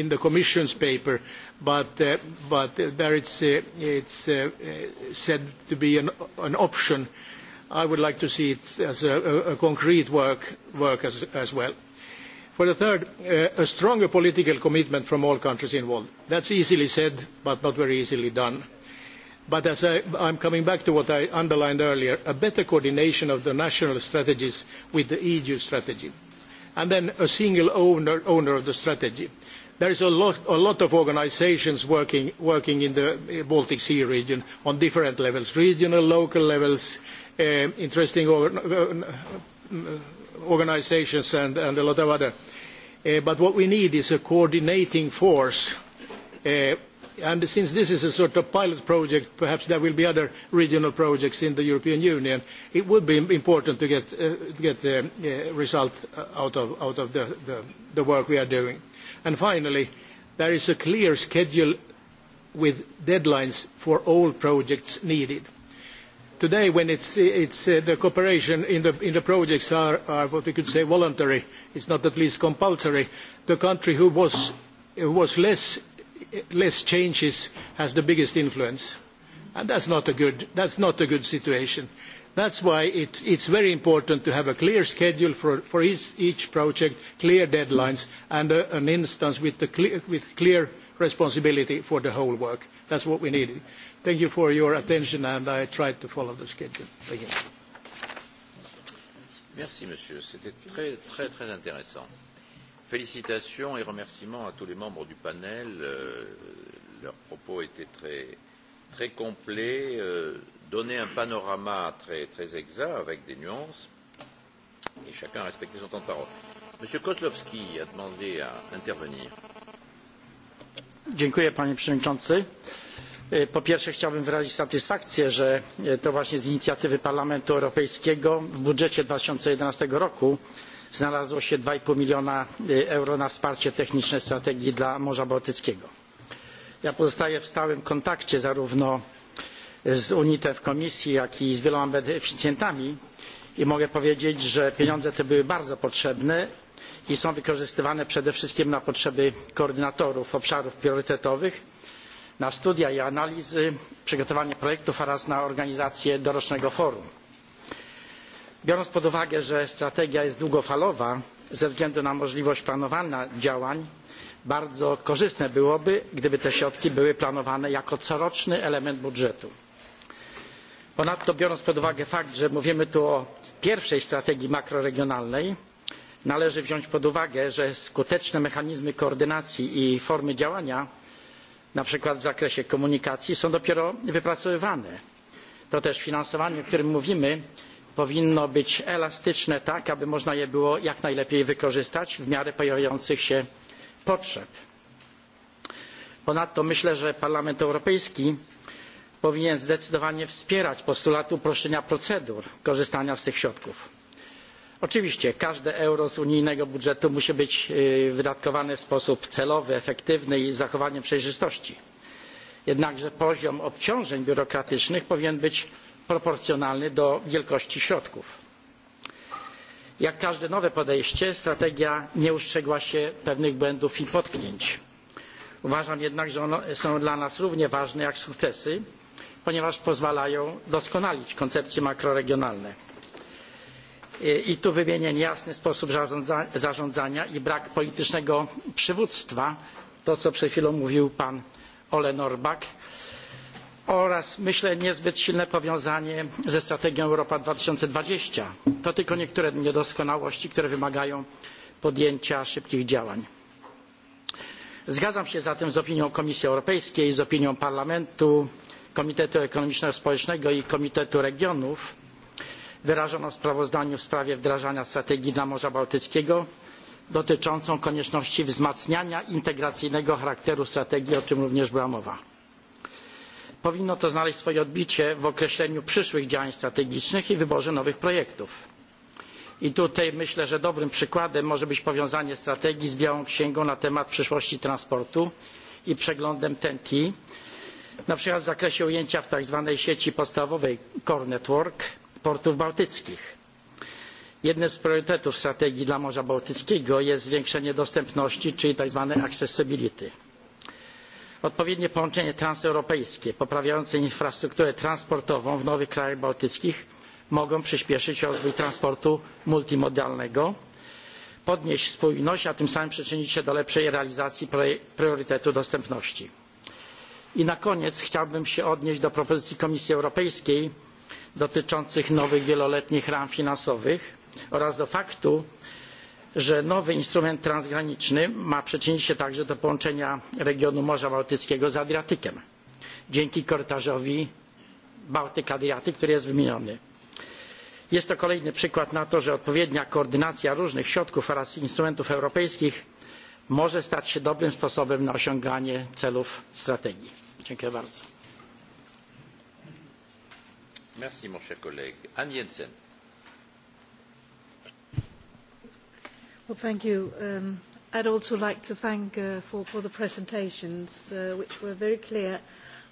the Commission's paper, but uh, there it's said to be an option I would like to see it as a, a concrete work, work as, as well. For the third, uh, a stronger political commitment from all countries involved. That's easily said, but not very easily done. But as I, I'm coming back to what I underlined earlier, a better coordination of the national strategies with the EU strategy. And then a single owner, owner of the strategy. There is a lot, a lot of organizations working, working in the Baltic Sea region on different levels, regional, local levels, Um, interesting uh, uh, organizations and a lot of other. Uh, but what we need is a coordinating force. And since this is a sort of pilot project, perhaps there will be other regional projects in the European Union, it would be important to get the result out of the work we are doing. And finally, there is a clear schedule with deadlines for all projects needed today when it's it's uh, the cooperation in the in the projects are, are what we could say voluntary it's not at least compulsory the country who was who was less less changes has the biggest influence and that's not a good that's not a good situation that's why it, it's very important to have a clear schedule for, for each, each project, clear deadlines, and a, an instance with, the clear, with clear responsibility for the whole work. That's what we need. Thank you for your attention, and I tried to follow the schedule. Thank you. Merci, monsieur. C'était très, très, très intéressant. Félicitations et remerciements à tous les membres du panel. Euh, leurs propos étaient très, très complets, euh, donnaient un panorama très, très exact avec des nuances, et chacun a respecté son temps de parole. Monsieur Kozlowski a demandé à intervenir panie przewodniczący! E, po pierwsze chciałbym wyrazić satysfakcję że e, to właśnie z inicjatywy parlamentu europejskiego w budżecie dwa tysiące jedenaście roku znalazło się dwa pięć miliona e, euro na wsparcie techniczne strategii dla morza bałtyckiego. ja pozostaję w stałym kontakcie zarówno z unitem w komisji jak i z wieloma beneficjentami i mogę powiedzieć że pieniądze te były bardzo potrzebne i są wykorzystywane przede wszystkim na potrzeby koordynatorów obszarów priorytetowych, na studia i analizy, przygotowanie projektów oraz na organizację dorocznego forum. Biorąc pod uwagę, że strategia jest długofalowa, ze względu na możliwość planowania działań, bardzo korzystne byłoby, gdyby te środki były planowane jako coroczny element budżetu. Ponadto biorąc pod uwagę fakt, że mówimy tu o pierwszej strategii makroregionalnej, należy wziąć pod uwagę że skuteczne mechanizmy koordynacji i formy działania na przykład w zakresie komunikacji są dopiero wypracowywane to też finansowanie o którym mówimy powinno być elastyczne tak aby można je było jak najlepiej wykorzystać w miarę pojawiających się potrzeb ponadto myślę że parlament europejski powinien zdecydowanie wspierać postulat uproszczenia procedur korzystania z tych środków oczywiście każde euro z unijnego budżetu musi być wydatkowane w sposób celowy efektywny i z zachowaniem przejrzystości jednakże poziom obciążeń biurokratycznych powinien być proporcjonalny do wielkości środków. jak każde nowe podejście strategia nie ustrzegła się pewnych błędów i potknięć. uważam jednak że one są dla nas równie ważne jak sukcesy ponieważ pozwalają doskonalić koncepcje makroregionalne. E, i tu wymienię niejasny sposób zarządzania i brak politycznego przywództwa, to co przed chwilą mówił pan Ole Norbak, oraz myślę niezbyt silne powiązanie ze strategią Europa 2020. To tylko niektóre niedoskonałości, które wymagają podjęcia szybkich działań. Zgadzam się zatem z opinią Komisji Europejskiej, z opinią Parlamentu, Komitetu Ekonomiczno-Społecznego i Komitetu Regionów, wyrażoną w sprawozdaniu w sprawie wdrażania strategii dla morza bałtyckiego dotyczącą konieczności wzmacniania integracyjnego charakteru strategii o czym również była mowa. powinno to znaleźć swoje odbicie w określeniu przyszłych działań strategicznych i wyborze nowych projektów. i tutaj myślę że dobrym przykładem może być powiązanie strategii z białą księgą na temat przyszłości transportu i przeglądem ten t na przykład w zakresie ujęcia w tak zwanej sieci podstawowej core network portów bałtyckich. Jednym z priorytetów strategii dla Morza Bałtyckiego jest zwiększenie dostępności, czyli tzw. accessibility. Odpowiednie połączenie transeuropejskie poprawiające infrastrukturę transportową w nowych krajach bałtyckich mogą przyspieszyć rozwój transportu multimodalnego, podnieść spójność, a tym samym przyczynić się do lepszej realizacji priorytetu dostępności. I na koniec chciałbym się odnieść do propozycji Komisji Europejskiej dotyczących nowych wieloletnich ram finansowych oraz do faktu że nowy instrument transgraniczny ma przyczynić się także do połączenia regionu morza bałtyckiego z adriatykiem dzięki korytarzowi bałtyk adriatyk który jest wymieniony. jest to kolejny przykład na to że odpowiednia koordynacja różnych środków oraz instrumentów europejskich może stać się dobrym sposobem na osiąganie celów strategii. dziękuję bardzo. Merci, mon cher collègue. Anne Jensen. Well, thank you. Um, I'd also like to thank uh, for, for the presentations, uh, which were very clear.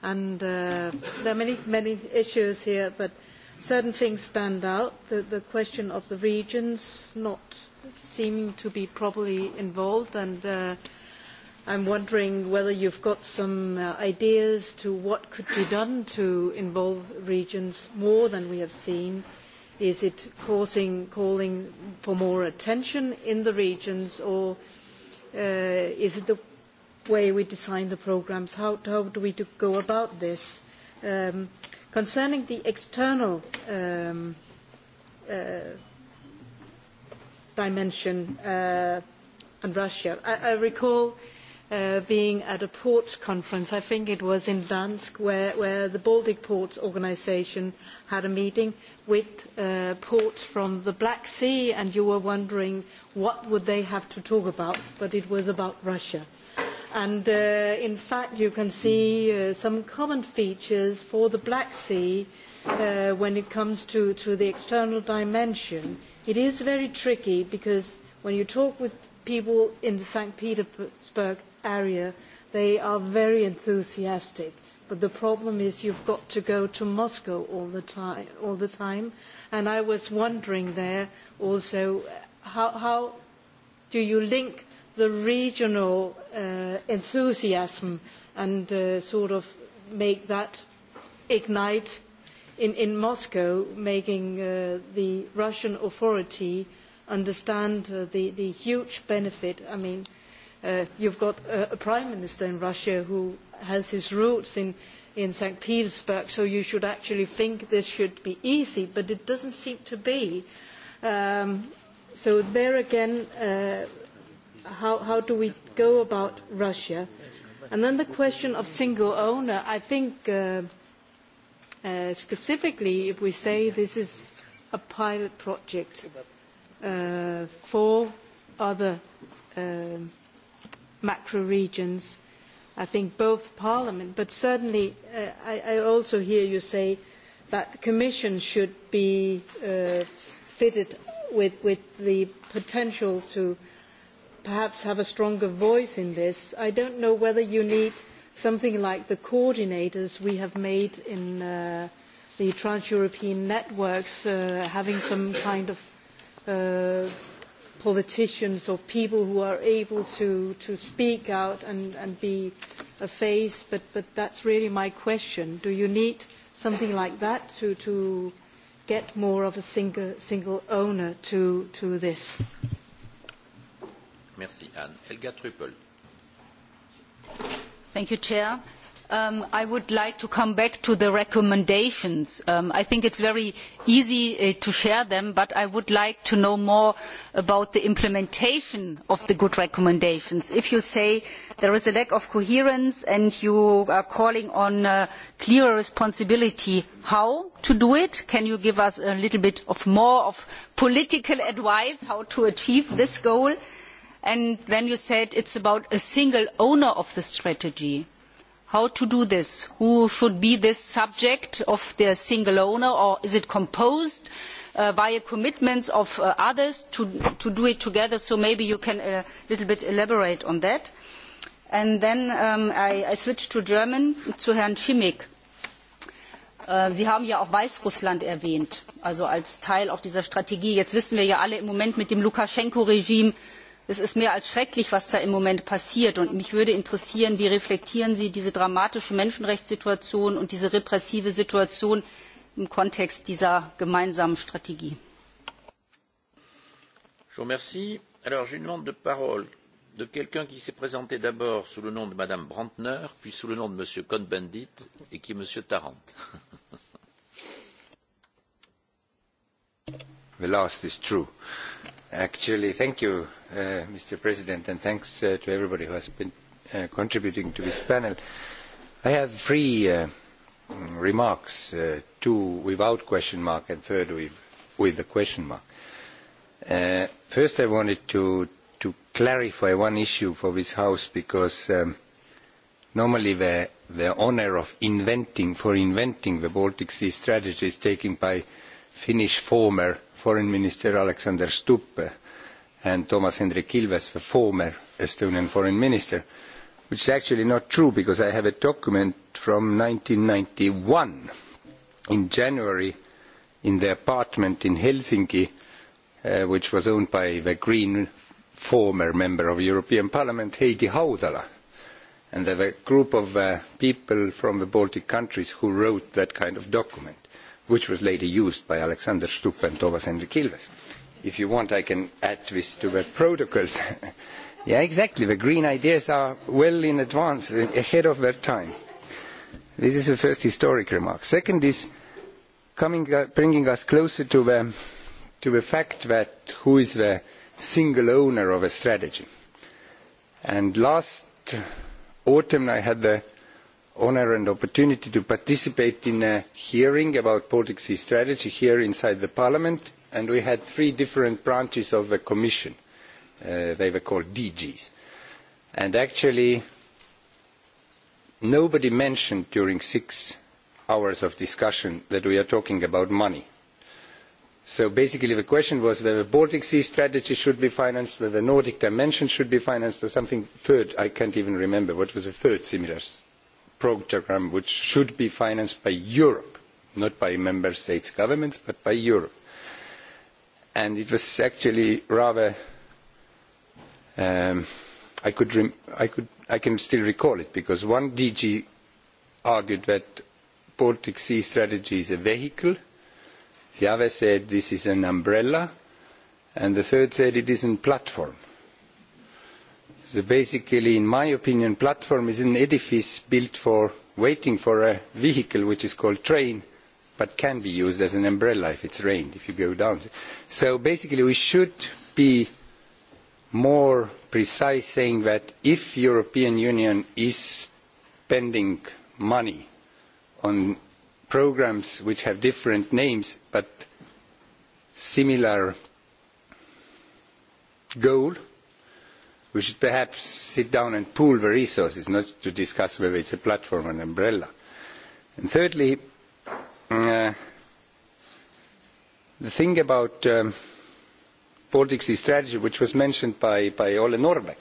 And uh, there are many, many issues here, but certain things stand out. The, the question of the regions not seeming to be properly involved and uh, I'm wondering whether you've got some uh, ideas to what could be done to involve regions more than we have seen. Is it causing, calling for more attention in the regions, or uh, is it the way we design the programs? How, how do we do, go about this? Um, concerning the external um, uh, dimension uh, and Russia, I, I recall uh, Uh, being at a ports conference, I think it was in Dansk, where, where the Baltic Ports Organization had a meeting with uh, ports from the Black Sea, and you were wondering what would they have to talk about, but it was about Russia. And uh, in fact, you can see uh, some common features for the Black Sea uh, when it comes to, to the external dimension. It is very tricky because when you talk with people in the St. Petersburg area, they are very enthusiastic. But the problem is you've got to go to Moscow all the time. All the time. And I was wondering there also how, how do you link the regional uh, enthusiasm and uh, sort of make that ignite in, in Moscow, making uh, the Russian authority understand uh, the, the huge benefit? I mean, uh, you've got a, uh, a prime minister in Russia who has his roots in, in St. Petersburg, so you should actually think this should be easy, but it doesn't seem to be. Um, so there again, uh, how, how do we go about Russia? And then the question of single owner, I think uh, uh, specifically if we say this is a pilot project uh, for other um, macro regions. I think both Parliament, but certainly uh, I, I also hear you say that the Commission should be uh, fitted with, with the potential to perhaps have a stronger voice in this. I don't know whether you need something like the coordinators we have made in uh, the trans-European networks, uh, having some kind of uh, politicians or people who are able to, to speak out and, and be a face, but, but that's really my question. Do you need something like that to, to get more of a single, single owner to, to this? Merci, Anne. Helga Truppel. Thank you, Chair. Um, I would like to come back to the recommendations. Um, I think it's very easy uh, to share them, but I would like to know more about the implementation of the good recommendations. If you say there is a lack of coherence and you are calling on uh, clearer responsibility, how to do it? Can you give us a little bit of more of political advice how to achieve this goal? And then you said it's about a single owner of the strategy how to do this who should be the subject of the single owner or is it composed uh, by uh, commitments of uh, others to to do it together so maybe you can a uh, little bit elaborate on that and then um, I, i switch to german to herrn chimik uh, äh, sie haben ja auch weißrussland erwähnt also als teil auch dieser strategie jetzt wissen wir ja alle im moment mit dem lukaschenko regime Es ist mehr als schrecklich, was da im Moment passiert. Und mich würde interessieren, wie reflektieren Sie diese dramatische Menschenrechtssituation und diese repressive Situation im Kontext dieser gemeinsamen Strategie? Je vous remercie. Alors, j'ai une demande de parole de quelqu'un qui s'est présenté d'abord sous le nom de Madame Brandner, puis sous le nom de Monsieur Cohn-Bendit, et qui est Monsieur Tarrant. The last is true actually thank you uh, mr president and thanks uh, to everybody who has been uh, contributing to this panel i have three uh, mm, remarks uh, two without question mark and third with with a question mark uh, first i wanted to to clarify one issue for this house because um, normally the the honor of inventing for inventing the baltic sea strategy is taken by finnish former foreign minister Alexander Stupe eh, and Thomas Hendrik Ilves, the former Estonian foreign minister, which is actually not true because I have a document from 1991 in January in the apartment in Helsinki, uh, which was owned by the Green former member of European Parliament, Heidi Haudala. And there were a group of uh, people from the Baltic countries who wrote that kind of document which was later used by Alexander Stupp and Thomas Henry Kilves. If you want, I can add this to the protocols. [laughs] yeah, exactly. The green ideas are well in advance, ahead of their time. This is the first historic remark. Second is coming, uh, bringing us closer to the, to the fact that who is the single owner of a strategy. And last autumn, I had the honour and opportunity to participate in a hearing about Baltic Sea strategy here inside the Parliament, and we had three different branches of the Commission. Uh, they were called DGs. And actually, nobody mentioned during six hours of discussion that we are talking about money. So basically the question was whether the Baltic Sea strategy should be financed, whether the Nordic dimension should be financed, or something third, I can't even remember, what was the third similar programme which should be financed by Europe, not by member states' governments, but by Europe. And it was actually rather. Um, I, could rem- I, could, I can still recall it because one DG argued that Baltic Sea strategy is a vehicle, the other said this is an umbrella, and the third said it isn't platform basically in my opinion the platform is an edifice built for waiting for a vehicle which is called train but can be used as an umbrella if it's rained if you go down so basically we should be more precise saying that if european union is spending money on programs which have different names but similar goal we should perhaps sit down and pool the resources, not to discuss whether it's a platform or an umbrella. And thirdly, mm, uh, the thing about um, Baltic Sea strategy, which was mentioned by, by Ole Norbeck,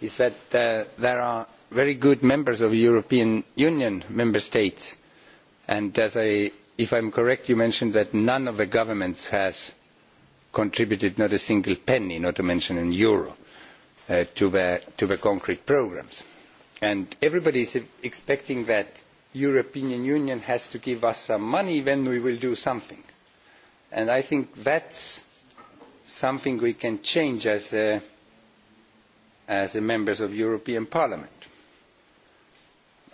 is that uh, there are very good members of the European Union member states. And as I, if I'm correct, you mentioned that none of the governments has contributed not a single penny, not to mention in Europe. Uh, to the to the concrete programs and everybody is expecting that european union has to give us some money then we will do something and i think that's something we can change as a, uh, as a members of european parliament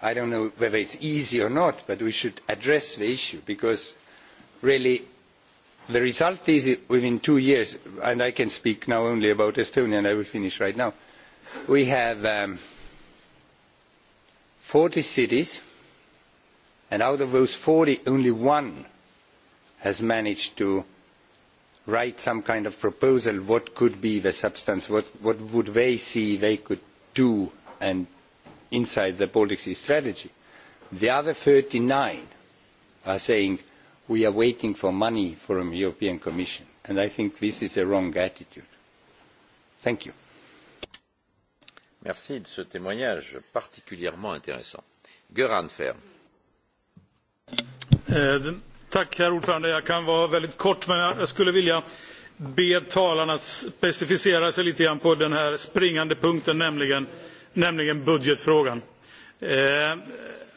i don't know whether it's easy or not but we should address the issue because really the result is within two years, and I can speak now only about Estonia, and I will finish right now. We have um, 40 cities, and out of those 40, only one has managed to write some kind of proposal what could be the substance, what, what would they see they could do and inside the Baltic Sea strategy. The other 39 are saying, we are waiting for money from the European Commission. And I think this is a wrong attitude. Thank you. Merci de ce témoignage particulièrement intéressant. Göran Fer. Eh, tack herr ordförande, jag kan vara väldigt kort men jag skulle vilja be talarna specificera sig lite grann på den här springande punkten, nämligen, nämligen budgetfrågan. Eh,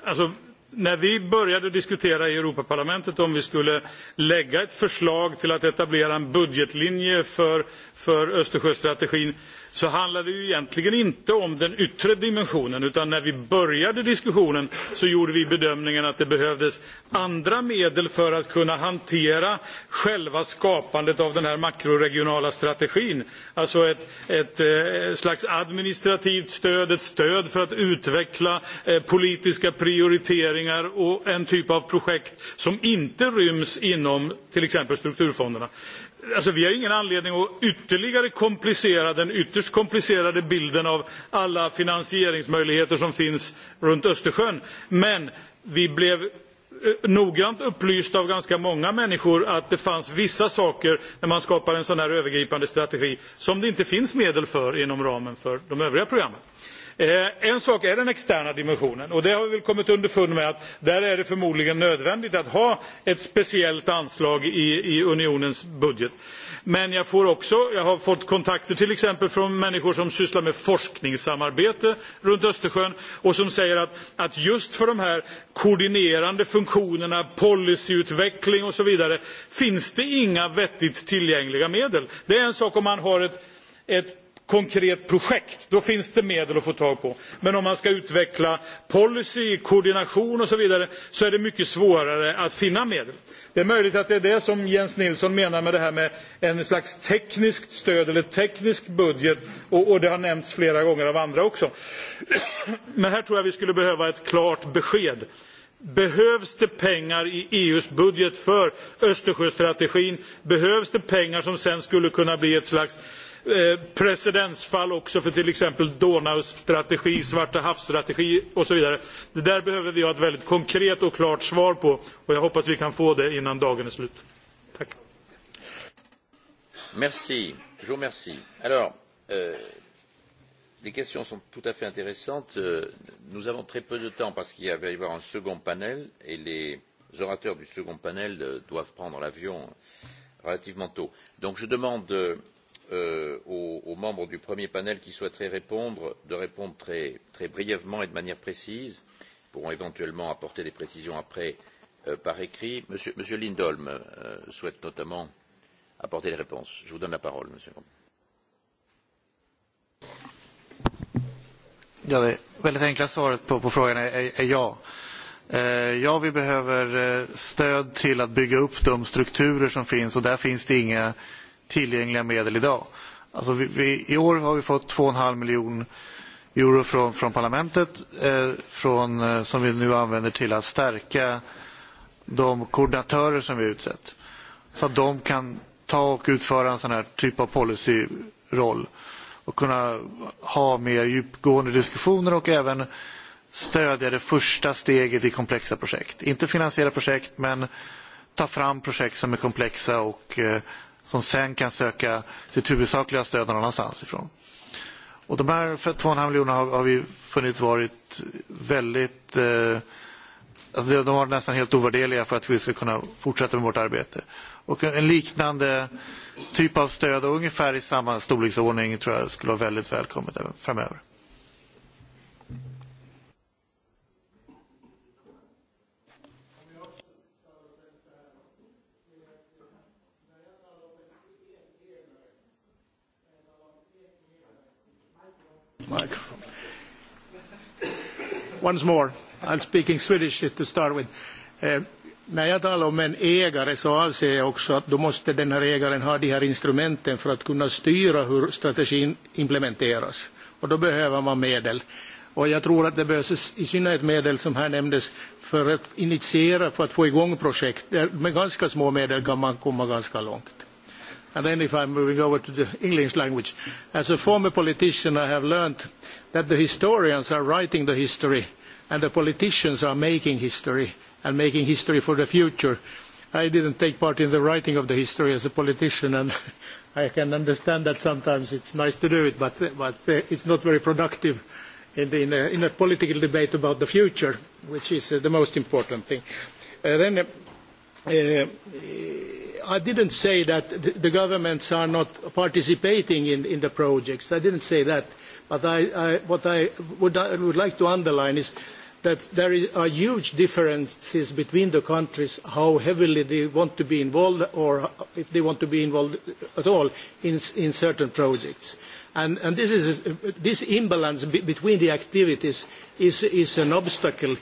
alltså, När vi började diskutera i Europaparlamentet om vi skulle lägga ett förslag till att etablera en budgetlinje för, för Östersjöstrategin så handlade det ju egentligen inte om den yttre dimensionen, utan när vi började diskussionen så gjorde vi bedömningen att det behövdes andra medel för att kunna hantera själva skapandet av den här makroregionala strategin. Alltså ett, ett eh, slags administrativt stöd, ett stöd för att utveckla eh, politiska prioriteringar och en typ av projekt som inte ryms inom till exempel strukturfonderna. Alltså, vi har ingen anledning att ytterligare komplicera den ytterst komplicerade bilden av alla finansieringsmöjligheter som finns runt Östersjön. Men vi blev eh, noggrant upplyst av ganska många människor att det fanns vissa saker när man skapar en sån här övergripande strategi som det inte finns medel för inom ramen för de övriga programmen. Eh, en sak är den externa dimensionen. Och det har vi kommit underfund med att där är det förmodligen nödvändigt att ha ett speciellt anslag i, i unionens budget. Men jag, får också, jag har fått kontakter till exempel från människor som sysslar med forskningssamarbete runt Östersjön och som säger att, att just för de här koordinerande funktionerna, policyutveckling och så vidare finns det inga vettigt tillgängliga medel. Det är en sak om man har ett, ett konkret projekt. Då finns det medel att få tag på. Men om man ska utveckla policy, koordination och så vidare så är det mycket svårare att finna medel. Det är möjligt att det är det som Jens Nilsson menar med det här med en slags tekniskt stöd eller teknisk budget. Och, och det har nämnts flera gånger av andra också. [clears throat] Men här tror jag vi skulle behöva ett klart besked. Behövs det pengar i EUs budget för Östersjöstrategin? Behövs det pengar som sen skulle kunna bli ett slags Eh, precedensfall också för till exempel Donaustrategi, Svarta havsstrategi och så vidare. Det där behöver vi ha ett väldigt konkret och klart svar på och jag hoppas vi kan få det innan dagen är slut. Tack. Merci. Je vous remercie. Alors, euh, les questions sont tout à fait intéressantes. Euh, nous avons très peu de temps parce qu'il va y avoir un second panel et les Les orateurs du second panel euh, doivent prendre l'avion relativement tôt. Donc je demande euh, Euh, aux membres du premier panel qui souhaiteraient répondre de répondre très brièvement et de manière précise ils pourront éventuellement apporter des précisions après euh, par écrit. Monsieur, monsieur Lindholm euh, souhaite notamment apporter des réponses. Je vous donne la parole, monsieur. Ja, det väldigt enkla svaret på, på frågan är, är, är ja. Eh, ja, vi behöver eh, stöd till att bygga upp de strukturer som finns och där finns det inga tillgängliga medel idag. Alltså vi, vi, I år har vi fått 2,5 miljoner euro från, från parlamentet eh, från, eh, som vi nu använder till att stärka de koordinatörer som vi utsett. Så att de kan ta och utföra en sån här typ av policyroll och kunna ha mer djupgående diskussioner och även stödja det första steget i komplexa projekt. Inte finansiera projekt, men ta fram projekt som är komplexa och eh, som sen kan söka sitt huvudsakliga stöd någon annanstans ifrån. Och de här 2,5 miljonerna har, har vi funnit varit väldigt... Eh, alltså de var nästan helt ovärdeliga för att vi ska kunna fortsätta med vårt arbete. Och en liknande typ av stöd, ungefär i samma storleksordning, tror jag skulle vara väldigt välkommet framöver. microphone. Once more, I'm speaking Swedish to start with. Eh, när jag talar om en ägare så avser jag också att då måste den här ägaren ha de här instrumenten för att kunna styra hur strategin implementeras. Och då behöver man medel. Och jag tror att det behövs i synnerhet medel som här nämndes för att initiera, för att få igång projekt. Med ganska små medel kan man komma ganska långt then if i move over to the english language as a former politician i have learned that the historians are writing the history and the politicians are making history and making history for the future i didn't take part in the writing of the history as a politician and [laughs] i can understand that sometimes it's nice to do it but but uh, it's not very productive in the, in, a, in a political debate about the future which is uh, the most important thing uh, then uh, uh, i did not say that the governments are not participating in, in the projects. i did not say that. but I, I, what I would, I would like to underline is that there is, are huge differences between the countries how heavily they want to be involved or if they want to be involved at all in, in certain projects. And, and this, is, this imbalance be, between the activities is, is an obstacle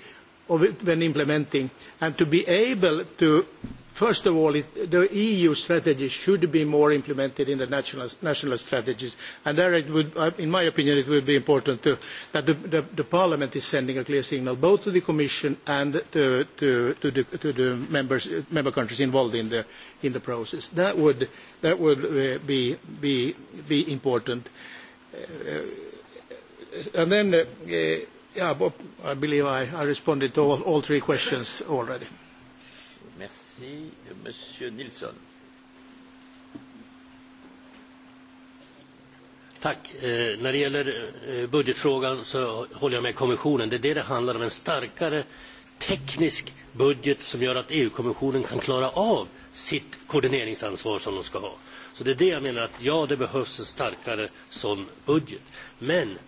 of it when implementing. And to be able to First of all, it, the EU strategy should be more implemented in the national, national strategies. And there it would, uh, in my opinion, it would be important to, that the, the, the Parliament is sending a clear signal both to the Commission and to, to, to the, to the members, member countries involved in the, in the process. That would, that would uh, be, be, be important. Uh, and then, uh, yeah, I believe I, I responded to all, all three questions already. Merci. Monsieur Nilsson. Tack. Eh, när det gäller eh, budgetfrågan så håller jag med kommissionen. Det är det det handlar om. En starkare teknisk budget som gör att EU-kommissionen kan klara av sitt koordineringsansvar som de ska ha. Så det är det jag menar att ja, det behövs en starkare sån budget. Men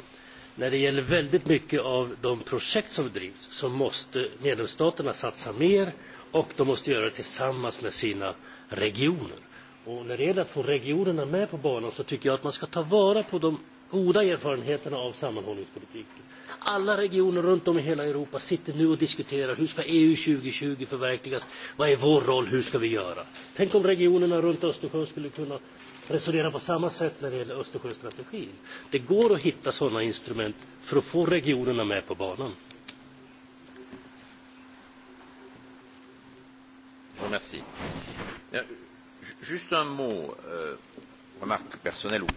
när det gäller väldigt mycket av de projekt som drivs så måste medlemsstaterna satsa mer och de måste göra det tillsammans med sina regioner. Och när det gäller att få regionerna med på banan så tycker jag att man ska ta vara på de goda erfarenheterna av sammanhållningspolitiken. Alla regioner runt om i hela Europa sitter nu och diskuterar hur ska EU 2020 förverkligas? Vad är vår roll? Hur ska vi göra? Tänk om regionerna runt Östersjön skulle kunna resonera på samma sätt när det gäller Östersjöstrategin. Det går att hitta sådana instrument för att få regionerna med på banan. juste un mot euh, remarque personnelle ou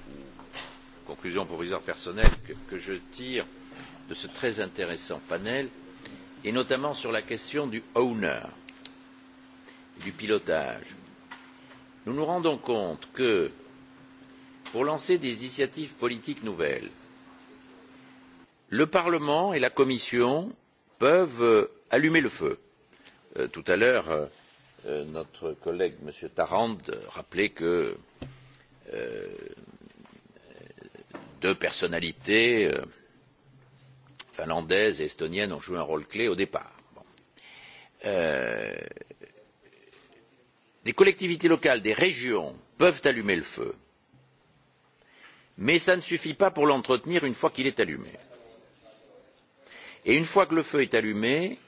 conclusion provisoire personnelle que, que je tire de ce très intéressant panel et notamment sur la question du owner du pilotage nous nous rendons compte que pour lancer des initiatives politiques nouvelles le parlement et la commission peuvent euh, allumer le feu euh, tout à l'heure euh, Euh, notre collègue M. Tarand rappeler que euh, deux personnalités euh, finlandaises et estoniennes ont joué un rôle clé au départ. Bon. Euh, les collectivités locales des régions peuvent allumer le feu, mais ça ne suffit pas pour l'entretenir une fois qu'il est allumé. Et une fois que le feu est allumé,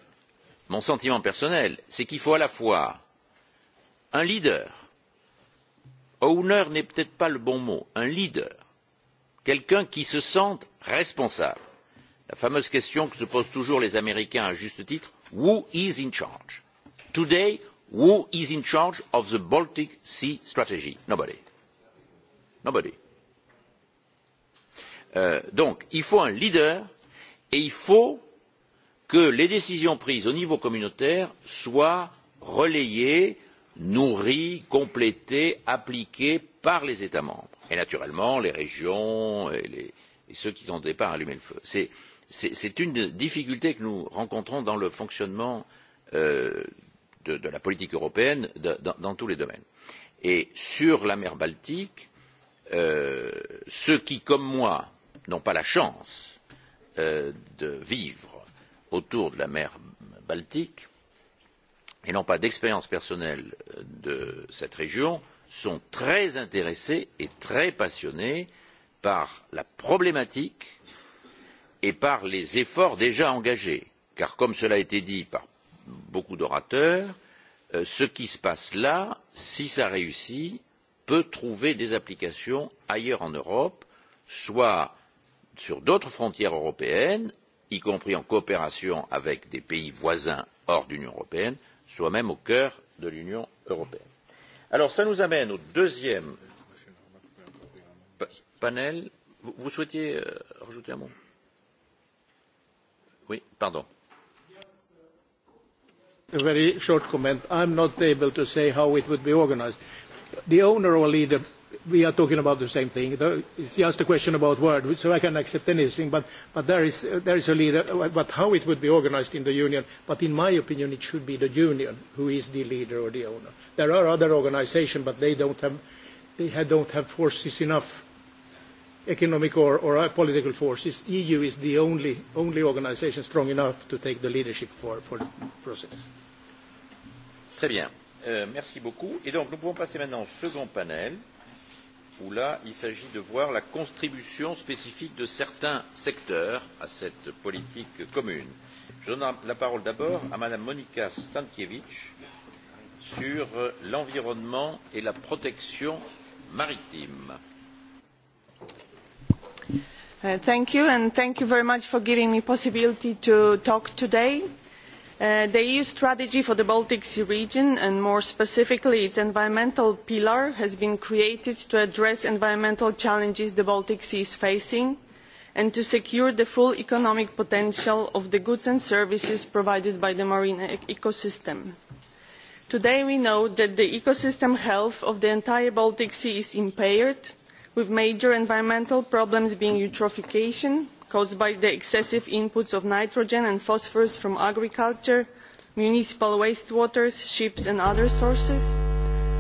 mon sentiment personnel, c'est qu'il faut à la fois euh, un leader owner n'est peut être pas le bon mot un leader quelqu'un qui se sente responsable la fameuse question que se posent toujours les américains à juste titre who is in charge today who is in charge of the baltic sea strategy nobody nobody euh, donc il faut un leader et il faut que les décisions prises au niveau communautaire soient relayées nourrie complétée appliquée par les états membres et naturellement les régions et, les, et ceux qui n'ont pas allumé le feu. C'est, c'est, c'est une difficulté que nous rencontrons dans le fonctionnement euh, de, de la politique européenne de, dans, dans tous les domaines. et sur la mer baltique euh, ceux qui comme moi n'ont pas la chance euh, de vivre autour de la mer baltique et non pas d'expérience personnelle euh, de cette région, sont très intéressés et très passionnés par la problématique et par les efforts déjà engagés. Car, comme cela a été dit par beaucoup d'orateurs, euh, ce qui se passe là, si ça réussit, peut trouver des applications ailleurs en Europe, soit sur d'autres frontières européennes, y compris en coopération avec des pays voisins hors d'Union européenne, soit même au cœur de l'union européenne. cela nous amène au deuxième panel vous souhaitiez euh, rajouter un mot? oui pardon. a very short comment. i am not able to say how it would be organised. the owner or leader we are talking about the same thing. It's just a question about word, so I can accept anything. There is a leader. How it would be organized in the union, but in my opinion, it should be the union who is the leader or the owner. There are other organizations, but they don't have forces enough, economic or uh, political forces. EU is the only organization strong enough to take the leadership for the process. Très bien. Euh, merci beaucoup. Nous pouvons passer maintenant au second panel où là, il s'agit de voir la contribution spécifique de certains secteurs à cette politique commune. Je donne la parole d'abord à Madame Monika Stankiewicz sur euh, l'environnement et la protection maritime. Uh, thank you and thank you very much for giving me possibility to talk today. Uh, the eu strategy for the baltic sea region and more specifically its environmental pillar has been created to address environmental challenges the baltic sea is facing and to secure the full economic potential of the goods and services provided by the marine e-, ecosystem. today we know that the ecosystem health of the entire baltic sea is impaired with major environmental problems being eutrophication caused by the excessive inputs of nitrogen and phosphorus from agriculture municipal wastewaters ships and other sources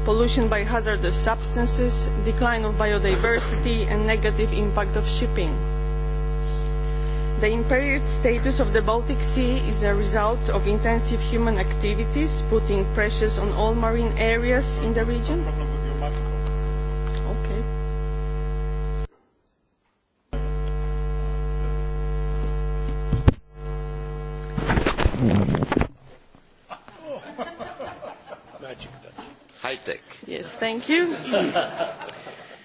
pollution by hazardous substances decline of biodiversity and negative impact of shipping the impaired status of the Baltic Sea is a result of intensive human activities putting pressures on all marine areas in the region. high tech. Yes, thank you.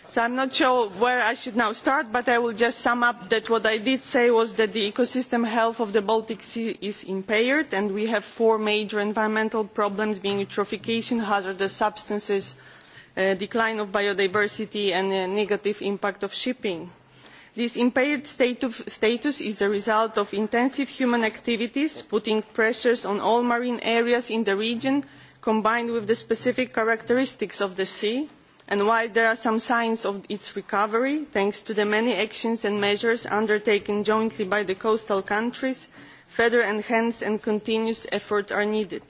So I'm not sure where I should now start, but I will just sum up that what I did say was that the ecosystem health of the Baltic Sea is impaired, and we have four major environmental problems being eutrophication, hazardous substances, uh, decline of biodiversity, and a negative impact of shipping. This impaired state of status is the result of intensive human activities, putting pressures on all marine areas in the region, combined with the specific characteristics of the sea and while there are some signs of its recovery thanks to the many actions and measures undertaken jointly by the coastal countries further enhanced and continuous efforts are needed.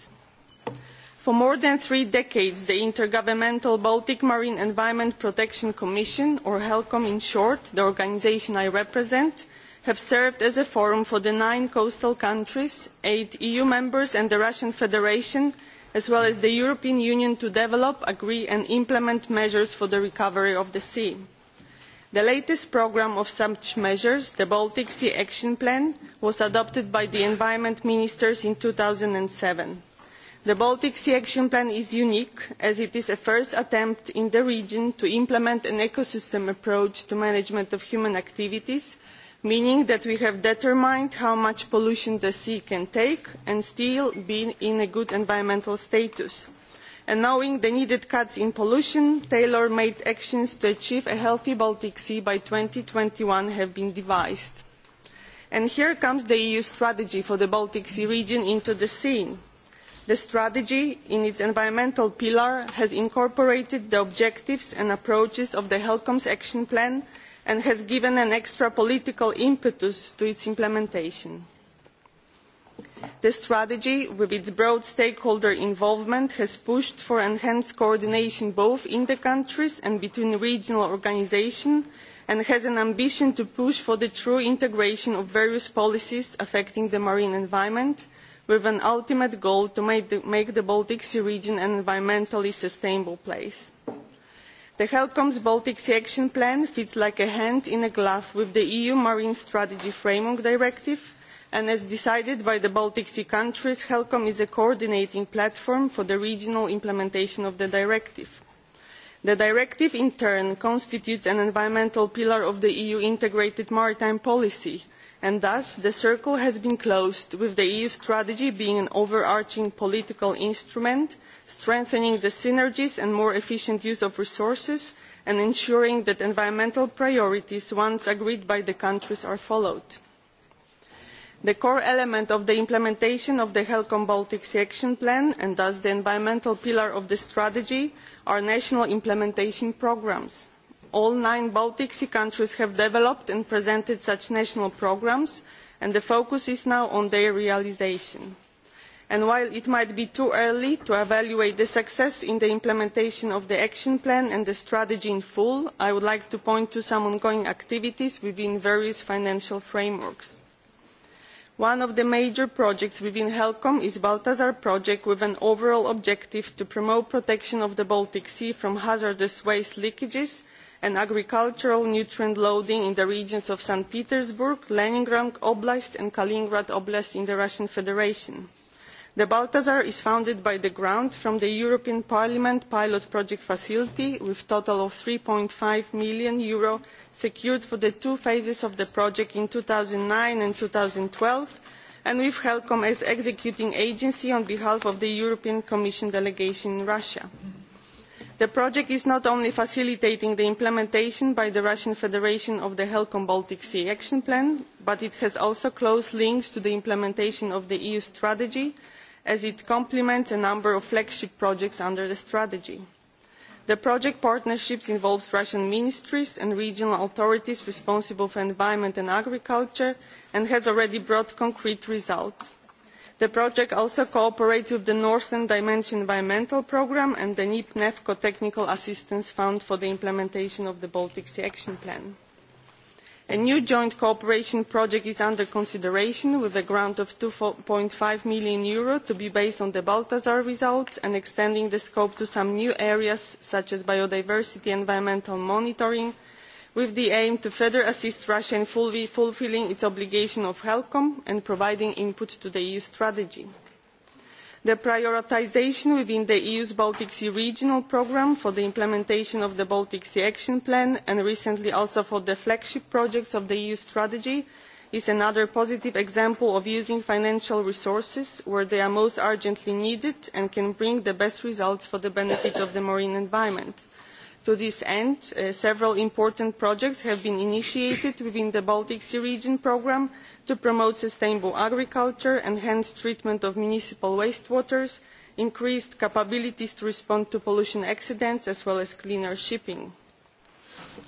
For more than three decades, the Intergovernmental Baltic Marine Environment Protection Commission, or HELCOM in short, the organization I represent, have served as a forum for the nine coastal countries, eight EU members and the Russian Federation, as well as the european union to develop agree and implement measures for the recovery of the sea. the latest programme of such measures the baltic sea action plan was adopted by the environment ministers in. two thousand and seven the baltic sea action plan is unique as it is a first attempt in the region to implement an ecosystem approach to management of human activities meaning that we have determined how much pollution the sea can take and still be in a good environmental status. And knowing the needed cuts in pollution, tailor made actions to achieve a healthy Baltic Sea by 2021 have been devised. And here comes the EU strategy for the Baltic Sea region into the scene. The strategy, in its environmental pillar, has incorporated the objectives and approaches of the HELCOMS Action Plan and has given an extra political impetus to its implementation. the strategy with its broad stakeholder involvement has pushed for enhanced coordination both in the countries and between regional organisations and has an ambition to push for the true integration of various policies affecting the marine environment with an ultimate goal to make the baltic sea region an environmentally sustainable place the helcom's baltic sea action plan fits like a hand in a glove with the eu marine strategy framework directive and as decided by the baltic sea countries helcom is a coordinating platform for the regional implementation of the directive. the directive in turn constitutes an environmental pillar of the eu integrated maritime policy and thus the circle has been closed with the eu strategy being an overarching political instrument strengthening the synergies and more efficient use of resources and ensuring that environmental priorities once agreed by the countries are followed. The core element of the implementation of the Helcom Baltic Sea Action Plan and thus the environmental pillar of the strategy are national implementation programmes. All nine Baltic Sea countries have developed and presented such national programmes and the focus is now on their realisation and while it might be too early to evaluate the success in the implementation of the action plan and the strategy in full i would like to point to some ongoing activities within various financial frameworks. one of the major projects within helcom is the baltasar project with an overall objective to promote protection of the baltic sea from hazardous waste leakages and agricultural nutrient loading in the regions of st petersburg leningrad oblast and kaliningrad oblast in the russian federation the baltasar is funded by the grant from the european parliament pilot project facility with a total of eur. three five million secured for the two phases of the project in two thousand and nine and two thousand and twelve and with helcom as executing agency on behalf of the european commission delegation in russia. the project is not only facilitating the implementation by the russian federation of the helcom baltic sea action plan but it has also close links to the implementation of the eu strategy as it complements a number of flagship projects under the strategy. The project partnerships involve Russian ministries and regional authorities responsible for environment and agriculture and has already brought concrete results. The project also cooperates with the Northern Dimension Environmental Programme and the NIP NEFCO Technical Assistance Fund for the implementation of the Baltic Sea Action Plan a new joint cooperation project is under consideration with a grant of eur. two five million to be based on the baltasar results and extending the scope to some new areas such as biodiversity and environmental monitoring with the aim of further assisting russia in fulfilling its obligation of helcom and providing input to the eu strategy the prioritisation within the eu's baltic sea regional programme for the implementation of the baltic sea action plan and recently also for the flagship projects of the eu strategy is another positive example of using financial resources where they are most urgently needed and can bring the best results for the benefit of the marine environment. To this end, uh, several important projects have been initiated within the Baltic Sea Region programme to promote sustainable agriculture, enhanced treatment of municipal wastewaters, increased capabilities to respond to pollution accidents, as well as cleaner shipping.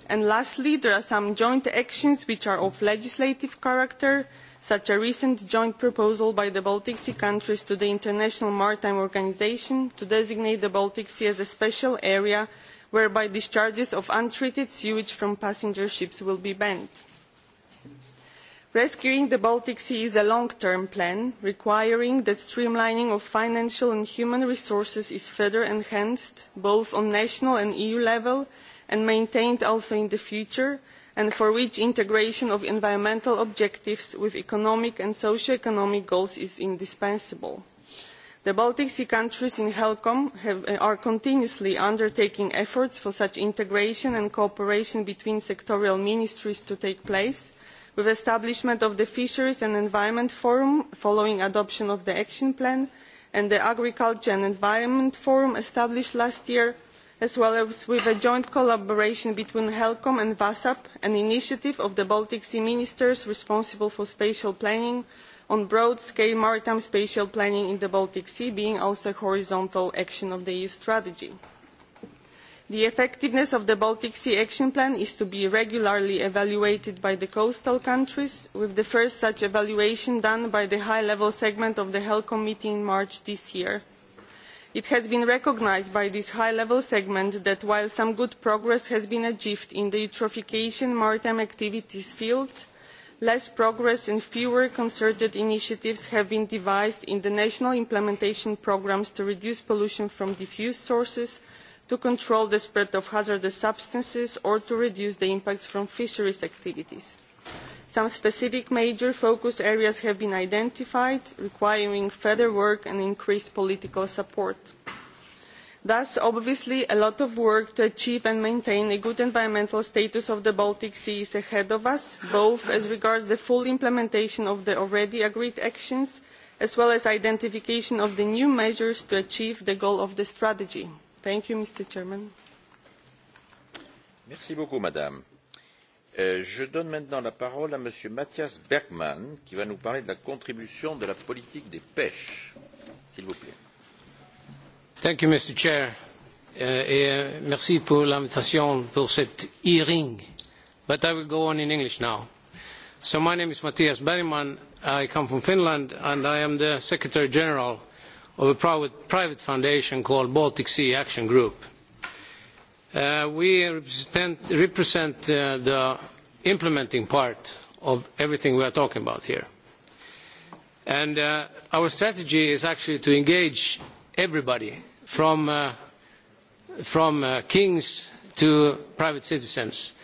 And lastly, there are some joint actions which are of legislative character, such a recent joint proposal by the Baltic Sea countries to the International Maritime Organization to designate the Baltic Sea as a special area whereby discharges of untreated sewage from passenger ships will be banned. Rescuing the Baltic Sea is a long-term plan, requiring that streamlining of financial and human resources is further enhanced, both on national and EU level, and maintained also in the future, and for which integration of environmental objectives with economic and socio-economic goals is indispensable the baltic sea countries in helcom uh, are continuously undertaking efforts for such integration and cooperation between sectoral ministries to take place with the establishment of the fisheries and environment forum following adoption of the action plan and the agriculture and environment forum established last year as well as with a joint collaboration between helcom and wasap an initiative of the baltic sea ministers responsible for spatial planning on broad scale maritime spatial planning in the Baltic Sea being also a horizontal action of the EU strategy. The effectiveness of the Baltic Sea Action Plan is to be regularly evaluated by the coastal countries, with the first such evaluation done by the high-level segment of the HEL Committee in March this year. It has been recognized by this high-level segment that while some good progress has been achieved in the eutrophication maritime activities fields, less progress and fewer concerted initiatives have been devised in the national implementation programmes to reduce pollution from diffuse sources to control the spread of hazardous substances or to reduce the impacts from fisheries activities. Some specific major focus areas have been identified requiring further work and increased political support thus obviously a lot of work to achieve and maintain a good environmental status of the baltic sea is ahead of us both as regards the full implementation of the already agreed actions as well as identification of the new measures to achieve the goal of the strategy. thank you mr president. merci beaucoup madame. Euh, je donne maintenant la parole à monsieur matthias bergmann qui va nous parler de la contribution de la politique des pêches s'il vous plaît mr president et merci pour l'invitation pour cette hearing but i will go on in english now. my name is matthias bergman i come from finland and i am the secretary general of a private foundation called baltic sea action group. Uh, we represent uh, the implementing part of everything we are talking about here and uh, our strategy is actually to engage everybody from uh, from uh, kings to private citizens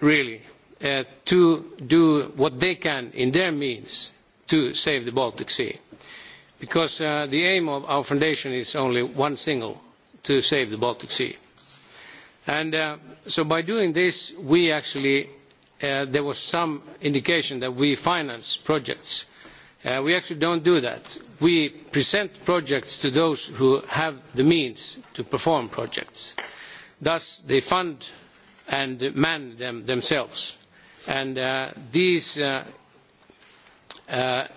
really uh, to do what they can in their means to save the baltic sea because uh, the aim of our foundation is only one single to save the baltic sea and uh, so by doing this we actually uh, there was some indication that we finance projects uh, Uh, we actually do not do that. we present projects to those who have the means to perform projects. thus they fund and man them themselves. Uh, these uh,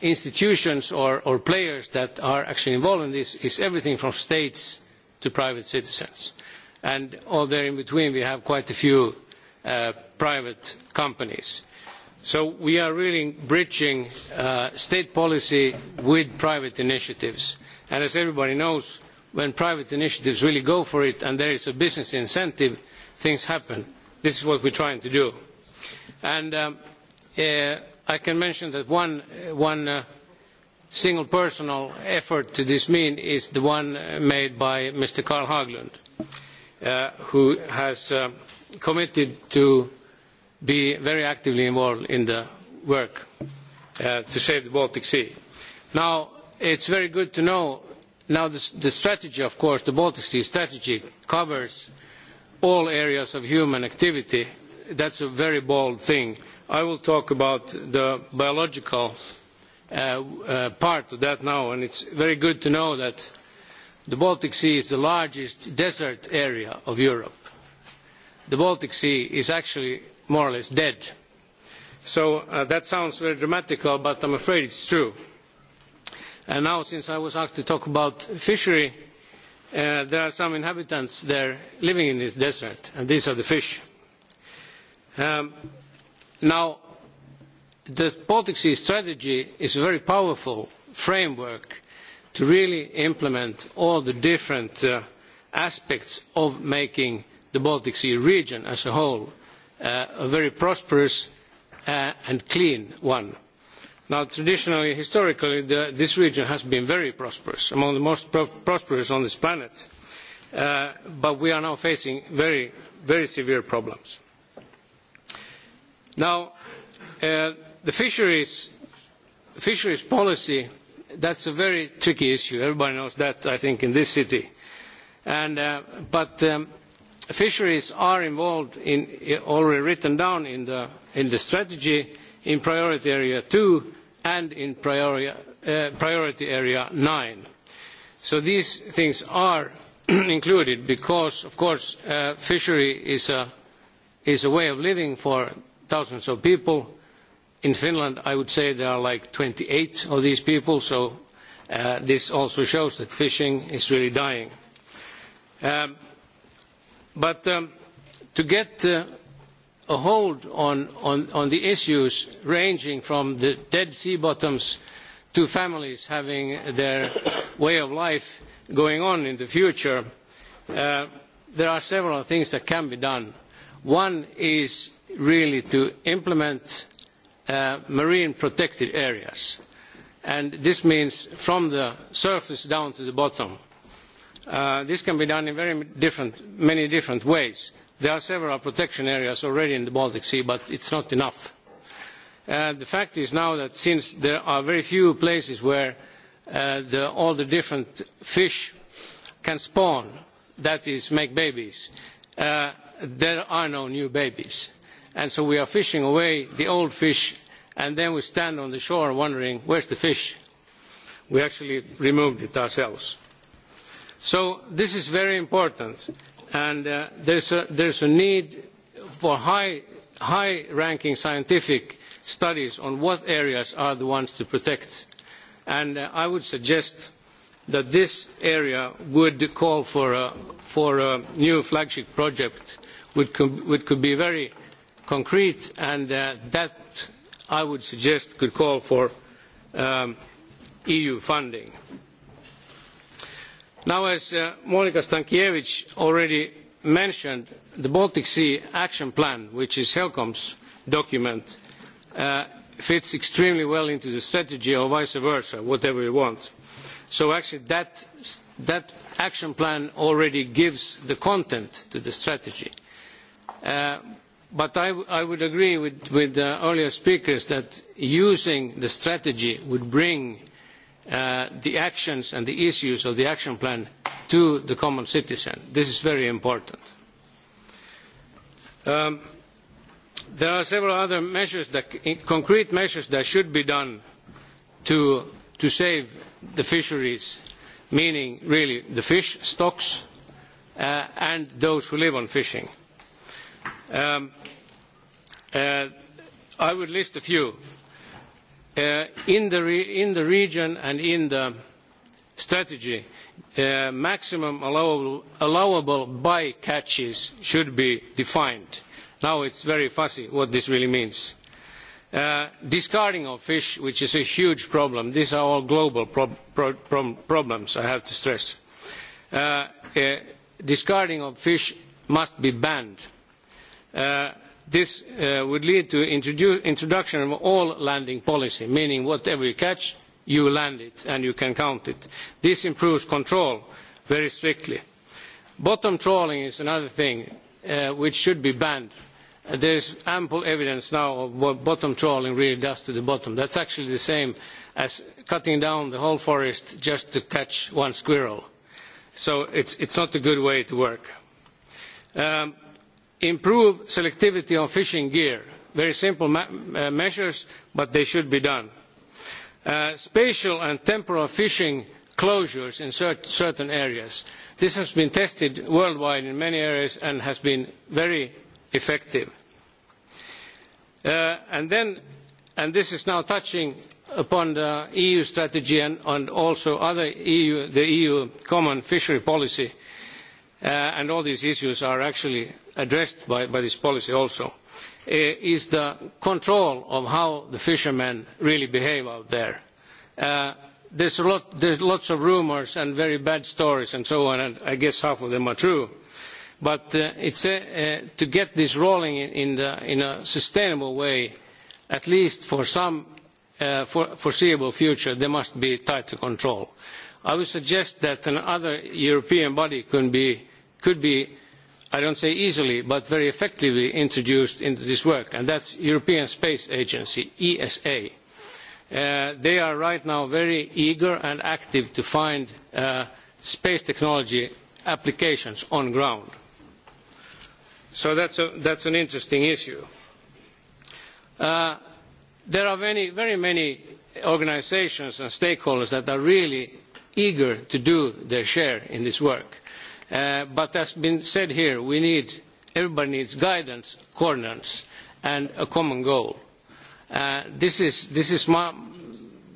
institutions or players that are actually involved in this are everything from states to private citizens. all there in between we have quite a few private companies we are really bridging uh, state policy with private initiatives and as everybody knows when private initiatives really go for it and there is a business incentive things happen. this is what we are trying to do. Um, uh, i can mention that one uh, single personal effort to this mean is the one made by mr carl haglund who has um, committed be very actively involved in the work uh, to save the Baltic Sea. Now, it's very good to know, now the, the strategy, of course, the Baltic Sea strategy covers all areas of human activity. That's a very bold thing. I will talk about the biological uh, uh, part of that now, and it's very good to know that the Baltic Sea is the largest desert area of Europe. The Baltic Sea is actually more or less dead. So uh, that sounds very dramatic, but I'm afraid it's true. And now, since I was asked to talk about fishery, uh, there are some inhabitants there living in this desert, and these are the fish. Um, now, the Baltic Sea strategy is a very powerful framework to really implement all the different uh, aspects of making the Baltic Sea region as a whole Uh, a very prosperous uh, and clean one. Now, traditionally, historically, the, this region has been very prosperous, among the most pro prosperous on this planet. Uh, but we are now facing very, very severe problems. Now, uh, the fisheries, fisheries policy, that's a very tricky issue. Everybody knows that, I think, in this city. And, uh, but... Um, fisheries are involved in already written down in the in the strategy in priority area 2 and in priority uh, priority area 9 so these things are [clears throat] included because of course uh, fishery is a is a way of living for thousands of people in finland i would say there are like 28 of these people so uh, this also shows that fishing is really dying. Um, but um, to get uh, a hold on, on, on the issues ranging from the dead sea bottoms to families having their way of life going on in the future, uh, there are several things that can be done. One is really to implement uh, marine protected areas. And this means from the surface down to the bottom. Uh, this can be done in very different, many different ways. There are several protection areas already in the Baltic Sea, but it's not enough. Uh, the fact is now that since there are very few places where uh, the, all the different fish can spawn, that is, make babies, uh, there are no new babies. And so we are fishing away the old fish, and then we stand on the shore wondering, where's the fish? We actually removed it ourselves so this is very important and uh, there is a, a need for high, high ranking scientific studies on what areas are the ones to protect and uh, i would suggest that this area would call for a, for a new flagship project which could, which could be very concrete and uh, that i would suggest could call for um, eu funding as uh, monika stankevi already mentioned the baltic sea action plan which is helcom's document uh, fits extremely well into the strategy or vice versa whatever you want. so actually that action plan already gives the content to the strategy. Uh, but i would agree with the earlier speakers that using the strategy would bring Uh, the actions and the issues of the action plan to the common citizen. This is very important. Um, there are several other measures that, concrete measures that should be done to, to save the fisheries, meaning really the fish stocks uh, and those who live on fishing. Um, uh, I would list a few. Uh, in the region and in the strategy uh, maximum allowable by catches should be defined. Now it's very fuzzy what this really means. Uh, discarding of fish, which is a huge problem, these are all global pro pro pro problems, I have to stress. Uh, uh, discarding of fish must be banned. Uh, this uh, would lead to the introduction of an all landing policy meaning whatever you catch you land it and you can count it. this improves control very strictly. bottom trawling is another thing uh, which should be banned. Uh, there is ample evidence now of what bottom trawling really does to the bottom. that is actually the same as cutting down the whole forest just to catch one squirrel so it is not a good way to work. Um, improve selectivity on fishing gear very simple uh, measures but they should be done. Uh, spatial and temporal fishing closures in certain areas this has been tested worldwide in many areas and has been very effective. Uh, and then and this is now touching upon the eu strategy and also other eu the eu common fishery policy Uh, and all these issues are actually addressed by this policy also uh, is the control of how the fishermen really behave out there. Uh, there are lot, lots of rumours and very bad stories and so on, and I guess half of them are true. But uh, it's a, uh, uh, to get this rolling in, in, the, in a sustainable way, at least for some uh, for foreseeable future, there must be tighter control. Uh, i would suggest that another european body could be i do not say easily but very effectively introduced into this work and that is the european space agency esa. Uh, they are right now very eager and active to find uh, space technology applications on the ground. so that is an interesting issue. Uh, there are very many organisations and stakeholders that are really eager to do their share in this work uh, but as has been said here everybody needs guidance coordinates and a common goal. Uh, this is this is my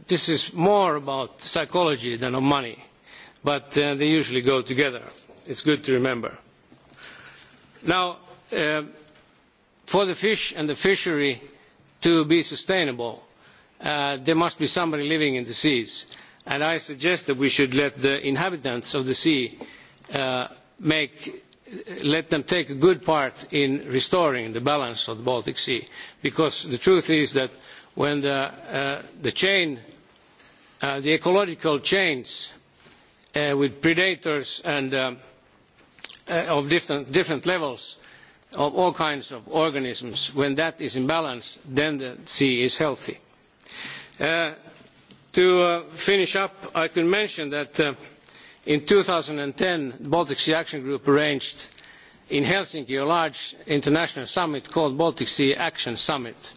this is more about psychology than of money but uh, they usually go together it's good to remember now uh, for the fish and the fishery to be sustainable uh, there must be somebody living in the seas and i suggest that we should let the inhabitants of the sea uh, take a good part in restoring the balance of the baltic sea because the truth is that when the uh, uh, ecological chains with predators um, of different levels of all kinds of organisms when that is in balance then the sea is healthy to uh, finish up i can mention that uh, in two thousand and ten the baltic sea action group arranged in helsinki a large international summit called the baltic sea action summit.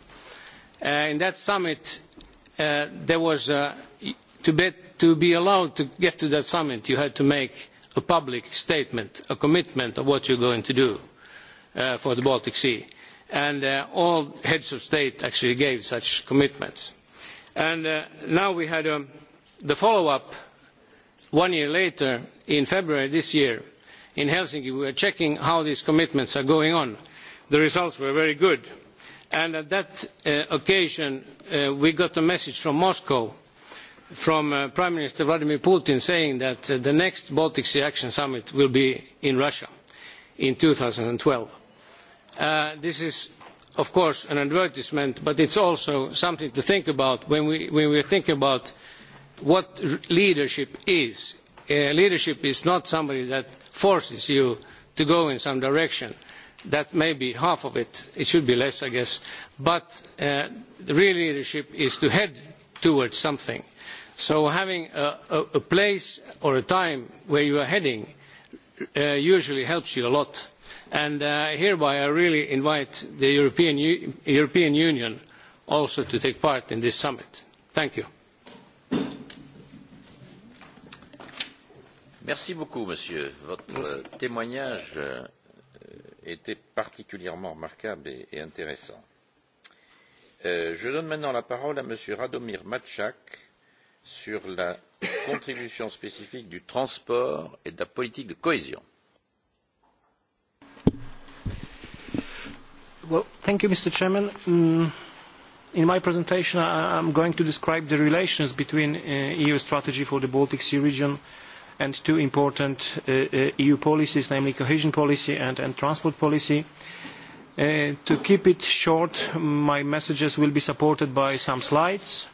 Uh, in that summit there was to be allowed to get to that summit you had to make a public statement a commitment of what you are going to do for the baltic sea and all heads of state actually gave such commitments and uh, now we had um, the follow up one year later in february this year in helsinki we were checking how these commitments are going on. the results were very good and on that uh, occasion uh, we got a message from moscow from prime minister vladimir putin saying that the next baltic sea action summit will be in russia in. two thousand and twelve this of course an advertisement but it's also something to think about when we when we think about what leadership is uh, leadership is not somebody that forces you to go in some direction that may be half of it it should be less i guess but uh, real leadership is to head towards something so having a, a, a place or a time where you are heading uh, usually helps you a lot and uh, hereby i really invite the european union also to take part in this summit. thank you. merci beaucoup monsieur votre euh, témoignage euh, euh, était particulièrement remarquable et intéressant. je donne maintenant la parole à monsieur radomir matchak sur la contribution spécifique du transport et de la politique de cohésion. Well, thank you, Mr. Chairman. Mm, in my presentation, I, I'm going to describe the relations between uh, EU strategy for the Baltic Sea region and two important uh, uh, EU policies, namely cohesion policy and, and transport policy. Uh, to keep it short, my messages will be supported by some slides.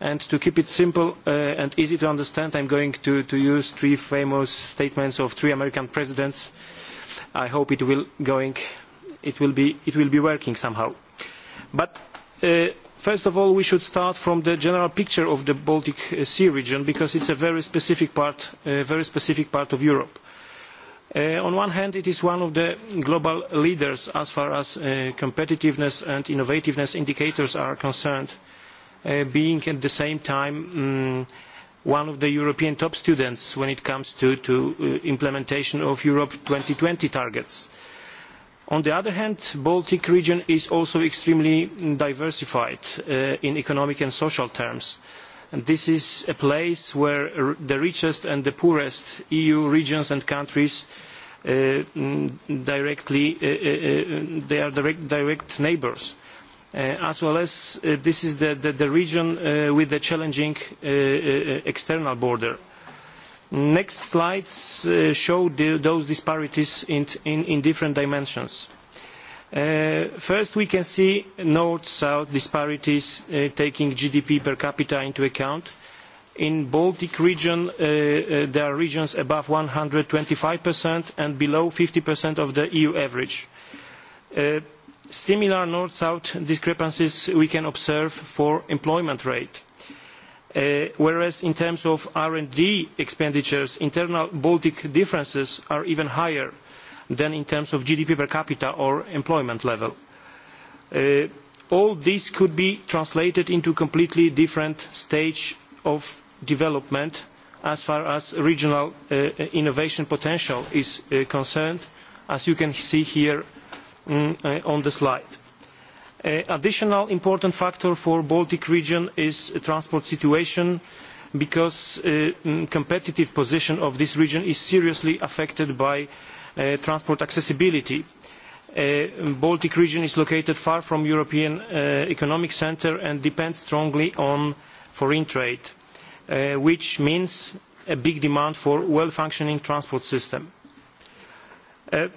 And to keep it simple uh, and easy to understand, I'm going to, to use three famous statements of three American presidents. I hope it will going it will be it will be working somehow but uh, First of all, we should start from the general picture of the Baltic uh, Sea region because it's a very specific part, a uh, very specific part of Europe. Uh, on one hand, it is one of the global leaders as far as uh, competitiveness and innovativeness indicators are concerned, uh, being at the same time um, one of the European top students when it comes to, to uh, implementation of Europe 2020 targets. Uh, on the other hand the baltic region is also extremely diversified uh, in economic and social terms and this is a place where the richest and the poorest eu regions and countries uh, mm, directly uh, uh, uh, they are direct, direct neighbors uh, as well as uh, this is the, the, the region uh, with the challenging uh, uh, uh external border. Uh, Next slides uh, show the, those disparities in, in, in different dimensions. Uh, first, we can see north-south disparities uh, taking GDP per capita into account. In Baltic region, uh, uh, there are regions above 125% and below 50% of the EU average. Uh, similar north-south discrepancies we can observe for employment rate. Uh, Uh, whereas in terms of r&d expenditures internal baltic differences are even higher than in terms of gdp per capita or employment level. Uh, all this could be translated into a completely different stage of development as far as regional uh, innovation potential is uh, concerned, as you can see here um, uh, on the slide an uh, additional important factor for the baltic region is the transport situation because the uh, competitive position of this region is seriously affected by uh, transport accessibility. The uh, Baltic region is located far from the European uh, economic centre and depends strongly on foreign trade, uh, which means a big demand for a well-functioning transport system. Uh,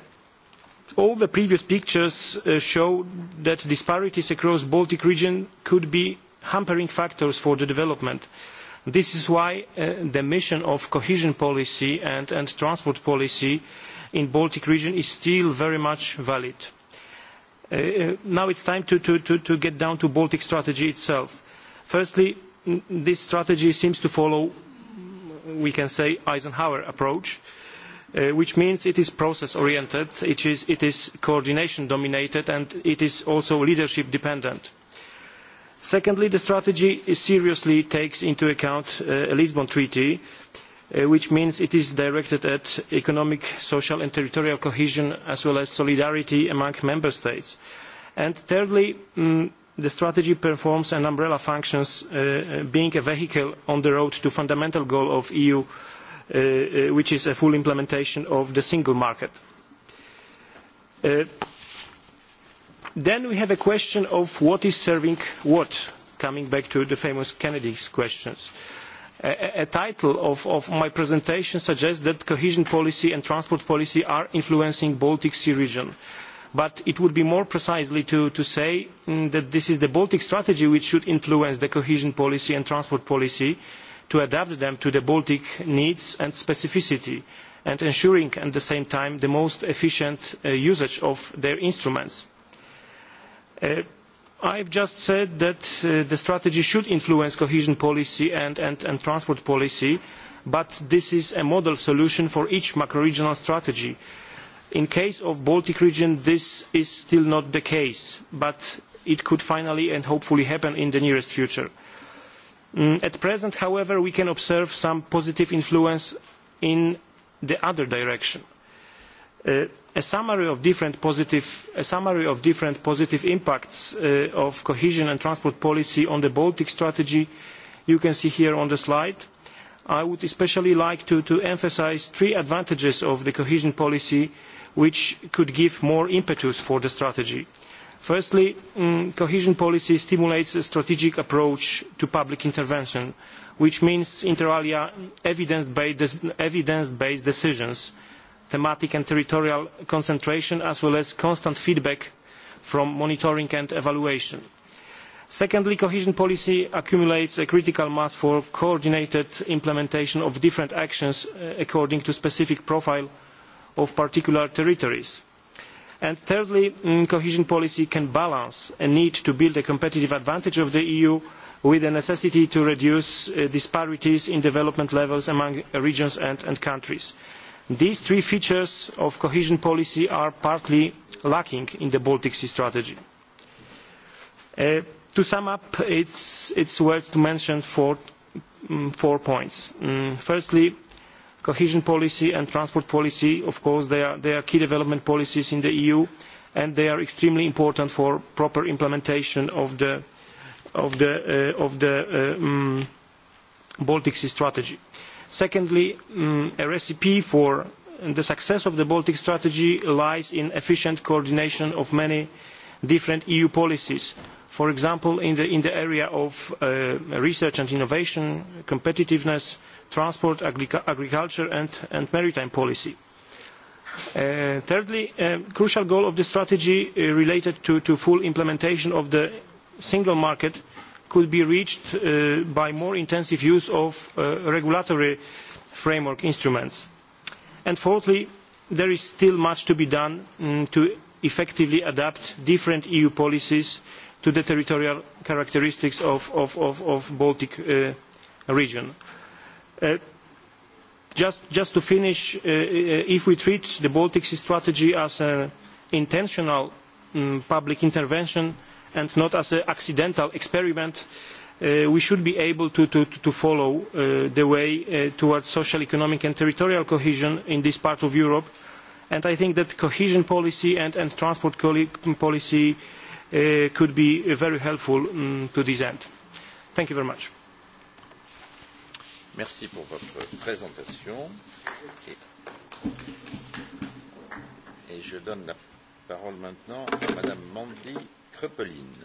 all the previous pictures uh, show that disparities across the Baltic region could be hampering factors for the development. This is why uh, the mission of cohesion policy and, and transport policy in the Baltic region is still very much valid. Uh, uh, now it's time to, to, to, to get down to Baltic strategy itself. Firstly, this strategy seems to follow, we can say, Eisenhower approach. Uh, Uh, which means it is process oriented it is coordination dominated and it is also leadership dependent. secondly the strategy seriously takes into account the uh, lisbon treaty uh, which means it is directed at economic social and territorial cohesion as well as solidarity among member states. thirdly mm, the strategy performs an umbrella function being a vehicle on the road to the fundamental goal of eu Uh, uh, which is a full implementation of the single market. Uh, then we have a question of what is serving what, coming back to the famous Kennedy's questions. A, a title of, of my presentation suggests that cohesion policy and transport policy are influencing Baltic Sea region. But it would be more precisely to, to say mm, that this is the Baltic strategy which should influence the cohesion policy and transport policy uh, to adapt them to the Baltic needs and specificity, and ensuring at the same time the most efficient uh, usage of their instruments. Uh, I've just said that uh, the strategy should influence cohesion policy and, and, and transport policy, but this is a model solution for each macro-regional strategy. In case of Baltic region, this is still not the case, but it could finally and hopefully happen in the nearest future. Mm, at present however we can observe some positive influence in the other direction. Uh, a, summary of different positive, a summary of different positive impacts uh, of cohesion and transport policy on the Baltic strategy you can see here on the slide. I would especially like to, to emphasize three advantages of the cohesion policy which could give more impetus for the strategy. Uh, firstly mm, cohesion policy stimulates a strategic approach to public intervention which means inter alia evidence based decisions thematic and territorial concentration as well as constant feedback from monitoring and evaluation. Secondly, cohesion policy accumulates a critical mass for coordinated implementation of different actions uh, according to specific profile of particular territories thirdly mm, cohesion policy can balance a need to build a competitive advantage of the eu with the necessity to reduce uh, disparities in development levels among regions and countries. these three features of cohesion policy are partly lacking in the baltic sea strategy. Uh, to sum up it is worth mentioning mm, four points. Mm, firstly cohesion policy and transport policy of course they are, they are key development policies in the EU and they are extremely important for proper implementation of the of the uh, of the uh, um, Baltic Sea strategy secondly um, a recipe for the success of the Baltic strategy lies in efficient coordination of many different EU policies for example in the in the area of uh, research and innovation competitiveness transport agriculture and, and maritime policy. Uh, thirdly, a uh, crucial goal of the strategy uh, related to, to full implementation of the single market could be reached uh, by more intensive use of uh, regulatory framework instruments. And fourthly, there is still much to be done um, to effectively adapt different EU policies to the territorial characteristics of the of, of, of Baltic uh, region. Uh, just to finish uh, uh, if we treat the baltic sea strategy as an intentional mm, public intervention and not as an accidental experiment we should be able to follow the way towards social economic and territorial cohesion in this part of europe and i think that cohesion policy and transport policy could be very helpful mm, to this end. thank you very much. Merci pour votre présentation. Et, et je donne la parole maintenant à Madame Mandy Krepeline.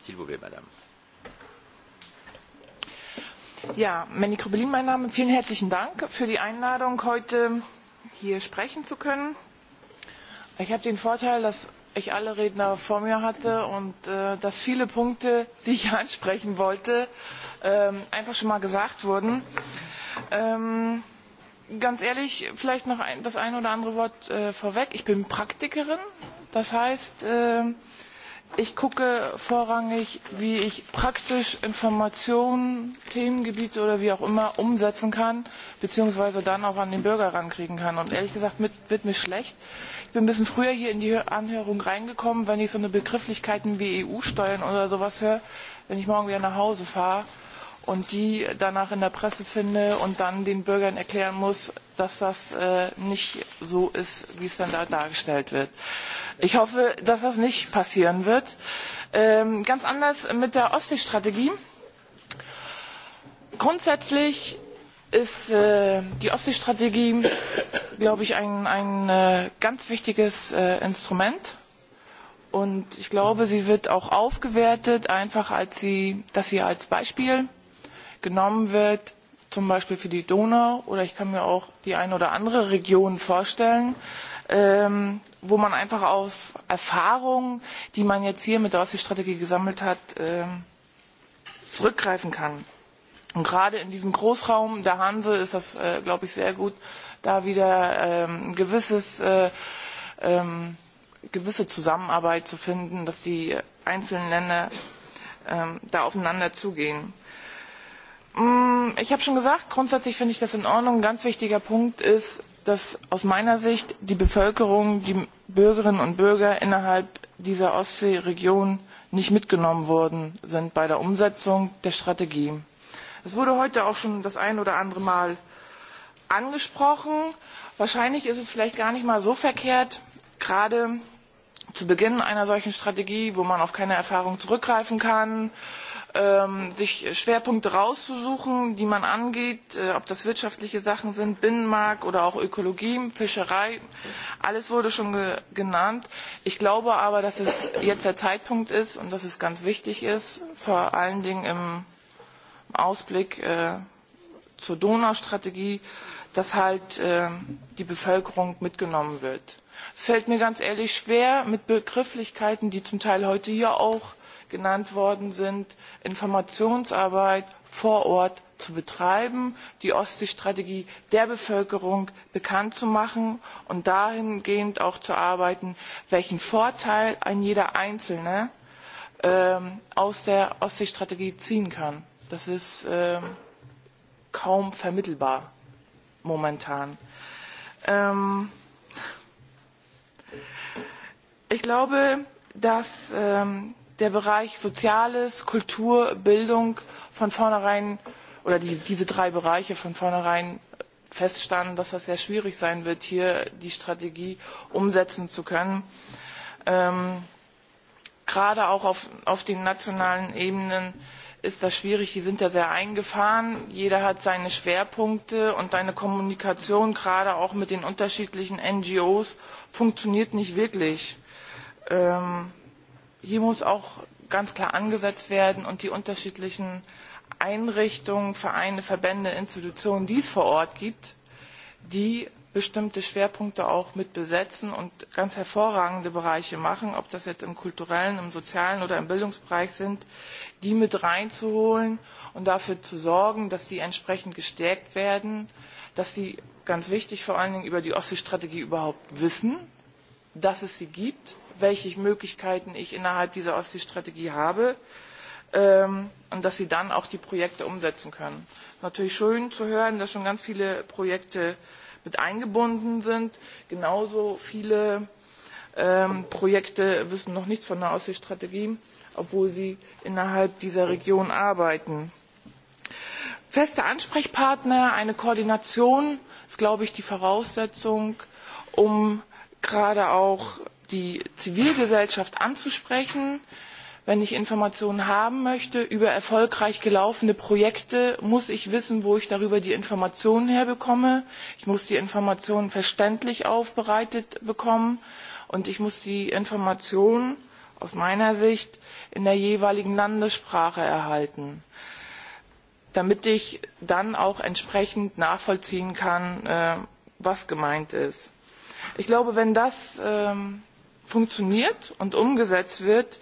S'il vous plaît, Madame. Ja, Mandy Krepeline, mein Name. Vielen herzlichen Dank für die Einladung, heute hier sprechen zu können. Ich habe den Vorteil, dass ich alle Redner vor mir hatte und äh, dass viele Punkte, die ich [laughs] ansprechen wollte, äh, ähm, einfach schon mal gesagt wurden. Ähm, ganz ehrlich, vielleicht noch ein, das ein oder andere Wort äh, vorweg. Ich bin Praktikerin. Das heißt, äh, ich gucke vorrangig, wie ich praktisch Informationen, Themengebiete oder wie auch immer umsetzen kann, beziehungsweise dann auch an den Bürger rankriegen kann. Und ehrlich gesagt, mit, wird mir schlecht. Ich bin ein bisschen früher hier in die Anhörung reingekommen, wenn ich so eine Begrifflichkeiten wie EU-Steuern oder sowas höre, wenn ich morgen wieder nach Hause fahre. Äh, und die danach in der Presse finde und dann den Bürgern erklären muss, dass das äh, nicht so ist, wie es dann da dargestellt wird. Ich hoffe, dass das nicht passieren wird. Ähm, ganz anders mit der Ostseestrategie. Grundsätzlich ist äh, die Ostseestrategie, glaube ich, ein, ein äh, ganz wichtiges äh, Instrument. Und ich glaube, sie wird auch aufgewertet, einfach als sie, dass sie als Beispiel genommen wird, zum Beispiel für die Donau oder ich kann mir auch die eine oder andere Region vorstellen, ähm, wo man einfach auf Erfahrungen, die man jetzt hier mit der Ostseestrategie gesammelt hat, ähm, zurückgreifen kann. Und gerade in diesem Großraum der Hanse ist das, äh, glaube ich, sehr gut, da wieder ähm, ein gewisses, äh, ähm, gewisse Zusammenarbeit zu finden, dass die einzelnen Länder ähm, da aufeinander zugehen. Mm, ich habe schon gesagt, grundsätzlich finde ich das in Ordnung. Ein ganz wichtiger Punkt ist, dass aus meiner Sicht die Bevölkerung, die Bürgerinnen und Bürger innerhalb dieser Ostseeregion nicht mitgenommen worden sind bei der Umsetzung der Strategie. Es wurde heute auch schon das ein oder andere Mal angesprochen. Wahrscheinlich ist es vielleicht gar nicht mal so verkehrt, gerade zu Beginn einer solchen Strategie, wo man auf keine Erfahrung zurückgreifen kann, äh, ähm, sich Schwerpunkte rauszusuchen, die man angeht, äh, ob das wirtschaftliche Sachen sind, Binnenmarkt oder auch Ökologie, Fischerei, alles wurde schon ge genannt. Ich glaube aber, dass es jetzt der Zeitpunkt ist und dass es ganz wichtig ist, vor allen Dingen im Ausblick äh, zur Donaustrategie, dass halt äh, die Bevölkerung mitgenommen wird. Es fällt mir ganz ehrlich schwer, mit Begrifflichkeiten, die zum Teil heute hier auch äh, genannt worden sind informationsarbeit vor ort zu betreiben die ostseestrategie der bevölkerung bekannt zu machen und dahingehend auch zu arbeiten welchen vorteil ein jeder einzelne ähm, aus der ostseestrategie ziehen kann. das ist momentan ähm, kaum vermittelbar. Ähm, ich glaube dass der Bereich Soziales, Kultur, Bildung von vornherein oder die, diese drei Bereiche von vornherein feststanden, dass das sehr schwierig sein wird, hier die Strategie umsetzen zu können. Ähm, gerade auch auf, auf den nationalen Ebenen ist das schwierig. Die sind ja sehr eingefahren. Jeder hat seine Schwerpunkte und eine Kommunikation, gerade auch mit den unterschiedlichen NGOs, funktioniert nicht wirklich. Ähm, hier muss auch ganz klar angesetzt werden und die unterschiedlichen Einrichtungen, Vereine, Verbände, Institutionen, die es vor Ort gibt, die bestimmte Schwerpunkte auch mit besetzen und ganz hervorragende Bereiche machen, ob das jetzt im kulturellen, im sozialen oder im Bildungsbereich sind, die mit reinzuholen und dafür zu sorgen, dass die entsprechend gestärkt werden, dass sie ganz wichtig vor allen Dingen über die Ostsee-Strategie überhaupt wissen, dass es sie gibt welche Möglichkeiten ich innerhalb dieser Ostseestrategie habe ähm, und dass sie dann auch die Projekte umsetzen können. Natürlich schön zu hören, dass schon ganz viele Projekte mit eingebunden sind. Genauso viele ähm, Projekte wissen noch nichts von der Ostseestrategie, obwohl sie innerhalb dieser Region arbeiten. Feste Ansprechpartner, eine Koordination ist, glaube ich, die Voraussetzung, um gerade auch die Zivilgesellschaft anzusprechen. Wenn ich Informationen haben möchte über erfolgreich gelaufene Projekte, muss ich wissen, wo ich darüber die Informationen herbekomme. Ich muss die Informationen verständlich aufbereitet bekommen und ich muss die Informationen aus meiner Sicht in der jeweiligen Landessprache erhalten, damit ich dann auch entsprechend nachvollziehen kann, äh, was gemeint ist. Ich glaube, wenn das ähm, funktioniert und umgesetzt wird,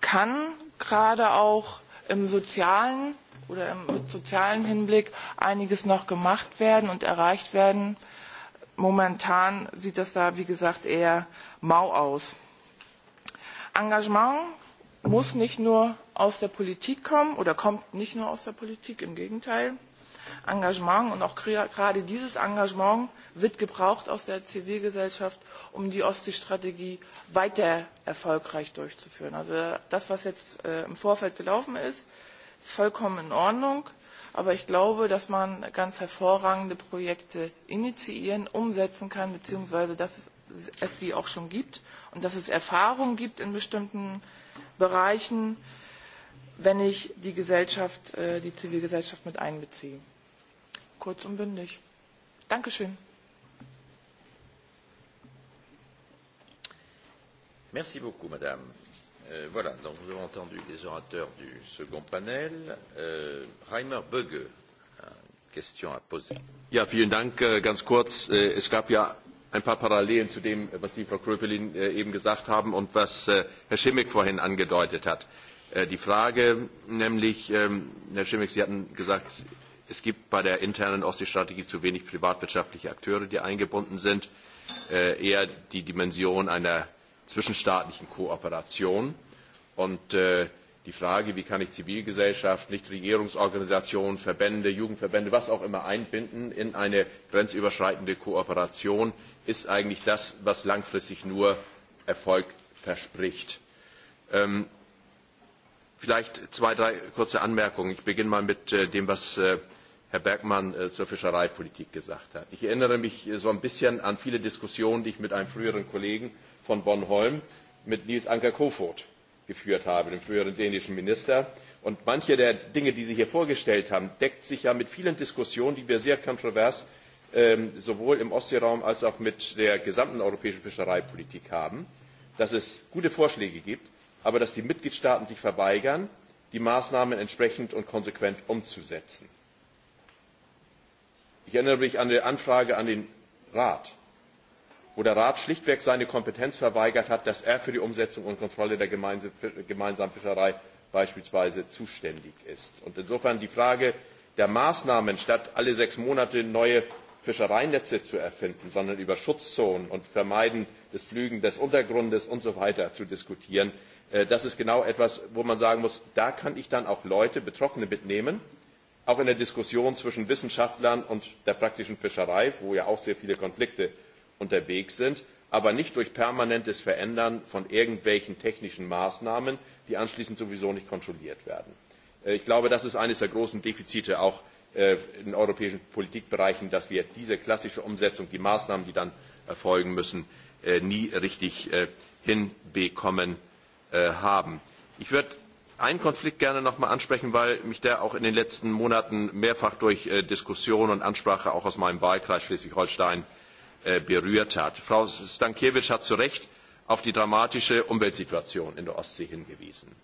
kann gerade auch im sozialen oder im sozialen Hinblick einiges noch gemacht werden und erreicht werden. Momentan sieht das da, wie gesagt, eher mau aus. Engagement muss nicht nur aus der Politik kommen oder kommt nicht nur aus der Politik, im Gegenteil. Engagement und auch gerade dieses Engagement wird gebraucht aus der Zivilgesellschaft, um die Ostsee-Strategie weiter erfolgreich durchzuführen. Also äh, das, was jetzt äh, im Vorfeld gelaufen ist, ist vollkommen in Ordnung. Aber ich glaube, dass man ganz hervorragende Projekte initiieren, umsetzen kann, beziehungsweise dass es sie auch schon gibt und dass es Erfahrungen gibt in bestimmten Bereichen, wenn ich die, Gesellschaft, äh, die Zivilgesellschaft mit einbeziehe kurz und bündig. Dankeschön. Merci beaucoup, Madame. Euh, voilà, donc vous avez entendu les orateurs du second panel. Euh, Reimer Böge, question à poser. Ja, vielen Dank. Äh, ganz kurz, äh, es gab ja ein paar Parallelen zu dem, was Sie, Frau Kröpelin, äh, eben gesagt haben und was Herr Schimmick vorhin angedeutet hat. Die Frage nämlich, ähm, Herr Schimmick, Sie hatten gesagt, Es gibt bei der internen Ostseestrategie zu wenig privatwirtschaftliche Akteure, die eingebunden sind, äh, eher die Dimension einer zwischenstaatlichen Kooperation. Und äh, die Frage, wie kann ich Zivilgesellschaft, Nichtregierungsorganisationen, Verbände, Jugendverbände, was auch immer einbinden in eine grenzüberschreitende Kooperation, ist eigentlich das, was langfristig nur Erfolg verspricht. Ähm, vielleicht zwei, drei kurze Anmerkungen. Ich beginne mal mit äh, dem, was äh, Herr Bergmann äh, zur Fischereipolitik gesagt hat. Ich erinnere mich äh, so ein bisschen an viele Diskussionen, die ich mit einem früheren Kollegen von Bonn-Holm mit Nils Anker Kofod geführt habe, dem früheren dänischen Minister. Und manche der Dinge, die Sie hier vorgestellt haben, deckt sich ja mit vielen Diskussionen, die wir sehr kontrovers ähm, sowohl im Ostseeraum als auch mit der gesamten europäischen Fischereipolitik haben, dass es gute Vorschläge gibt, aber dass die Mitgliedstaaten sich verweigern, die Maßnahmen entsprechend und konsequent umzusetzen ich erinnere mich an die anfrage an den rat wo der rat schlichtweg seine kompetenz verweigert hat dass er für die umsetzung und kontrolle der gemeinsamen fischerei beispielsweise zuständig ist. insofern die frage der maßnahmen statt alle sechs monate neue fischereinetze zu erfinden sondern über schutzzonen und vermeiden des pflügens des untergrundes usw. zu diskutieren äh, das ist genau etwas wo man sagen muss da kann ich dann auch leute betroffene mitnehmen auch in der Diskussion zwischen Wissenschaftlern und der praktischen Fischerei, wo ja auch sehr viele Konflikte unterwegs sind, aber nicht durch permanentes Verändern von irgendwelchen technischen Maßnahmen, die anschließend sowieso nicht kontrolliert werden. Äh, ich glaube, das ist eines der großen Defizite auch äh, in europäischen Politikbereichen, dass wir diese klassische Umsetzung, die Maßnahmen, die dann erfolgen müssen, äh, nie richtig hinbekommen haben. Ich würde einen Konflikt gerne noch mal ansprechen, weil mich der auch in den letzten Monaten mehrfach durch äh, Diskussion und Ansprache auch aus meinem Wahlkreis Schleswig-Holstein äh, berührt hat. Frau Stankiewicz hat zu Recht auf die dramatische Umweltsituation in der Ostsee hingewiesen.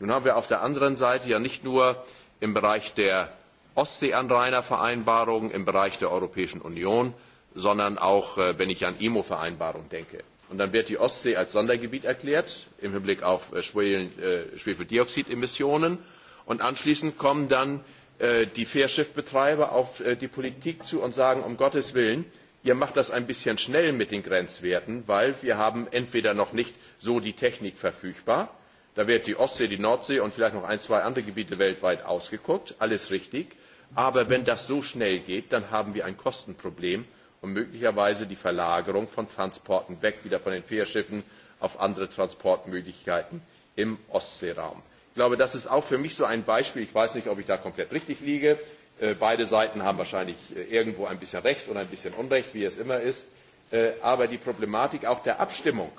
Nun haben wir auf der anderen Seite ja nicht nur im Bereich der Ostseeanrainervereinbarung, im Bereich der Europäischen Union, sondern auch, äh, wenn ich an IMO-Vereinbarungen denke und dann wird die Ostsee als Sondergebiet erklärt im Hinblick auf äh, äh, Schwefeldioxidemissionen und anschließend kommen dann äh, die Fährschiffbetreiber auf die Politik zu und sagen, um Gottes Willen, ihr macht das ein bisschen schnell mit den Grenzwerten, weil wir haben entweder noch nicht so die Technik verfügbar, da wird die Ostsee, die Nordsee und vielleicht noch ein, zwei andere Gebiete weltweit ausgeguckt, alles richtig, aber wenn das so schnell geht, dann haben wir ein Kostenproblem und möglicherweise die Verlagerung von Transporten weg wieder von den Fährschiffen auf andere Transportmöglichkeiten im Ostseeraum. Ich glaube, das ist auch für mich so ein Beispiel. Ich weiß nicht, ob ich da komplett richtig liege. Äh, beide Seiten haben wahrscheinlich äh, irgendwo ein bisschen Recht und ein bisschen Unrecht, wie es immer ist. Äh, aber die Problematik auch der Abstimmung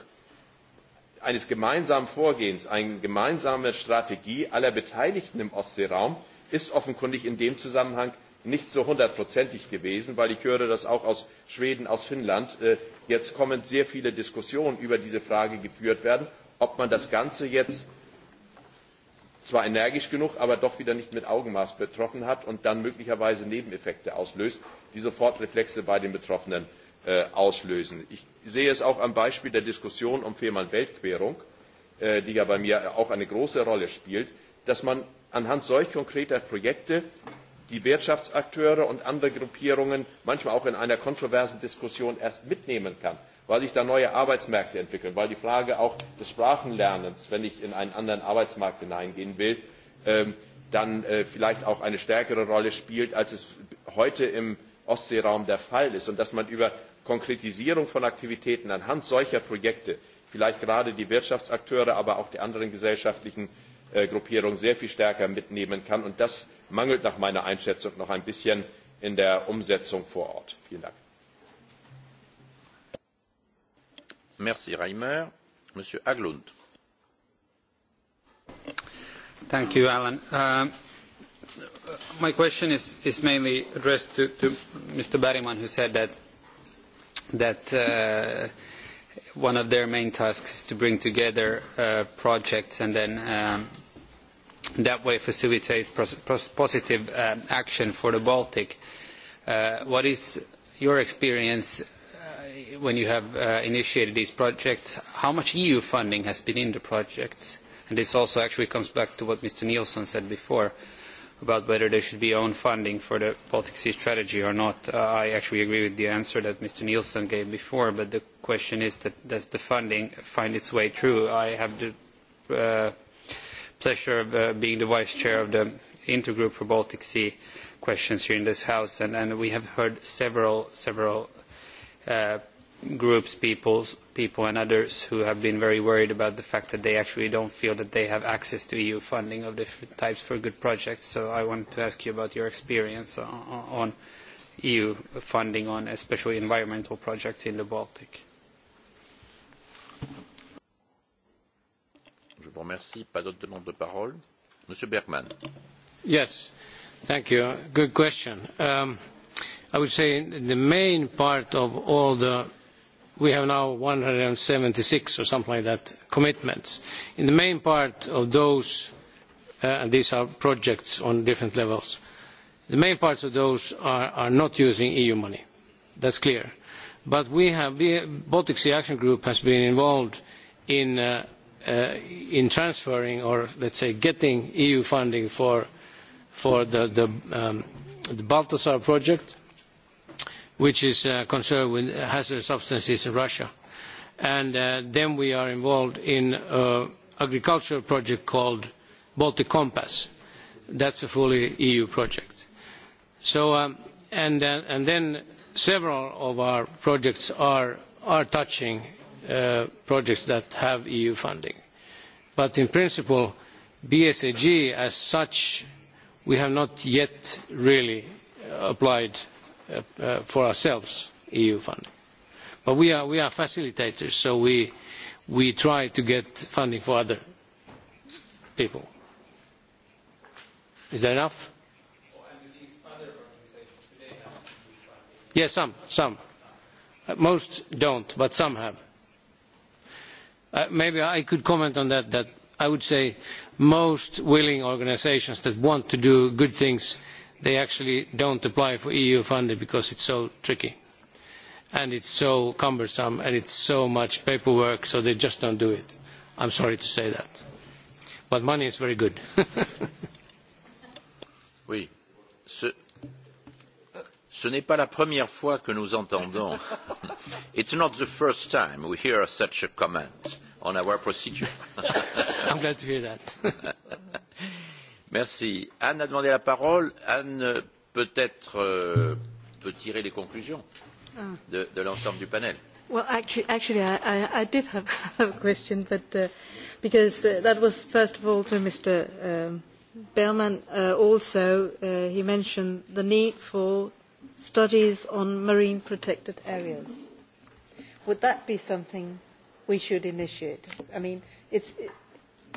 eines gemeinsamen Vorgehens, eine gemeinsame Strategie aller Beteiligten im Ostseeraum ist offenkundig in dem Zusammenhang nicht so hundertprozentig gewesen, weil ich höre, dass auch aus Schweden, aus Finnland äh, jetzt kommend sehr viele Diskussionen über diese Frage geführt werden, ob man das Ganze jetzt zwar energisch genug, aber doch wieder nicht mit Augenmaß betroffen hat und dann möglicherweise Nebeneffekte auslöst, die sofort Reflexe bei den Betroffenen äh, auslösen. Ich sehe es auch am Beispiel der Diskussion um Fehmarn Weltquerung, äh, die ja bei mir auch eine große Rolle spielt, dass man anhand solch konkreter Projekte die Wirtschaftsakteure und andere Gruppierungen manchmal auch in einer kontroversen Diskussion erst mitnehmen kann, weil sich da neue Arbeitsmärkte entwickeln, weil die Frage auch des Sprachenlernens, wenn ich in einen anderen Arbeitsmarkt hineingehen will, ähm, dann äh, vielleicht auch eine stärkere Rolle spielt, als es heute im Ostseeraum der Fall ist und dass man über Konkretisierung von Aktivitäten anhand solcher Projekte vielleicht gerade die Wirtschaftsakteure, aber auch die anderen gesellschaftlichen äh, Gruppierungen sehr viel stärker mitnehmen kann und das mangelt nach meiner Einschätzung noch ein bisschen in der Umsetzung vor Ort. Vielen Dank. Merci Reimer. Monsieur Aglund. Thank you, Alan. Uh, my question is, is mainly addressed to, to Mr. Berryman, who said that, that uh, one of their main tasks is to bring together uh, projects and then um, that way facilitate positive uh, action for the Baltic. Uh, what is your experience uh, when you have uh, initiated these projects? How much EU funding has been in the projects? And this also actually comes back to what Mr. Nielsen said before about whether there should be own funding for the Baltic Sea strategy or not. Uh, I actually agree with the answer that Mr. Nielsen gave before, but the question is that does the funding find its way through? I have the uh, pleasure of uh, being the vice chair of the intergroup for baltic sea questions here in this house and, and we have heard several several uh, groups peoples, people and others who have been very worried about the fact that they actually don't feel that they have access to eu funding of different types for good projects so i want to ask you about your experience on, on e eu funding on especially environmental projects in the baltic vous remercie. pas d'autres demandes de parole? monsieur bergmann. yes. thank you. good question. Um, i would say the main part of all the we have now 176 or something like that commitments. in the main part of those uh, and these are projects on different levels. The main parts of those are, are not using EU money. That's clear. But we have, we, Baltic Sea Action Group has been involved in uh, Uh, in transferring or let's say getting EU funding for for the the, um, the Baltasar project, which is uh, concerned with hazardous substances in Russia, and uh, then we are involved in an agricultural project called Baltic Compass. That's a fully EU project. So um, and uh, and then several of our projects are are touching Uh, projects that have eu funding but in principle bsag as such we have not yet really applied uh, uh, for ourselves eu funding but we are we are facilitators so we we try to get funding for other people is that enough yes some some most don't but some have Uh, maybe i could comment on that that i would say most willing organisations that want to do good things actually do not apply for eu funding because it is so tricky and it is so cumbersome and it is so much paperwork so they just do not do it. i am sorry to say that but money is very good. [laughs] Ce n'est pas la première fois que nous entendons. [laughs] It's not the first time we hear such a comment on our procedure. [laughs] I'm glad to hear that. [laughs] Merci. Anne a demandé la parole. Anne peut-être euh, peut tirer les conclusions de, de l'ensemble du panel. Well, actually, actually I, I, I did have, have a question, but uh, because uh, that was first of all to Mr. Um, Bellman. Uh, also, uh, he mentioned the need for studies on marine protected areas. Would that be something we should initiate? I mean, it's,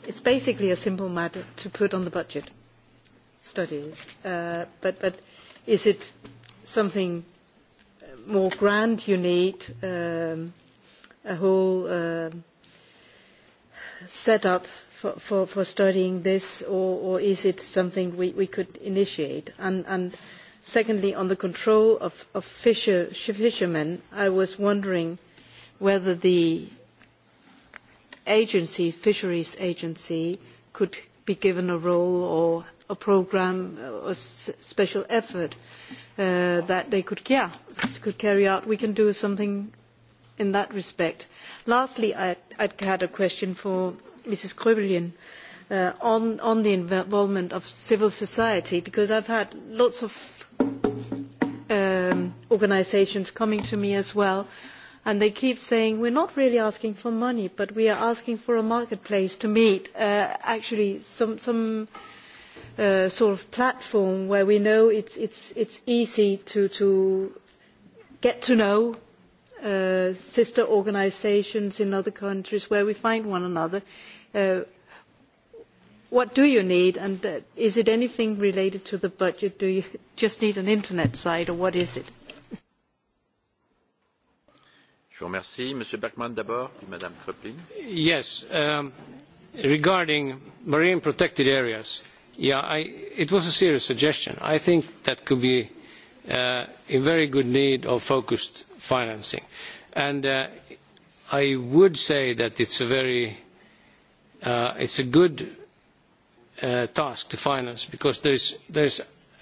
it's basically a simple matter to put on the budget studies, uh, but, but is it something more grand you need, um, a whole uh, setup for, for, for studying this, or, or is it something we, we could initiate? And, and secondly on the control of, of fisher, fishermen, I was wondering whether the agency, fisheries agency, could be given a role or a program or uh, special effort uh, that they could, yeah, could carry out. We can do something in that respect. Lastly, I, I had a question for Mrs. Kröbelien. Uh, on, on the involvement of civil society, because I've had lots of organizations coming to me as well, and they keep saying, we're not really asking for money, but we are asking for a marketplace to meet, uh, actually some, some uh, sort of platform where we know it's, it's, it's easy to, to get to know uh, sister organizations in other countries where we find one another. Uh, what do you need, and uh, is it anything related to the budget? Do you just need an internet site, or what is it? monsieur bergmann d'abord puis mme koppink. Um, regarding marine protected areas it was a serious suggestion. i think that could be uh, in very good need of focused financing and uh, i would say that it uh, is a good task to finance because there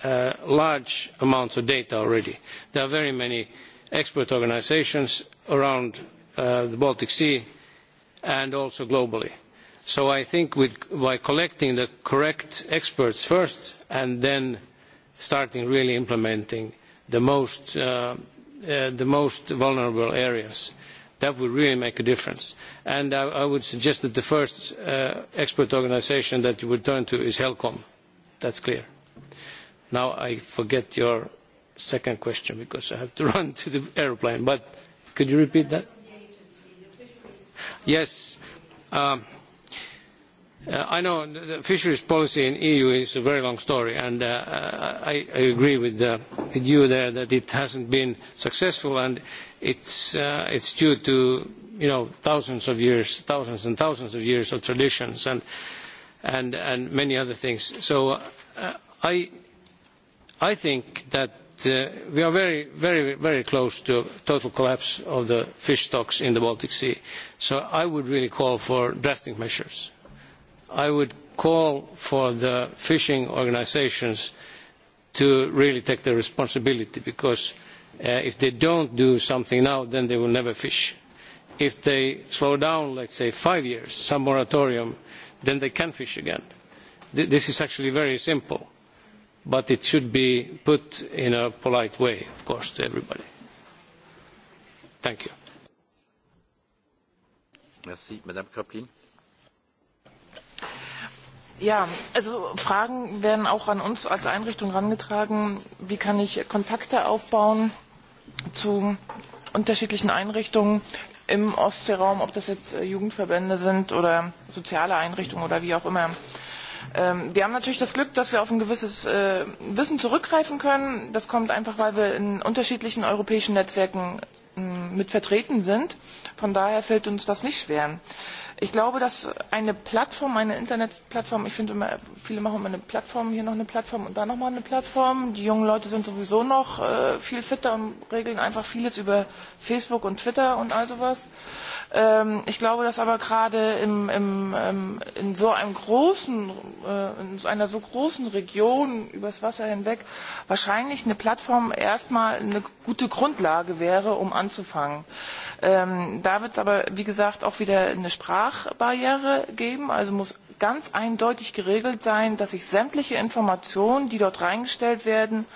are large amounts of data already. there are very many expert organisations around uh, the Baltic Sea and also globally. So I think with, by collecting the correct experts first and then starting really implementing the most, uh, uh, the most vulnerable areas, that would really make a difference. And I, I would suggest that the first uh, expert organization that you would turn to is HELCOM. That's clear. Now I forget your second question because I have to [laughs] run to the airplane. But could you repeat that? Yes. Um, uh, I know the fisheries policy in EU is a very long story, and uh, uh, I, I agree with, uh, with you there that it hasn't been successful, and it's, uh, it's due to you know, thousands of years, thousands and thousands of years of traditions and, and, and many other things. So uh, I, I think that Uh, we are very, very, very close to a total collapse of the fish stocks in the Baltic Sea. So I would really call for drastic measures. I would call for the fishing organizations to really take their responsibility, because uh, if they don't do something now, then they will never fish. If they slow down, let's say, five years, some moratorium, then they can fish again. Th this is actually very simple but it should be put in a polite way of course to everybody. Thank you. Merci. Madame Kaplin. Ja, also Fragen werden auch an uns als Einrichtung herangetragen. Wie kann ich Kontakte aufbauen zu unterschiedlichen Einrichtungen im Ostseeraum, ob das jetzt äh, Jugendverbände sind oder soziale Einrichtungen oder wie auch immer? Äh, Ähm, wir haben natürlich das Glück, dass wir auf ein gewisses äh, Wissen zurückgreifen können. Das kommt einfach, weil wir in unterschiedlichen europäischen Netzwerken mh, ähm, mit vertreten sind. Von daher fällt uns das nicht schwer. Äh, ich glaube, dass eine Plattform, eine Internetplattform, ich finde, viele machen immer eine Plattform, hier noch eine Plattform und da noch mal eine Plattform. Die jungen Leute sind sowieso noch äh, viel fitter und regeln einfach vieles über Facebook und Twitter und all sowas. Ähm, ich glaube, dass aber gerade im, im, ähm, in so einem großen, äh, in so einer so großen Region übers Wasser hinweg wahrscheinlich eine Plattform erstmal eine gute Grundlage wäre, um anzufangen. Ähm, da wird es aber, wie gesagt, auch wieder eine Sprache Sprachbarriere geben. Also muss ganz eindeutig geregelt sein, dass ich sämtliche Informationen, die dort reingestellt werden,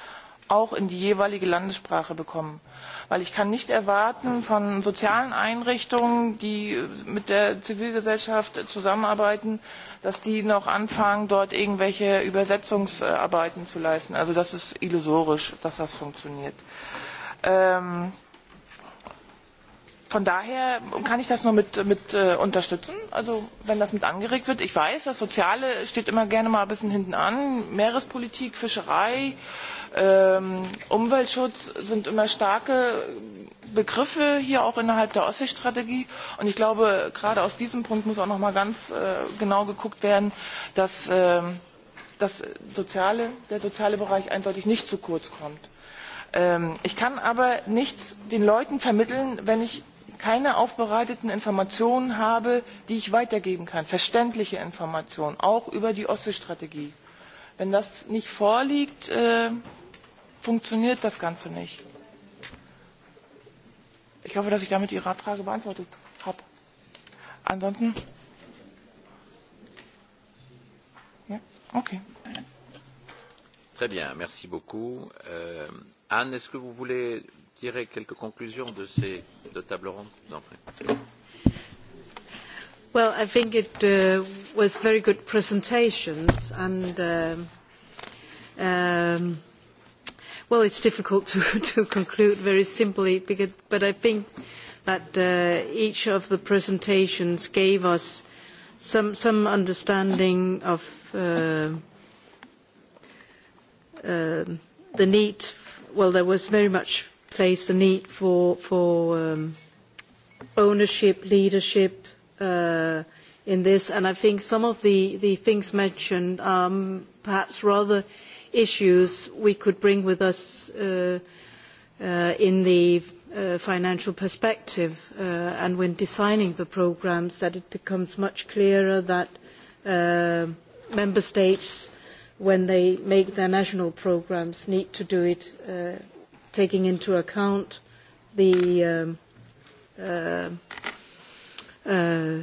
auch in die jeweilige Landessprache bekomme. Weil ich kann nicht erwarten von sozialen Einrichtungen, die mit der Zivilgesellschaft zusammenarbeiten, dass die noch anfangen, dort irgendwelche Übersetzungsarbeiten zu leisten. Also das ist illusorisch, dass das funktioniert. Ähm, von daher kann ich das nur mit, mit äh, unterstützen. Also wenn das mit angeregt wird. Ich weiß, das Soziale steht immer gerne mal ein bisschen hinten an. Meerespolitik, Fischerei, ähm, Umweltschutz sind immer starke Begriffe hier auch innerhalb der Ostseestrategie. Und ich glaube, gerade aus diesem Punkt muss auch noch mal ganz äh, genau geguckt werden, dass äh, das soziale, der soziale Bereich eindeutig nicht zu kurz kommt. Ähm, ich kann aber nichts den Leuten vermitteln, wenn ich keine aufbereiteten informationen habe die ich weitergeben kann verständliche informationen auch über die ostseestrategie. wenn das nicht vorliegt äh, funktioniert das ganze nicht. ich hoffe dass ich damit ihre frage beantwortet habe. ansonsten? ja? okay. Très bien, merci beaucoup. Euh, Anne, est-ce que vous voulez tirer quelques conclusions de ces de tables rondes Well, I think it uh, was very good presentations and uh, um, well, it's difficult to, [laughs] to conclude very simply, because, but I think that uh, each of the presentations gave us some, some understanding of uh, uh, the need. F well, there was very much place the need for, for um, ownership, leadership uh, in this. And I think some of the, the things mentioned are um, perhaps rather issues we could bring with us uh, uh, in the uh, financial perspective uh, and when designing the programs that it becomes much clearer that uh, member states when they make their national programs need to do it uh, taking into account the um, uh, uh,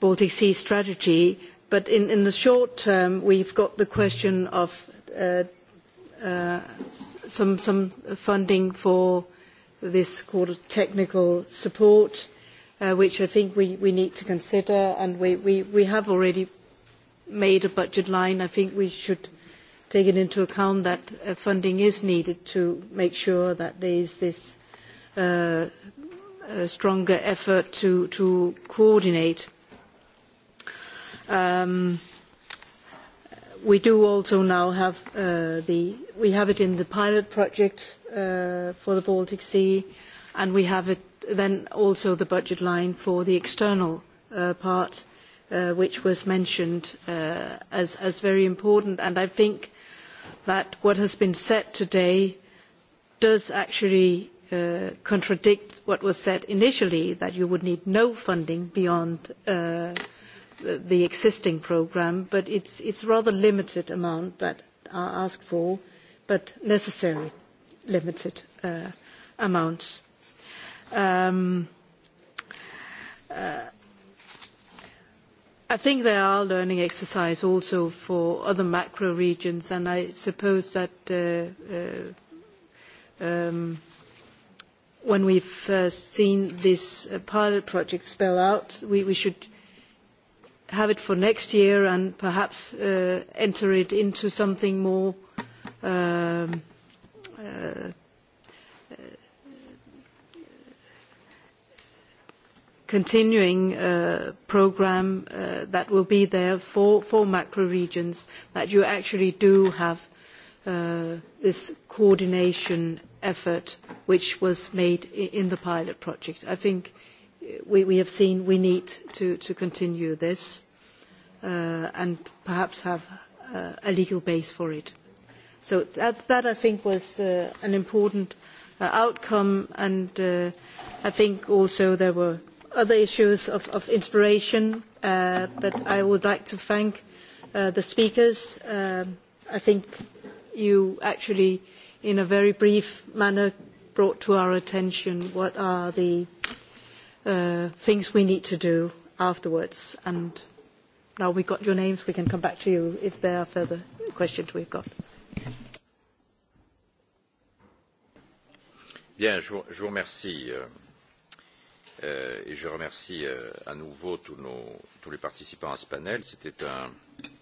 Baltic Sea strategy. But in, in the short term, we've got the question of uh, uh, some, some funding for this call of technical support, uh, which I think we, we need to consider. And we, we, we have already made a budget line. I think we should taking into account that uh, funding is needed to make sure that there is this uh, uh, stronger effort to, to coordinate. Um, we do also now have uh, the, we have it in the pilot project uh, for the Baltic Sea, and we have it then also the budget line for the external uh, part, uh, which was mentioned uh, as, as very important. And I think uh, that what has been said today does actually uh, contradict what was said initially, that you would need no funding beyond uh, the, the existing programme, but it's, it's rather limited amount that are asked for, but necessary limited uh, amounts. Um, uh, I think they are a learning exercise also for other macro regions, and I suppose that uh, uh, um, when we've uh, seen this uh, pilot project spell out, we, we should have it for next year and perhaps uh, enter it into something more um, uh, continuing uh, program uh, that will be there for, for macro regions, that you actually do have uh, this coordination effort which was made in the pilot project. I think we, we have seen we need to, to continue this uh, and perhaps have uh, a legal base for it. So that, that I think was uh, an important uh, outcome and uh, I think also there were other issues of, of inspiration, uh, but I would like to thank uh, the speakers. Uh, I think you actually, in a very brief manner, brought to our attention what are the uh, things we need to do afterwards. And now we've got your names, we can come back to you if there are further questions we've got. Bien, je vous remercie. Euh, euh, et je remercie euh, à nouveau tous, nos, tous les participants à ce panel. C'était un,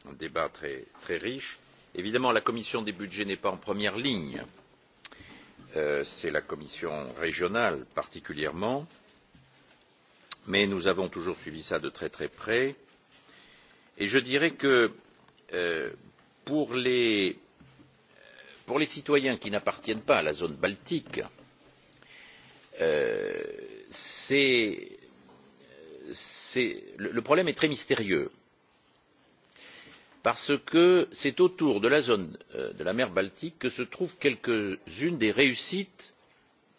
un débat très, très riche. Évidemment, la commission des budgets n'est pas en première ligne. Euh, C'est la commission régionale particulièrement. Mais nous avons toujours suivi ça de très très près. Et je dirais que euh, pour, les, pour les citoyens qui n'appartiennent pas à la zone baltique, euh, le problème est très mystérieux parce que c'est autour de la zone euh, de la mer baltique que se trouvent quelques unes des réussites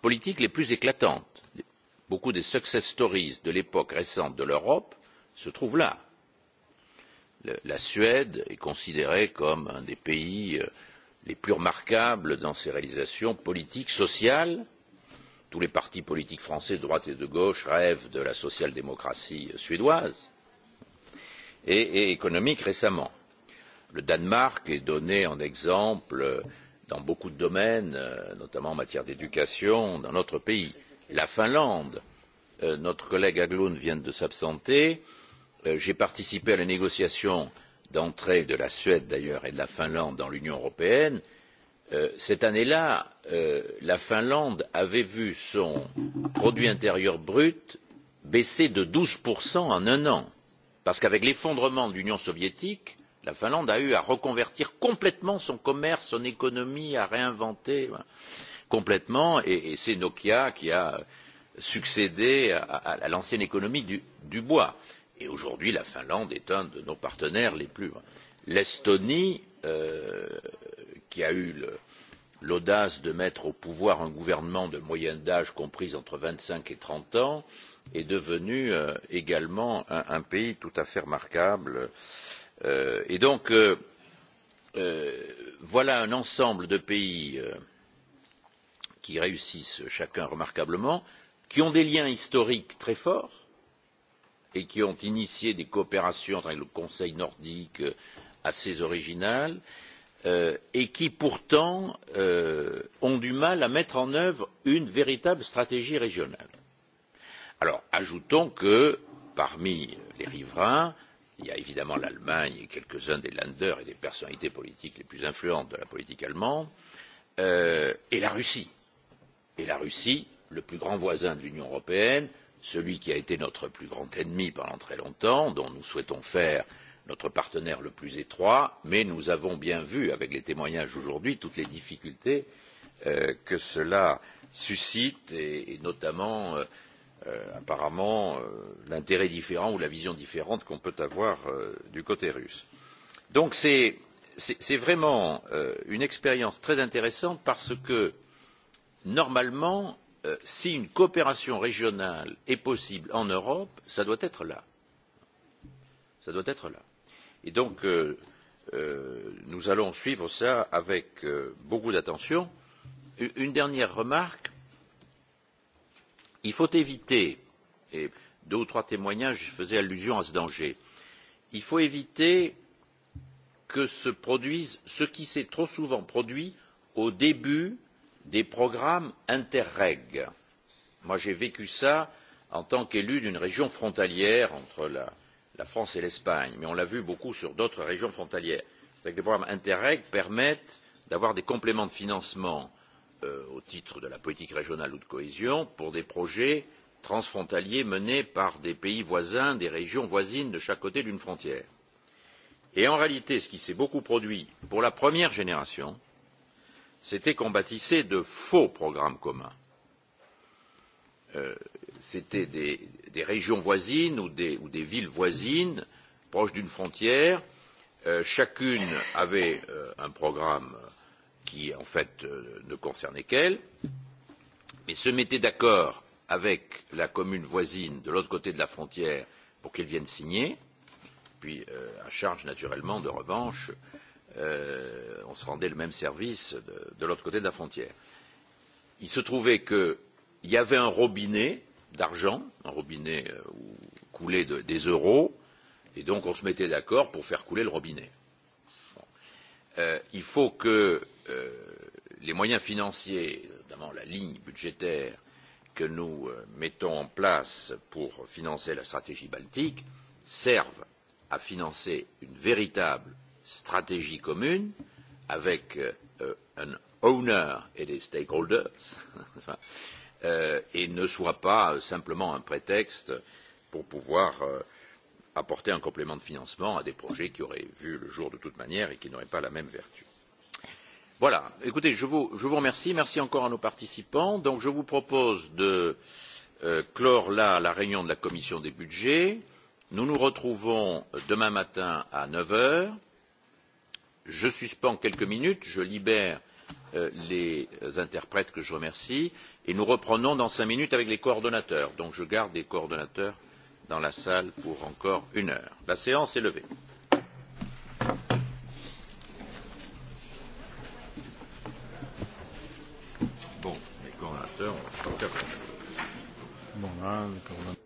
politiques les plus éclatantes. Beaucoup des success stories de l'époque récente de l'Europe se trouvent là. Le, la Suède est considérée comme un des pays euh, les plus remarquables dans ses réalisations politiques, sociales, tous les partis politiques français de droite et de gauche rêvent de la social démocratie suédoise et, et économique récemment. Le Danemark est donné en exemple dans beaucoup de domaines, euh, notamment en matière d'éducation, dans notre pays. La Finlande, euh, notre collègue Aglund vient de s'absenter. Euh, J'ai participé à la négociation d'entrée de la Suède d'ailleurs et de la Finlande dans l'Union européenne. Euh, cette année là euh, la finlande avait vu son produit intérieur brut baisser de douze en un an parce qu'avec l'effondrement de l'union soviétique la finlande a eu à reconvertir complètement son commerce son économie à réinventer complètement et c'est nokia qui a succédé à l'ancienne économie du, du bois. Et aujourd'hui, la Finlande est un de nos partenaires les plus. L'Estonie, euh, qui a eu le, euh, l'audace de mettre au pouvoir un gouvernement de moyenne d'âge comprise entre vingt cinq et trente ans est devenu euh, également un, un pays tout à fait remarquable. Euh, et donc, euh, euh, voilà un ensemble de pays euh, qui réussissent chacun remarquablement, qui ont des liens historiques très forts et qui ont initié des coopérations avec le Conseil nordique euh, assez originales. Euh, et qui pourtant euh, ont du mal à mettre en œuvre une véritable stratégie régionale. ajoutons que parmi les riverains il y a évidemment l'allemagne et quelques uns des länder et des personnalités politiques les plus influentes de la politique allemande euh, et la russie et la russie le plus grand voisin de l'union européenne celui qui a été notre plus grand ennemi pendant très longtemps dont nous souhaitons faire notre partenaire le plus étroit mais nous avons bien vu avec les témoignages d'aujourd'hui toutes les difficultés euh, que cela suscite et, et notamment euh, euh, apparemment euh, l'intérêt différent ou la vision différente qu'on peut avoir euh, du côté russe. Donc c'est vraiment euh, une expérience très intéressante parce que normalement, euh, si une coopération régionale est possible en Europe, ça doit être là. Ça doit être là et donc euh, euh, nous allons suivre cela avec euh, beaucoup d'attention. Une dernière remarque il faut éviter et deux ou trois témoignages faisaient allusion à ce danger il faut éviter que se produise ce qui s'est trop souvent produit au début des programmes interreg. Moi j'ai vécu ça en tant qu'élu d'une région frontalière entre la, euh, la France et l'Espagne, mais on l'a vu beaucoup sur d'autres régions frontalières. C'est-à-dire que les programmes Interreg permettent d'avoir des compléments de financement euh, au titre de la politique régionale ou de cohésion pour des projets transfrontaliers menés par des pays voisins, des régions voisines de chaque côté d'une frontière. Et en réalité, ce qui s'est beaucoup produit pour la première génération, c'était qu'on bâtissait de faux programmes communs. Euh, c'était des, des régions voisines ou des, ou des villes voisines proches d'une frontière. Euh, chacune avait euh, un programme qui, en fait, euh, ne concernait qu'elle, mais se mettait d'accord avec la commune voisine de l'autre côté de la frontière pour qu'elle vienne signer, puis euh, à charge, naturellement, de revanche, euh, on se rendait le même service de, de l'autre côté de la frontière. Il se trouvait qu'il y avait un robinet d'argent, un robinet euh, où coulait de, des euros, et donc on se mettait d'accord pour faire couler le robinet. Bon. Euh, il faut que euh, les moyens financiers, notamment la ligne budgétaire que nous euh, mettons en place pour financer la stratégie baltique, servent à financer une véritable stratégie commune avec euh, un owner et des stakeholders. [laughs] euh, et ne soit pas simplement un prétexte pour pouvoir euh, apporter un complément de financement à des projets qui auraient vu le jour de toute manière et qui n'auraient pas la même vertu. Voilà, écoutez, je vous, je vous remercie, merci encore à nos participants. Donc je vous propose de euh, clore là la réunion de la commission des budgets. Nous nous retrouvons demain matin à 9h. Je suspends quelques minutes, je libère euh, les interprètes que je remercie et nous reprenons dans cinq minutes avec les coordonnateurs donc je garde les coordonnateurs dans la salle pour encore une heure. La séance est levée. Bon, les coordonnateurs, on va